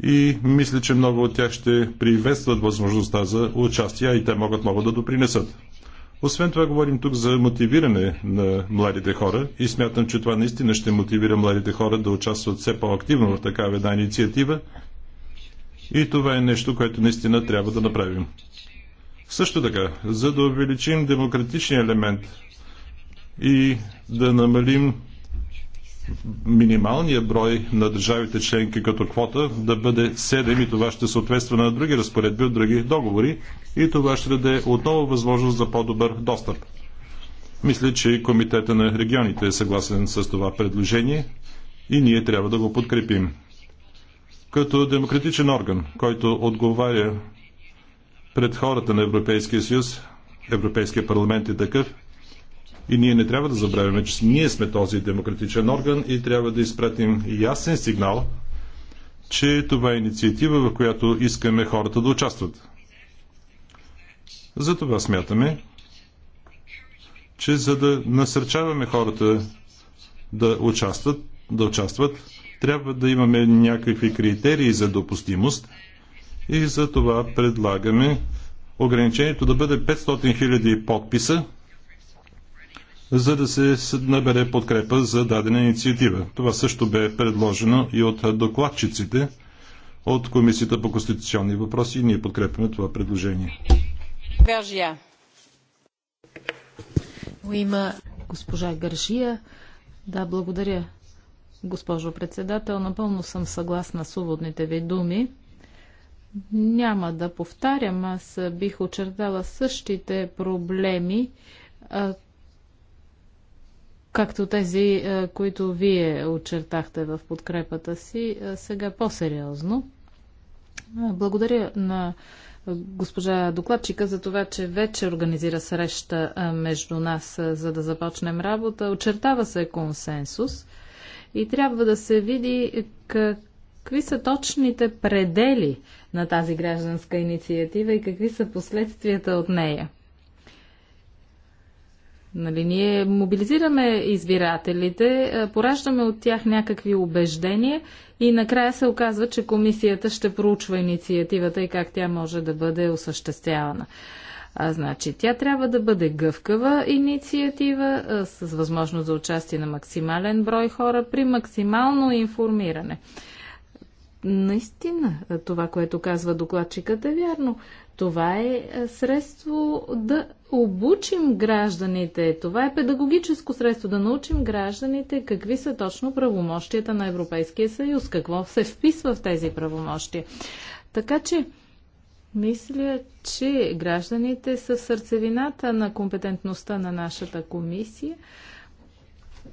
и мисля, че много от тях ще приветстват възможността за участие и те могат много да допринесат. Освен това говорим тук за мотивиране на младите хора и смятам, че това наистина ще мотивира младите хора да участват все по-активно в такава една инициатива и това е нещо, което наистина трябва да направим. Също така, за да увеличим демократичния елемент и да намалим минималния брой на държавите членки като квота да бъде 7 и това ще съответства на други разпоредби от други договори и това ще даде отново възможност за по-добър достъп. Мисля, че Комитета на регионите е съгласен с това предложение и ние трябва да го подкрепим. Като демократичен орган, който отговаря пред хората на Европейския съюз, Европейския парламент е такъв, и ние не трябва да забравяме, че ние сме този демократичен орган и трябва да изпратим ясен сигнал, че това е инициатива, в която искаме хората да участват. Затова смятаме, че за да насърчаваме хората да участват, да участват, трябва да имаме някакви критерии за допустимост и за това предлагаме ограничението да бъде 500 000 подписа, за да се набере подкрепа за дадена инициатива. Това също бе предложено и от докладчиците от Комисията по конституционни въпроси и ние подкрепяме това предложение. Вържия. Има госпожа Гържия. Да, благодаря, госпожо председател. Напълно съм съгласна с уводните ви думи. Няма да повтарям, аз бих очертала същите проблеми, както тези, е, които вие очертахте в подкрепата си, е, сега по-сериозно. Е, благодаря на госпожа докладчика за това, че вече организира среща между нас, за да започнем работа. Очертава се консенсус и трябва да се види какви са точните предели на тази гражданска инициатива и какви са последствията от нея. Нали, ние мобилизираме избирателите, е, пораждаме от тях някакви убеждения и накрая се оказва, че комисията ще проучва инициативата и как тя може да бъде осъществявана. А, значи, тя трябва да бъде гъвкава инициатива а, е, с възможност за участие на максимален брой хора при максимално информиране. Наистина, това, което казва докладчикът е вярно. Това е, е средство да обучим гражданите. Това е педагогическо средство да научим гражданите какви са точно правомощията на Европейския съюз, какво се вписва в тези правомощия. Така че, мисля, че гражданите са в сърцевината на компетентността на нашата комисия.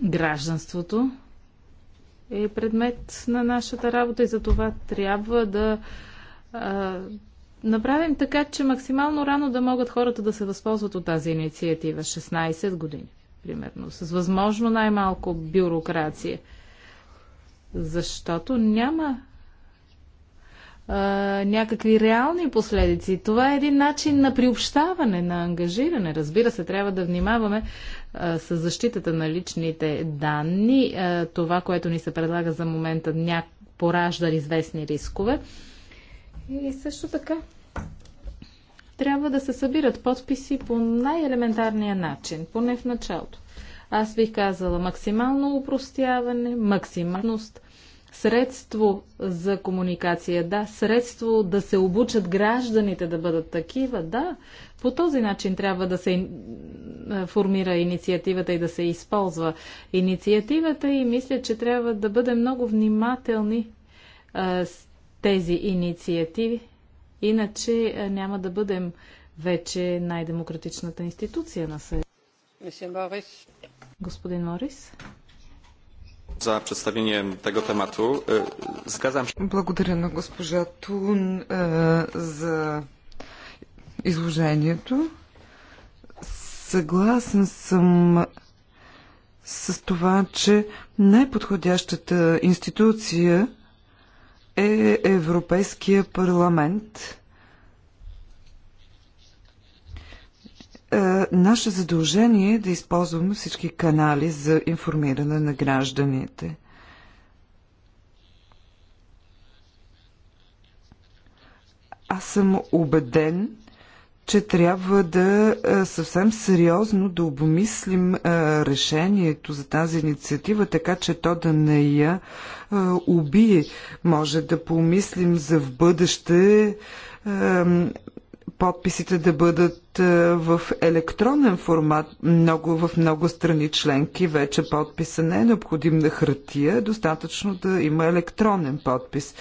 Гражданството е предмет на нашата работа и за това трябва да а, направим така, че максимално рано да могат хората да се възползват от тази инициатива 16 години, примерно, с възможно най-малко бюрокрация. Защото няма а, някакви реални последици. Това е един начин на приобщаване, на ангажиране. Разбира се, трябва да внимаваме а, с защитата на личните данни. А, това, което ни се предлага за момента, няк... поражда известни рискове. И също така, трябва да се събират подписи по най-елементарния начин, поне в началото. Аз бих казала максимално упростяване, максималност – средство за комуникация, да, средство да се обучат гражданите да бъдат такива, да. По този начин трябва да се формира инициативата и да се използва инициативата и мисля, че трябва да бъдем много внимателни а, с тези инициативи, иначе а, няма да бъдем вече най-демократичната институция на Съюза. Господин Морис за представление тега темату. Сказам... се. Благодаря на госпожа Тун е, за изложението. Съгласен съм с това, че най-подходящата институция е Европейския парламент Е, наше задължение е да използваме всички канали за информиране на гражданите. Аз съм убеден, че трябва да е, съвсем сериозно да обмислим е, решението за тази инициатива, така че то да не я убие. Може да помислим за в бъдеще подписите да бъдат е, в електронен формат. Много, в много страни членки вече подписа не е необходим на хартия, достатъчно да има електронен подпис.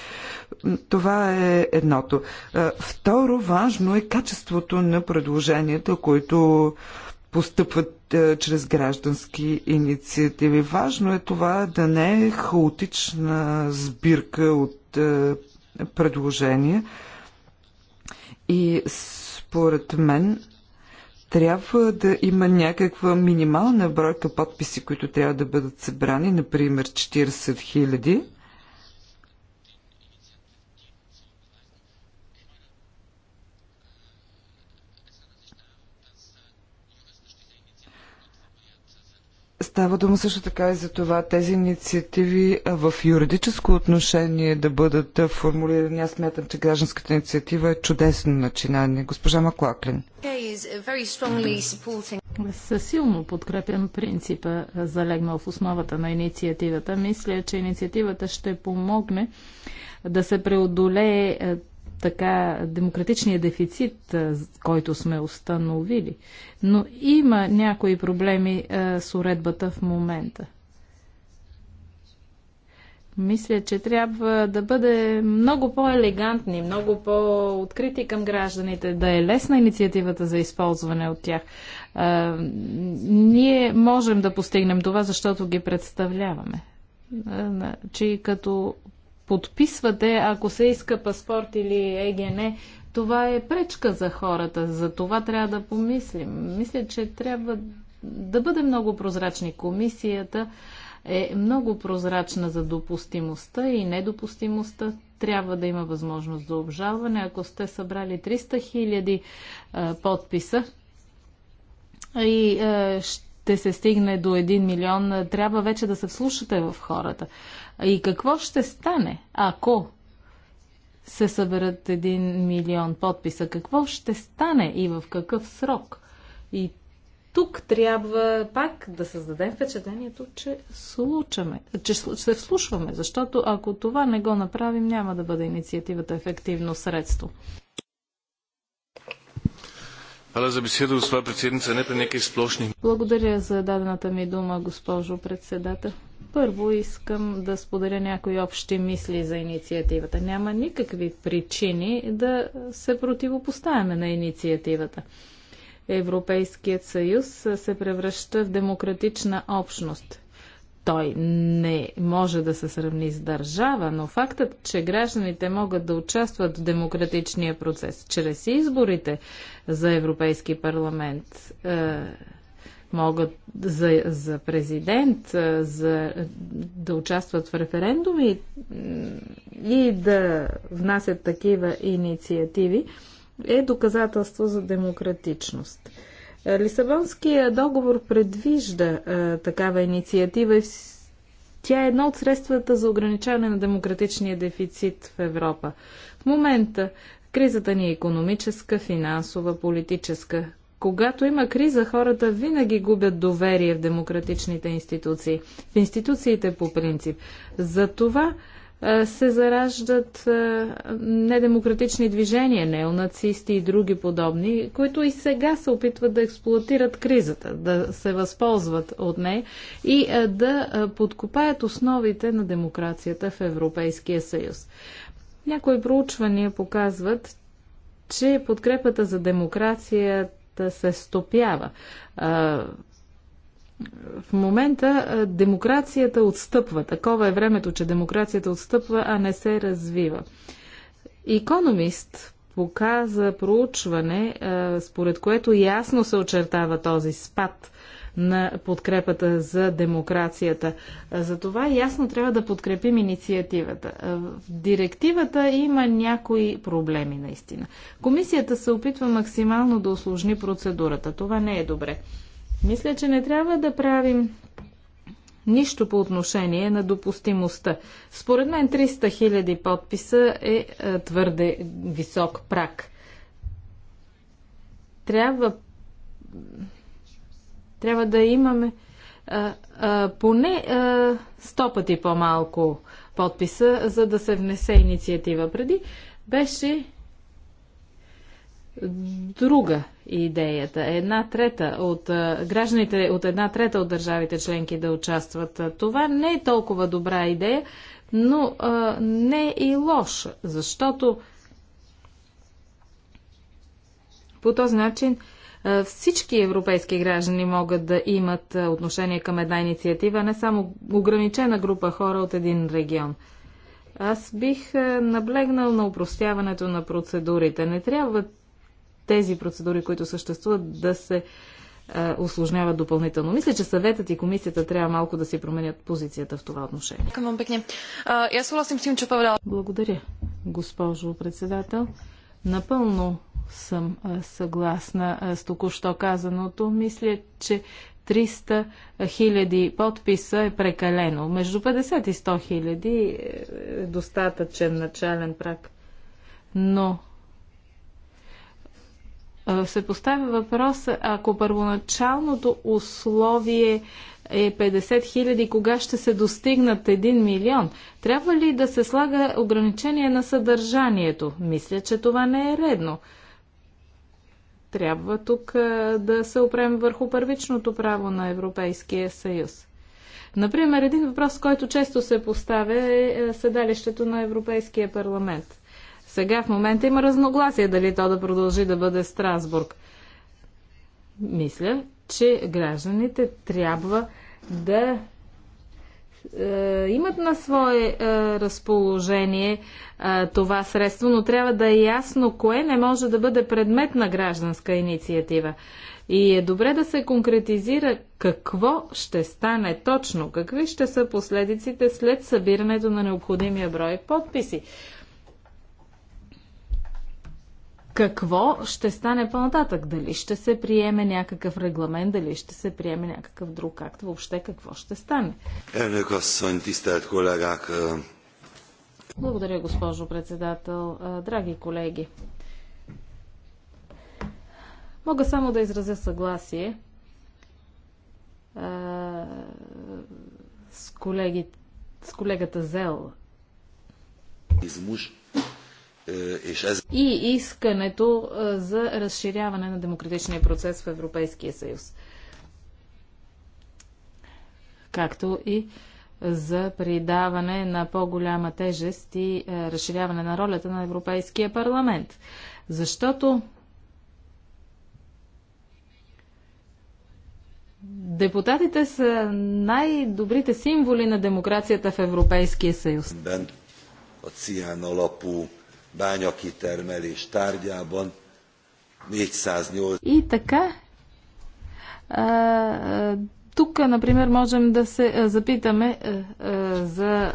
Това е едното. Е, второ, важно е качеството на предложенията, които постъпват е, чрез граждански инициативи. Важно е това да не е хаотична сбирка от предложения, и според мен трябва да има някаква минимална бройка подписи, които трябва да бъдат събрани, например 40 000. Става дума също така и за това тези инициативи в юридическо отношение да бъдат формулирани. Аз смятам, че гражданската инициатива е чудесно начинание. Госпожа Маклаклин. Е Със силно подкрепям принципа, залегнал в основата на инициативата. Мисля, че инициативата ще помогне да се преодолее така демократичния дефицит, който сме установили. Но има някои проблеми с уредбата в момента. Мисля, че трябва да бъде много по-елегантни, много по-открити към гражданите, да е лесна инициативата за използване от тях. А, ние можем да постигнем това, защото ги представляваме. Че значи, като подписвате, ако се иска паспорт или ЕГН, това е пречка за хората. За това трябва да помислим. Мисля, че трябва да бъде много прозрачни. Комисията е много прозрачна за допустимостта и недопустимостта. Трябва да има възможност за обжалване. Ако сте събрали 300 хиляди подписа и ще ще се стигне до 1 милион, трябва вече да се вслушате в хората. И какво ще стане, ако се съберат 1 милион подписа? Какво ще стане и в какъв срок? И тук трябва пак да създадем впечатлението, че, случаме, че се вслушваме, защото ако това не го направим, няма да бъде инициативата ефективно средство. Благодаря за дадената ми дума, госпожо председател. Първо искам да споделя някои общи мисли за инициативата. Няма никакви причини да се противопоставяме на инициативата. Европейският съюз се превръща в демократична общност той не може да се сравни с държава, но фактът, че гражданите могат да участват в демократичния процес чрез изборите за Европейски парламент, е, могат за, за президент, е, за, да участват в референдуми и да внасят такива инициативи, е доказателство за демократичност. Лисабонския договор предвижда а, е, такава инициатива и тя е едно от средствата за ограничаване на демократичния дефицит в Европа. В момента кризата ни е економическа, финансова, политическа. Когато има криза, хората винаги губят доверие в демократичните институции, в институциите по принцип. За това се зараждат недемократични движения, неонацисти и други подобни, които и сега се опитват да експлуатират кризата, да се възползват от нея и да подкопаят основите на демокрацията в Европейския съюз. Някои проучвания показват, че подкрепата за демокрацията се стопява в момента демокрацията отстъпва. Такова е времето, че демокрацията отстъпва, а не се развива. Економист показа проучване, според което ясно се очертава този спад на подкрепата за демокрацията. Затова ясно трябва да подкрепим инициативата. В директивата има някои проблеми наистина. Комисията се опитва максимално да осложни процедурата. Това не е добре. Мисля, че не трябва да правим нищо по отношение на допустимостта. Според мен 300 000 подписа е, е твърде висок прак. Трябва, трябва да имаме а, а, поне а, 100 пъти по-малко подписа, за да се внесе инициатива. Преди беше друга идеята. Една трета от гражданите от една трета от държавите членки да участват. Това не е толкова добра идея, но а, не е и лоша, защото по този начин всички европейски граждани могат да имат отношение към една инициатива, не само ограничена група хора от един регион. Аз бих наблегнал на упростяването на процедурите. Не трябва тези процедури, които съществуват, да се осложняват е, допълнително. Мисля, че съветът и комисията трябва малко да си променят позицията в това отношение. Благодаря, госпожо председател. Напълно съм е, съгласна е, с току-що казаното. Мисля, че 300 хиляди подписа е прекалено. Между 50 и 100 хиляди е достатъчен начален прак. Но е, се поставя въпрос, ако първоначалното условие е 50 хиляди, кога ще се достигнат 1 милион? Трябва ли да се слага ограничение на съдържанието? Мисля, че това не е редно. Трябва тук е, да се опрем върху първичното право на Европейския съюз. Например, един въпрос, който често се поставя е, е седалището на Европейския парламент. Сега в момента има разногласие дали то да продължи да бъде Страсбург. Мисля, че гражданите трябва да е, имат на свое е, разположение е, това средство, но трябва да е ясно кое не може да бъде предмет на гражданска инициатива. И е добре да се конкретизира какво ще стане точно, какви ще са последиците след събирането на необходимия брой подписи какво ще стане по-нататък. Дали ще се приеме някакъв регламент, дали ще се приеме някакъв друг акт, въобще какво ще стане. Э, Благодаря, госпожо председател. Э, драги колеги, мога само да изразя съгласие э, с, колеги, с колегата Зел. Измуж е, и искането е, за разширяване на демократичния процес в Европейския съюз. Както и за придаване на по-голяма тежест и е, разширяване на ролята на Европейския парламент. Защото депутатите са най-добрите символи на демокрацията в Европейския съюз бányакitermelés tárgyában 408. И така, а, тук, например, можем да се запитаме а, а, за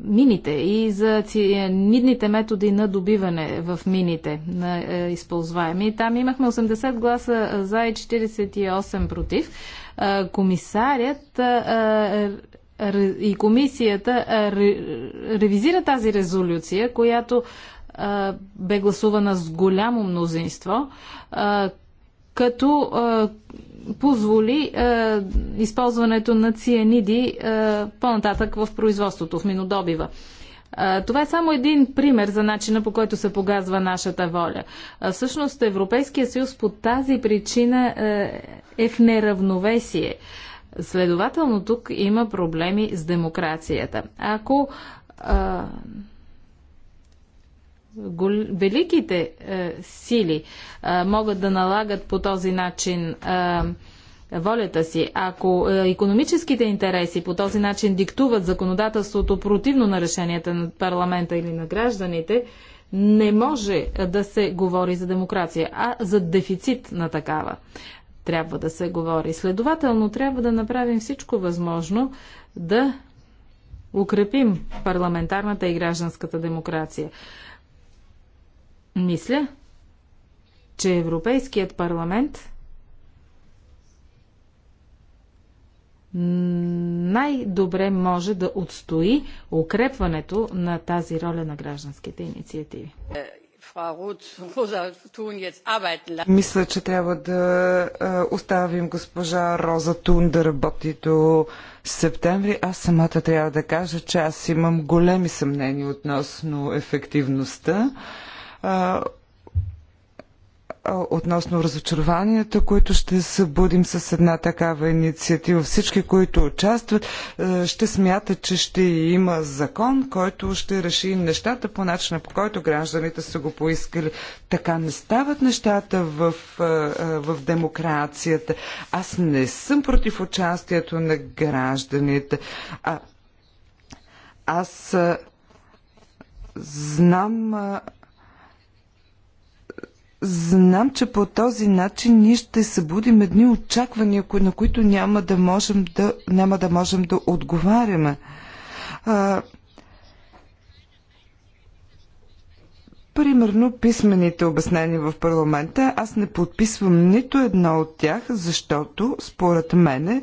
мините и за цианидните методи на добиване в мините на е, използваеми. Там имахме 80 гласа за и 48 против. Комисарят и комисията ревизира тази резолюция, която бе гласувана с голямо мнозинство, като позволи използването на цианиди по-нататък в производството, в минодобива. Това е само един пример за начина по който се погазва нашата воля. Всъщност Европейския съюз по тази причина е в неравновесие. Следователно тук има проблеми с демокрацията. Ако а, великите а, е, сили а, могат да налагат по този начин а, волята си, ако економическите интереси по този начин диктуват законодателството противно на решенията на парламента или на гражданите, не може да се говори за демокрация, а за дефицит на такава трябва да се говори. Следователно, трябва да направим всичко възможно да укрепим парламентарната и гражданската демокрация. Мисля, че Европейският парламент най-добре може да отстои укрепването на тази роля на гражданските инициативи. Е, Мисля, че трябва да оставим госпожа Роза Тун да работи до септември. Аз самата трябва да кажа, че аз имам големи съмнения относно ефективността относно разочарованията, които ще събудим с една такава инициатива. Всички, които участват, е, ще смятат, че ще има закон, който ще реши нещата по начина, по който гражданите са го поискали. Така не стават нещата в, е, е, в демокрацията. Аз не съм против участието на гражданите. А, аз знам Знам, че по този начин ние ще събудим едни очаквания, на които няма да можем да, няма да, можем да отговаряме. А, Примерно писмените обяснения в парламента, аз не подписвам нито едно от тях, защото според мене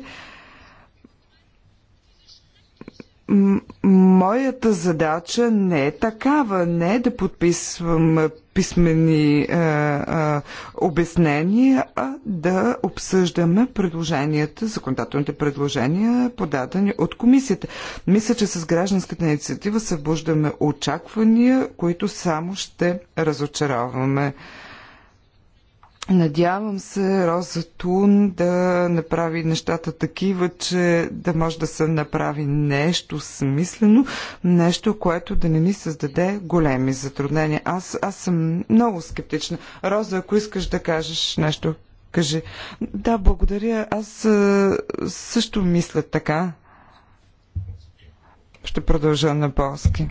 моята задача не е такава, не е да подписвам писмени е, е, обяснения, а да обсъждаме предложенията, законодателните предложения, подадени от комисията. Мисля, че с гражданската инициатива събуждаме очаквания, които само ще разочароваме. Надявам се Роза Тун да направи нещата такива, че да може да се направи нещо смислено, нещо, което да не ни създаде големи затруднения. Аз, аз съм много скептична. Роза, ако искаш да кажеш нещо, кажи. Да, благодаря. Аз също мисля така. Ще продължа на полски.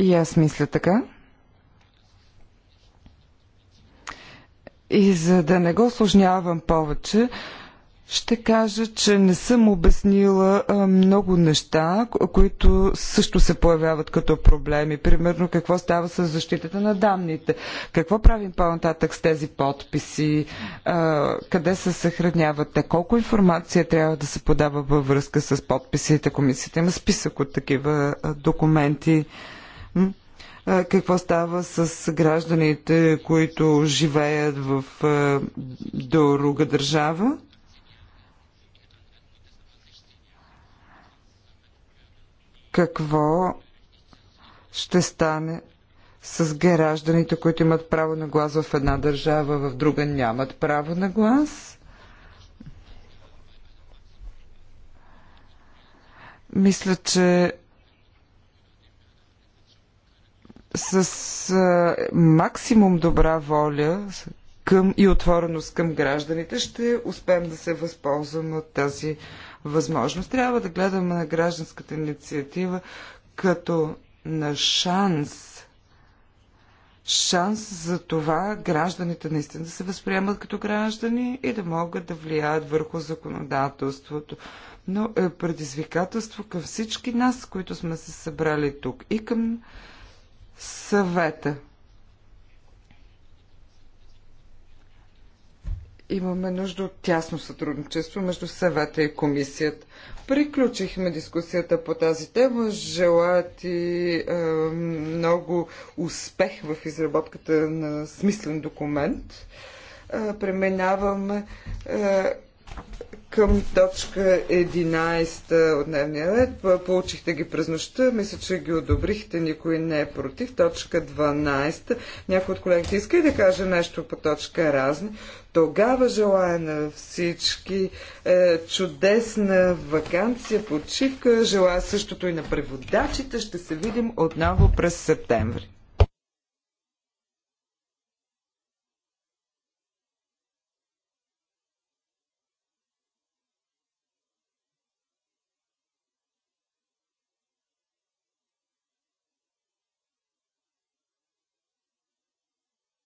И аз мисля така. И за да не го осложнявам повече, ще кажа, че не съм обяснила много неща, които също се появяват като проблеми. Примерно какво става с защитата на данните, какво правим по-нататък с тези подписи, къде се съхраняват те, колко информация трябва да се подава във връзка с подписите. Комисията има списък от такива документи какво става с гражданите, които живеят в друга държава. Какво ще стане с гражданите, които имат право на глас в една държава, в друга нямат право на глас? Мисля, че с а, максимум добра воля към и отвореност към гражданите ще успеем да се възползваме от тази възможност. Трябва да гледаме на гражданската инициатива като на шанс шанс за това гражданите наистина да се възприемат като граждани и да могат да влияят върху законодателството. Но е предизвикателство към всички нас, които сме се събрали тук и към съвета. Имаме нужда от тясно сътрудничество между съвета и комисията. Приключихме дискусията по тази тема. Желая ти е, много успех в изработката на смислен документ. Е, преминаваме е, към точка 11 от дневния ред. Получихте ги през нощта. Мисля, че ги одобрихте. Никой не е против. Точка 12. Някой от колегите иска и да каже нещо по точка разни. Тогава желая на всички е, чудесна вакансия, почивка. Желая същото и на преводачите. Ще се видим отново през септември.